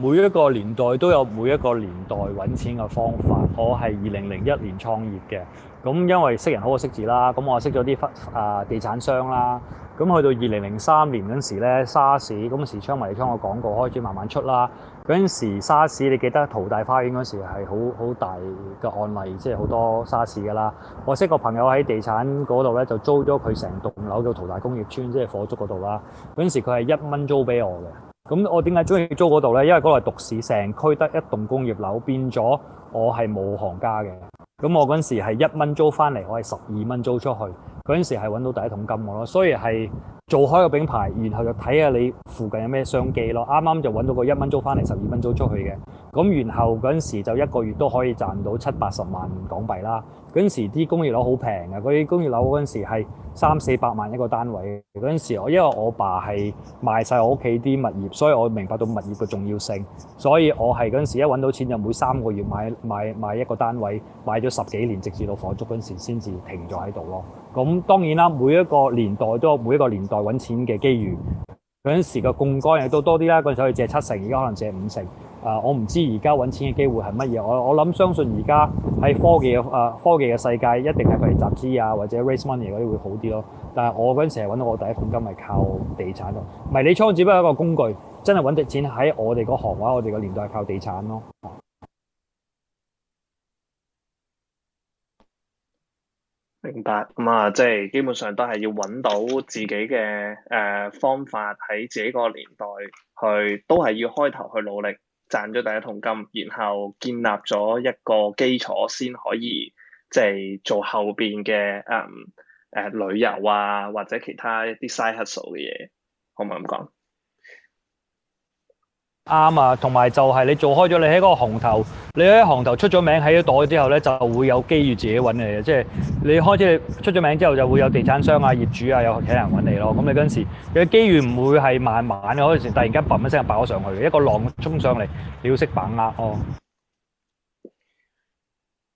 每一個年代都有每一個年代揾錢嘅方法。我係二零零一年創業嘅，咁因為識人好過識字啦，咁我識咗啲啊地產商啦。咁去到二零零三年嗰時咧，沙士，咁時昌迷你倉嘅廣告開始慢慢出啦。嗰陣時沙士，你記得淘大花園嗰陣時係好好大嘅案例，即係好多沙士噶啦。我識個朋友喺地產嗰度咧，就租咗佢成棟樓叫淘大工業村，即係火燭嗰度啦。嗰陣時佢係一蚊租俾我嘅。咁我點解中意租嗰度咧？因為嗰度係獨市，成區得一棟工業樓，變咗我係冇行家嘅。咁我嗰陣時係一蚊租翻嚟，我係十二蚊租出去。嗰陣時係揾到第一桶金我咯，所以係做開個品牌，然後就睇下你附近有咩商機咯。啱啱就揾到一個一蚊租翻嚟，十二蚊租出去嘅。咁然後嗰陣時就一個月都可以賺到七八十萬港幣啦。嗰陣時啲工業樓好平呀，嗰啲工業樓嗰陣時係三四百萬一個單位。嗰陣時我因為我爸係賣晒我屋企啲物業，所以我明白到物業嘅重要性，所以我係嗰陣時一揾到錢就每三個月買買買一個單位，買咗十幾年直至到火燭嗰陣時先至停咗喺度咯。咁當然啦，每一個年代都有每一個年代揾錢嘅機遇。嗰陣時嘅槓桿亦都多啲啦，嗰陣時可以借七成，而家可能借五成。呃在在呃、啊，我唔知而家揾錢嘅機會係乜嘢。我我諗相信而家喺科技啊，科技嘅世界一定係佢哋集資啊或者 raise money 嗰啲會好啲咯。但係我嗰陣時係揾到我第一桶金係、就是、靠地產咯。迷你倉只不過係一個工具，真係揾得錢喺我哋個行話，我哋個年代係靠地產咯。
明白，咁、嗯、啊，即係基本上都係要揾到自己嘅誒、呃、方法，喺自己個年代去，都係要開頭去努力賺咗第一桶金，然後建立咗一個基礎，先可以即係做後面嘅嗯、呃呃、旅遊啊，或者其他一啲嘥黑 e 嘅嘢，可唔可以咁講？
啱啊，同埋就係你做開咗，你喺嗰個行頭，你喺行頭出咗名，喺咗袋之後咧，就會有機遇自己揾你嘅，即係你開始出咗名之後就會有地產商啊、業主啊有其他人揾你咯。咁你嗰陣你嘅機遇唔會係慢慢嘅，可能突然間砰一聲爆咗上去，一個浪沖上嚟，你要識把握哦。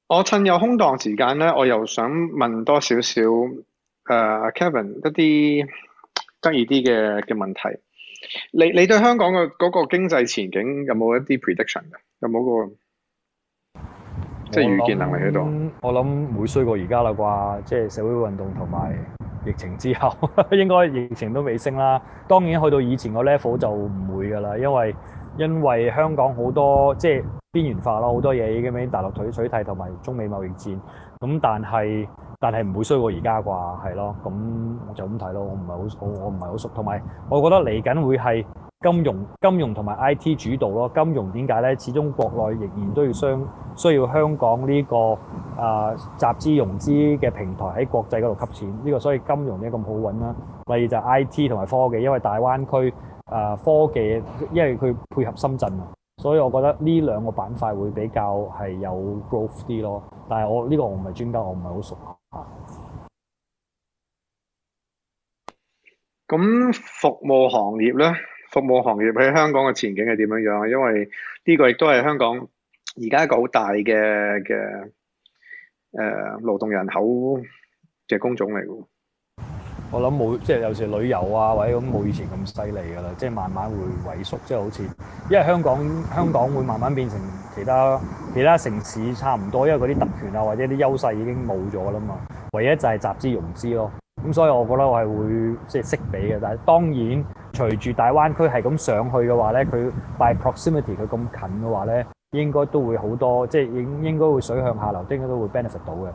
我趁有空檔時間咧，我又想問多少少誒 Kevin 一啲得意啲嘅嘅問題。你你對香港嘅嗰個經濟前景有冇一啲 prediction？有冇個即係預見能力喺度？
我諗唔會衰過而家啦啩，即係社會運動同埋疫情之後，應該疫情都未升啦。當然去到以前個 level 就唔會㗎喇，因為因為香港好多即係邊緣化咯，好多嘢已經俾大陸取水梯同埋中美貿易戰。咁但係，但係唔會衰過而家啩，係咯？咁我就咁睇咯。我唔係好，我我唔係好熟。同埋，我覺得嚟緊會係金融、金融同埋 I T 主導咯。金融點解咧？始終國內仍然都要需需要香港呢個啊集資融資嘅平台，喺國際嗰度吸錢。呢個所以金融呢咁好揾啦。例如就係 I T 同埋科技，因為大灣區啊科技，因為佢配合深圳啊。所以我覺得呢兩個板塊會比較係有 growth 啲咯，但係我呢個我唔係專家，我唔係好熟啊。
咁服務行業咧，服務行業喺香港嘅前景係點樣樣啊？因為呢個亦都係香港而家一個好大嘅嘅誒勞動人口嘅工種嚟㗎。
我諗冇，即係有時旅遊啊，或者咁冇以前咁犀利噶啦，即係慢慢會萎縮，即係好似，因為香港香港會慢慢變成其他其他城市差唔多，因為嗰啲特權啊或者啲優勢已經冇咗啦嘛，唯一就係集資融資咯。咁所以我覺得我係會即係識畀嘅，但係當然隨住大灣區係咁上去嘅話咧，佢 by proximity 佢咁近嘅話咧，應該都會好多，即係應應該會水向下流，應該都會 benefit 到嘅。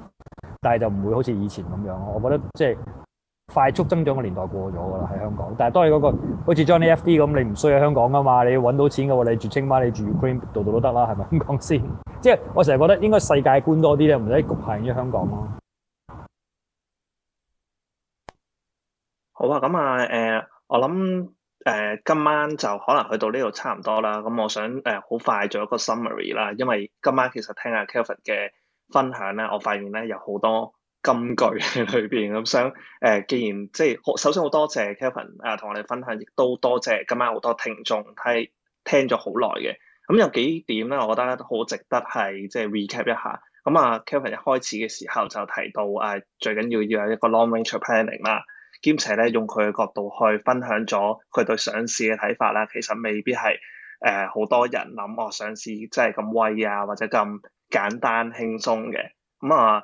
但係就唔會好似以前咁樣，我覺得即係。快速增長嘅年代過咗噶啦，喺香港。但係當你嗰、那個好似 Johnny FD 咁，你唔需要香港噶嘛？你要搵到錢嘅話，你住清邁，你住 Ukraine，度度都得啦，係咪？講先，即係我成日覺得應該世界觀多啲咧，唔使局限於香港咯。
好啊，咁啊，誒、呃，我諗誒、呃，今晚就可能去到呢度差唔多啦。咁我想誒，好、呃、快做一個 summary 啦，因為今晚其實聽阿 Kelvin 嘅分享咧，我發現咧有好多。金句喺裏面，咁想誒、呃，既然即係，首先好多謝 Kevin 同、啊、我哋分享，亦都多謝今晚好多聽眾係聽咗好耐嘅。咁有幾點咧，我覺得都好值得係即係 recap 一下。咁、嗯、啊，Kevin 一開始嘅時候就提到、啊、最緊要要有一個 long-range planning 啦、啊，兼且咧用佢嘅角度去分享咗佢對上市嘅睇法啦、啊。其實未必係好、呃、多人諗，哦、啊、上市即係咁威啊，或者咁簡單輕鬆嘅咁、嗯、啊。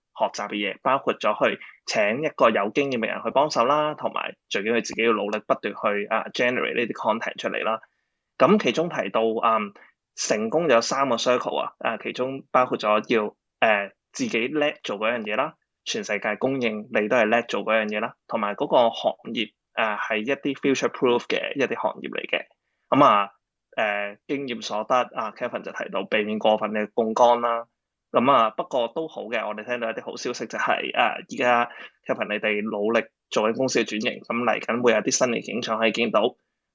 學習嘅嘢，包括咗去請一個有經驗嘅人去幫手啦，同埋最緊要自己要努力不斷去啊 generate 呢啲 content 出嚟啦。咁其中提到啊、嗯，成功有三個 circle 啊，啊其中包括咗要誒、呃、自己叻做嗰樣嘢啦，全世界供應你都係叻做嗰樣嘢啦，同埋嗰個行業誒係、呃、一啲 future-proof 嘅一啲行業嚟嘅。咁啊誒經驗所得啊，Kevin 就提到避免過分嘅槓桿啦。咁啊、嗯，不過都好嘅，我哋聽到一啲好消息就係、是，誒、啊，而家 Kevin 你哋努力做緊公司嘅轉型，咁嚟緊會有啲新嘅景象可以見到。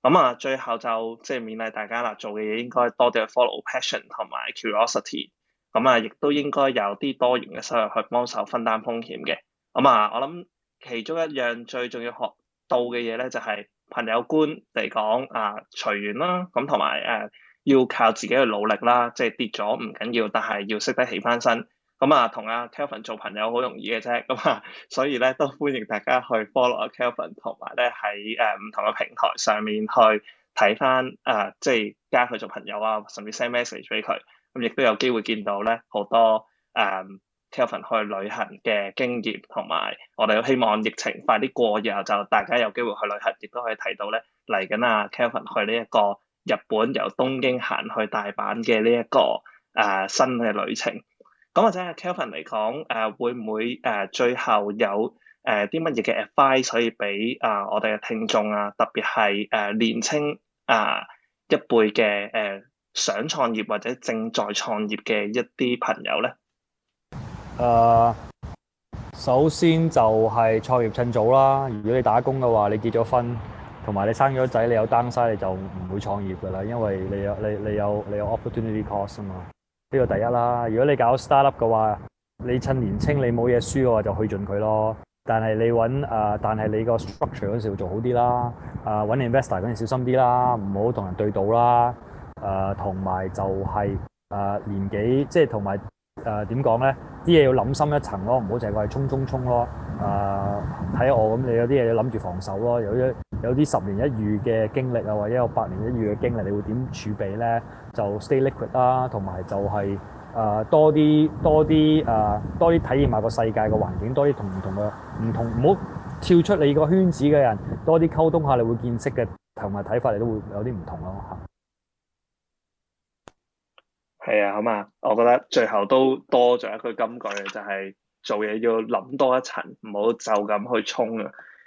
咁、嗯、啊，最後就即係、就是、勉勵大家啦，做嘅嘢應該多啲去 follow passion 同埋 curiosity、嗯。咁啊，亦都應該有啲多元嘅收入去幫手分擔風險嘅。咁、嗯、啊，我諗其中一樣最重要學到嘅嘢咧，就係、是、朋友觀嚟講啊，隨緣啦。咁同埋誒。要靠自己去努力啦，即係跌咗唔緊要，但係要識得起翻身。咁啊，同阿 Kelvin 做朋友好容易嘅啫。咁啊，所以咧都歡迎大家去 follow 阿 Kelvin、嗯、同埋咧喺誒唔同嘅平台上面去睇翻誒，即係加佢做朋友啊，甚至 send message 俾佢。咁亦都有機會見到咧好多誒、嗯、Kelvin 去旅行嘅經驗，同埋我哋都希望疫情快啲過，然後就大家有機會去旅行，亦都可以睇到咧嚟緊啊 Kelvin 去呢一個日本由東京行去大阪嘅呢一個誒、啊、新嘅旅程，咁或者 Kelvin 嚟講誒、啊、會唔會誒、啊、最後有誒啲、啊、乜嘢嘅 advice 可以俾啊我哋嘅聽眾啊，特別係誒、啊、年青啊一輩嘅誒、啊、想創業或者正在創業嘅一啲朋友咧？
誒，uh, 首先就係創業趁早啦。如果你打工嘅話，你結咗婚。同埋你生咗仔，你有 downside，你就唔會創業噶啦，因為你有你你有你有 opportunity cost 啊嘛。呢個第一啦。如果你搞 startup 嘅話，你趁年青你冇嘢輸嘅話，就去盡佢咯。但係你揾、呃、但係你個 structure 嗰時要做好啲啦。啊，揾 investor 嗰陣小心啲啦，唔好同人對賭啦。呃、同埋就係、呃、年紀，即係同埋點講咧？啲嘢要諗深一層咯，唔好淨係話衝冲衝咯。誒、呃，睇我咁，你有啲嘢要諗住防守咯，有有啲十年一遇嘅經歷啊，或者有八年一遇嘅經歷，你會點儲備咧？就 stay liquid 啦、就是，同埋就係多啲多啲、呃、多啲體驗下個世界嘅環境，多啲同唔同嘅唔同，唔好跳出你個圈子嘅人，多啲溝通下，你會見識嘅，同埋睇法你都會有啲唔同咯嚇，
係啊，好嘛，我覺得最後都多咗一句金句，就係、是、做嘢要諗多一層，唔好就咁去衝啊！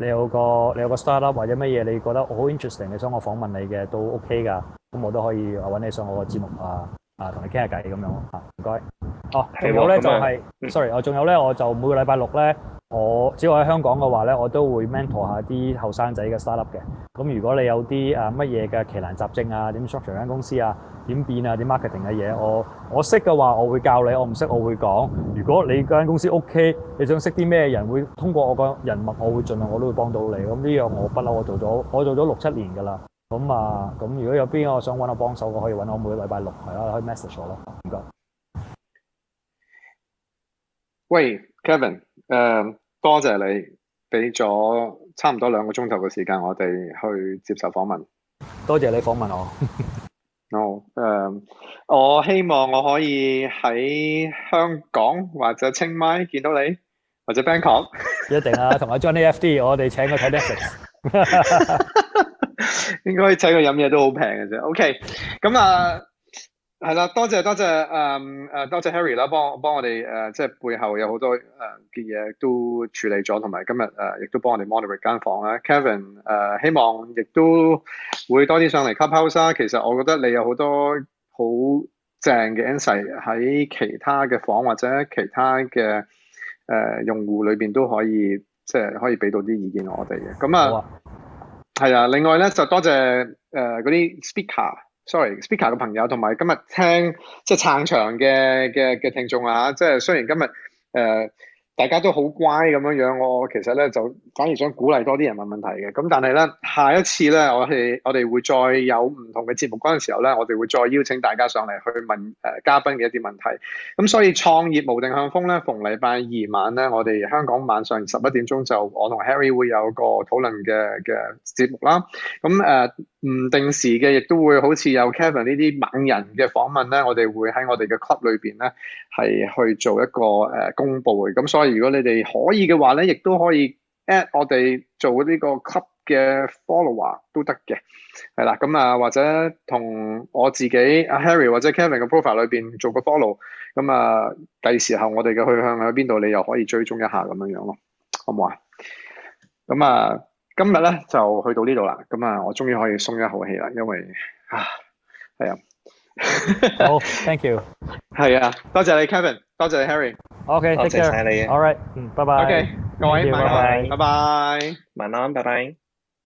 你有個你有個 startup 或者乜嘢，你覺得好 interesting，你想我訪問你嘅都 OK 噶。咁我都可以啊，揾你上我個節目、嗯、啊，和聊聊這樣謝謝啊同你傾下偈咁樣咯，唔該。哦，就是，仲、嗯嗯、有咧就係，sorry，我仲有咧，我就每個禮拜六咧。我只要喺香港嘅話咧，我都會 mentor 下啲後生仔嘅 startup 嘅。咁如果你有啲誒乜嘢嘅奇難雜症啊，點 structure 間公司啊，點變啊，點 marketing 嘅嘢，我我識嘅話，我會教你。我唔識，我會講。如果你間公司 OK，你想識啲咩人，會通過我個人脈，我會盡量，我都會幫到你。咁呢樣我不嬲，我做咗我做咗六七年噶啦。咁啊，咁如果有邊個想搵我幫手、啊，可以搵我每個禮拜六係啦，去 message 我啦。唔該。喂，Kevin，嗯、
uh。多謝你俾咗差唔多兩個鐘頭嘅時間，我哋去接受訪問。
多謝你訪問我。
誒 ，oh, um, 我希望我可以喺香港或者清邁見到你，或者 Bangkok。
一定啊，同埋 Johnny FD，我哋請佢睇 Netflix。
應該請佢飲嘢都好平嘅啫。OK，咁啊。係啦，多謝多謝誒誒、嗯，多謝 Harry 啦，幫幫我哋誒、呃，即係背後有好多誒嘅嘢都處理咗，同埋今日誒，亦、呃、都幫我哋 monitor 間房啦，Kevin 誒、呃，希望亦都會多啲上嚟 clubhouse 啦，其實我覺得你有好多好正嘅 insight 喺其他嘅房或者其他嘅誒、呃、用戶裏邊都可以，即係可以俾到啲意見我哋嘅。咁啊，係啊，另外咧就多謝誒嗰啲 speaker。呃 Sorry, speaker 嘅朋友同埋今日聽即係撐場嘅嘅嘅聽眾啊，即係雖然今日誒、呃、大家都好乖咁樣樣，我其實咧就反而想鼓勵多啲人問問題嘅，咁但係咧，下一次咧我哋我哋會再有唔同嘅節目嗰陣時候咧，我哋會再邀請大家上嚟去問誒、呃、嘉賓嘅一啲問題。咁所以創業無定向瘋咧，逢禮拜二晚咧，我哋香港晚上十一點鐘就我同 Harry 會有個討論嘅嘅節目啦。咁誒。呃唔定時嘅，亦都會好似有 Kevin 呢啲猛人嘅訪問咧，我哋會喺我哋嘅 club 裏邊咧，係去做一個誒、呃、公佈嘅。咁所以如果你哋可以嘅話咧，亦、er, 都可以 at 我哋做呢個 club 嘅 follower 都得嘅，係啦。咁啊，或者同我自己 Harry 或者 Kevin 嘅 profile 裏邊做個 follow，咁啊，第時候我哋嘅去向喺邊度，你又可以追蹤一下咁樣樣咯，好唔好啊？咁啊～今日咧就去到呢度啦，咁啊我終於可以鬆一口氣啦，因為啊
係啊，好，Thank you，
係啊，多謝你
，Kevin，多謝你，Harry，OK，
多謝曬你，All right，嗯，拜拜，OK，
各位，拜拜，拜拜，晚安，拜拜。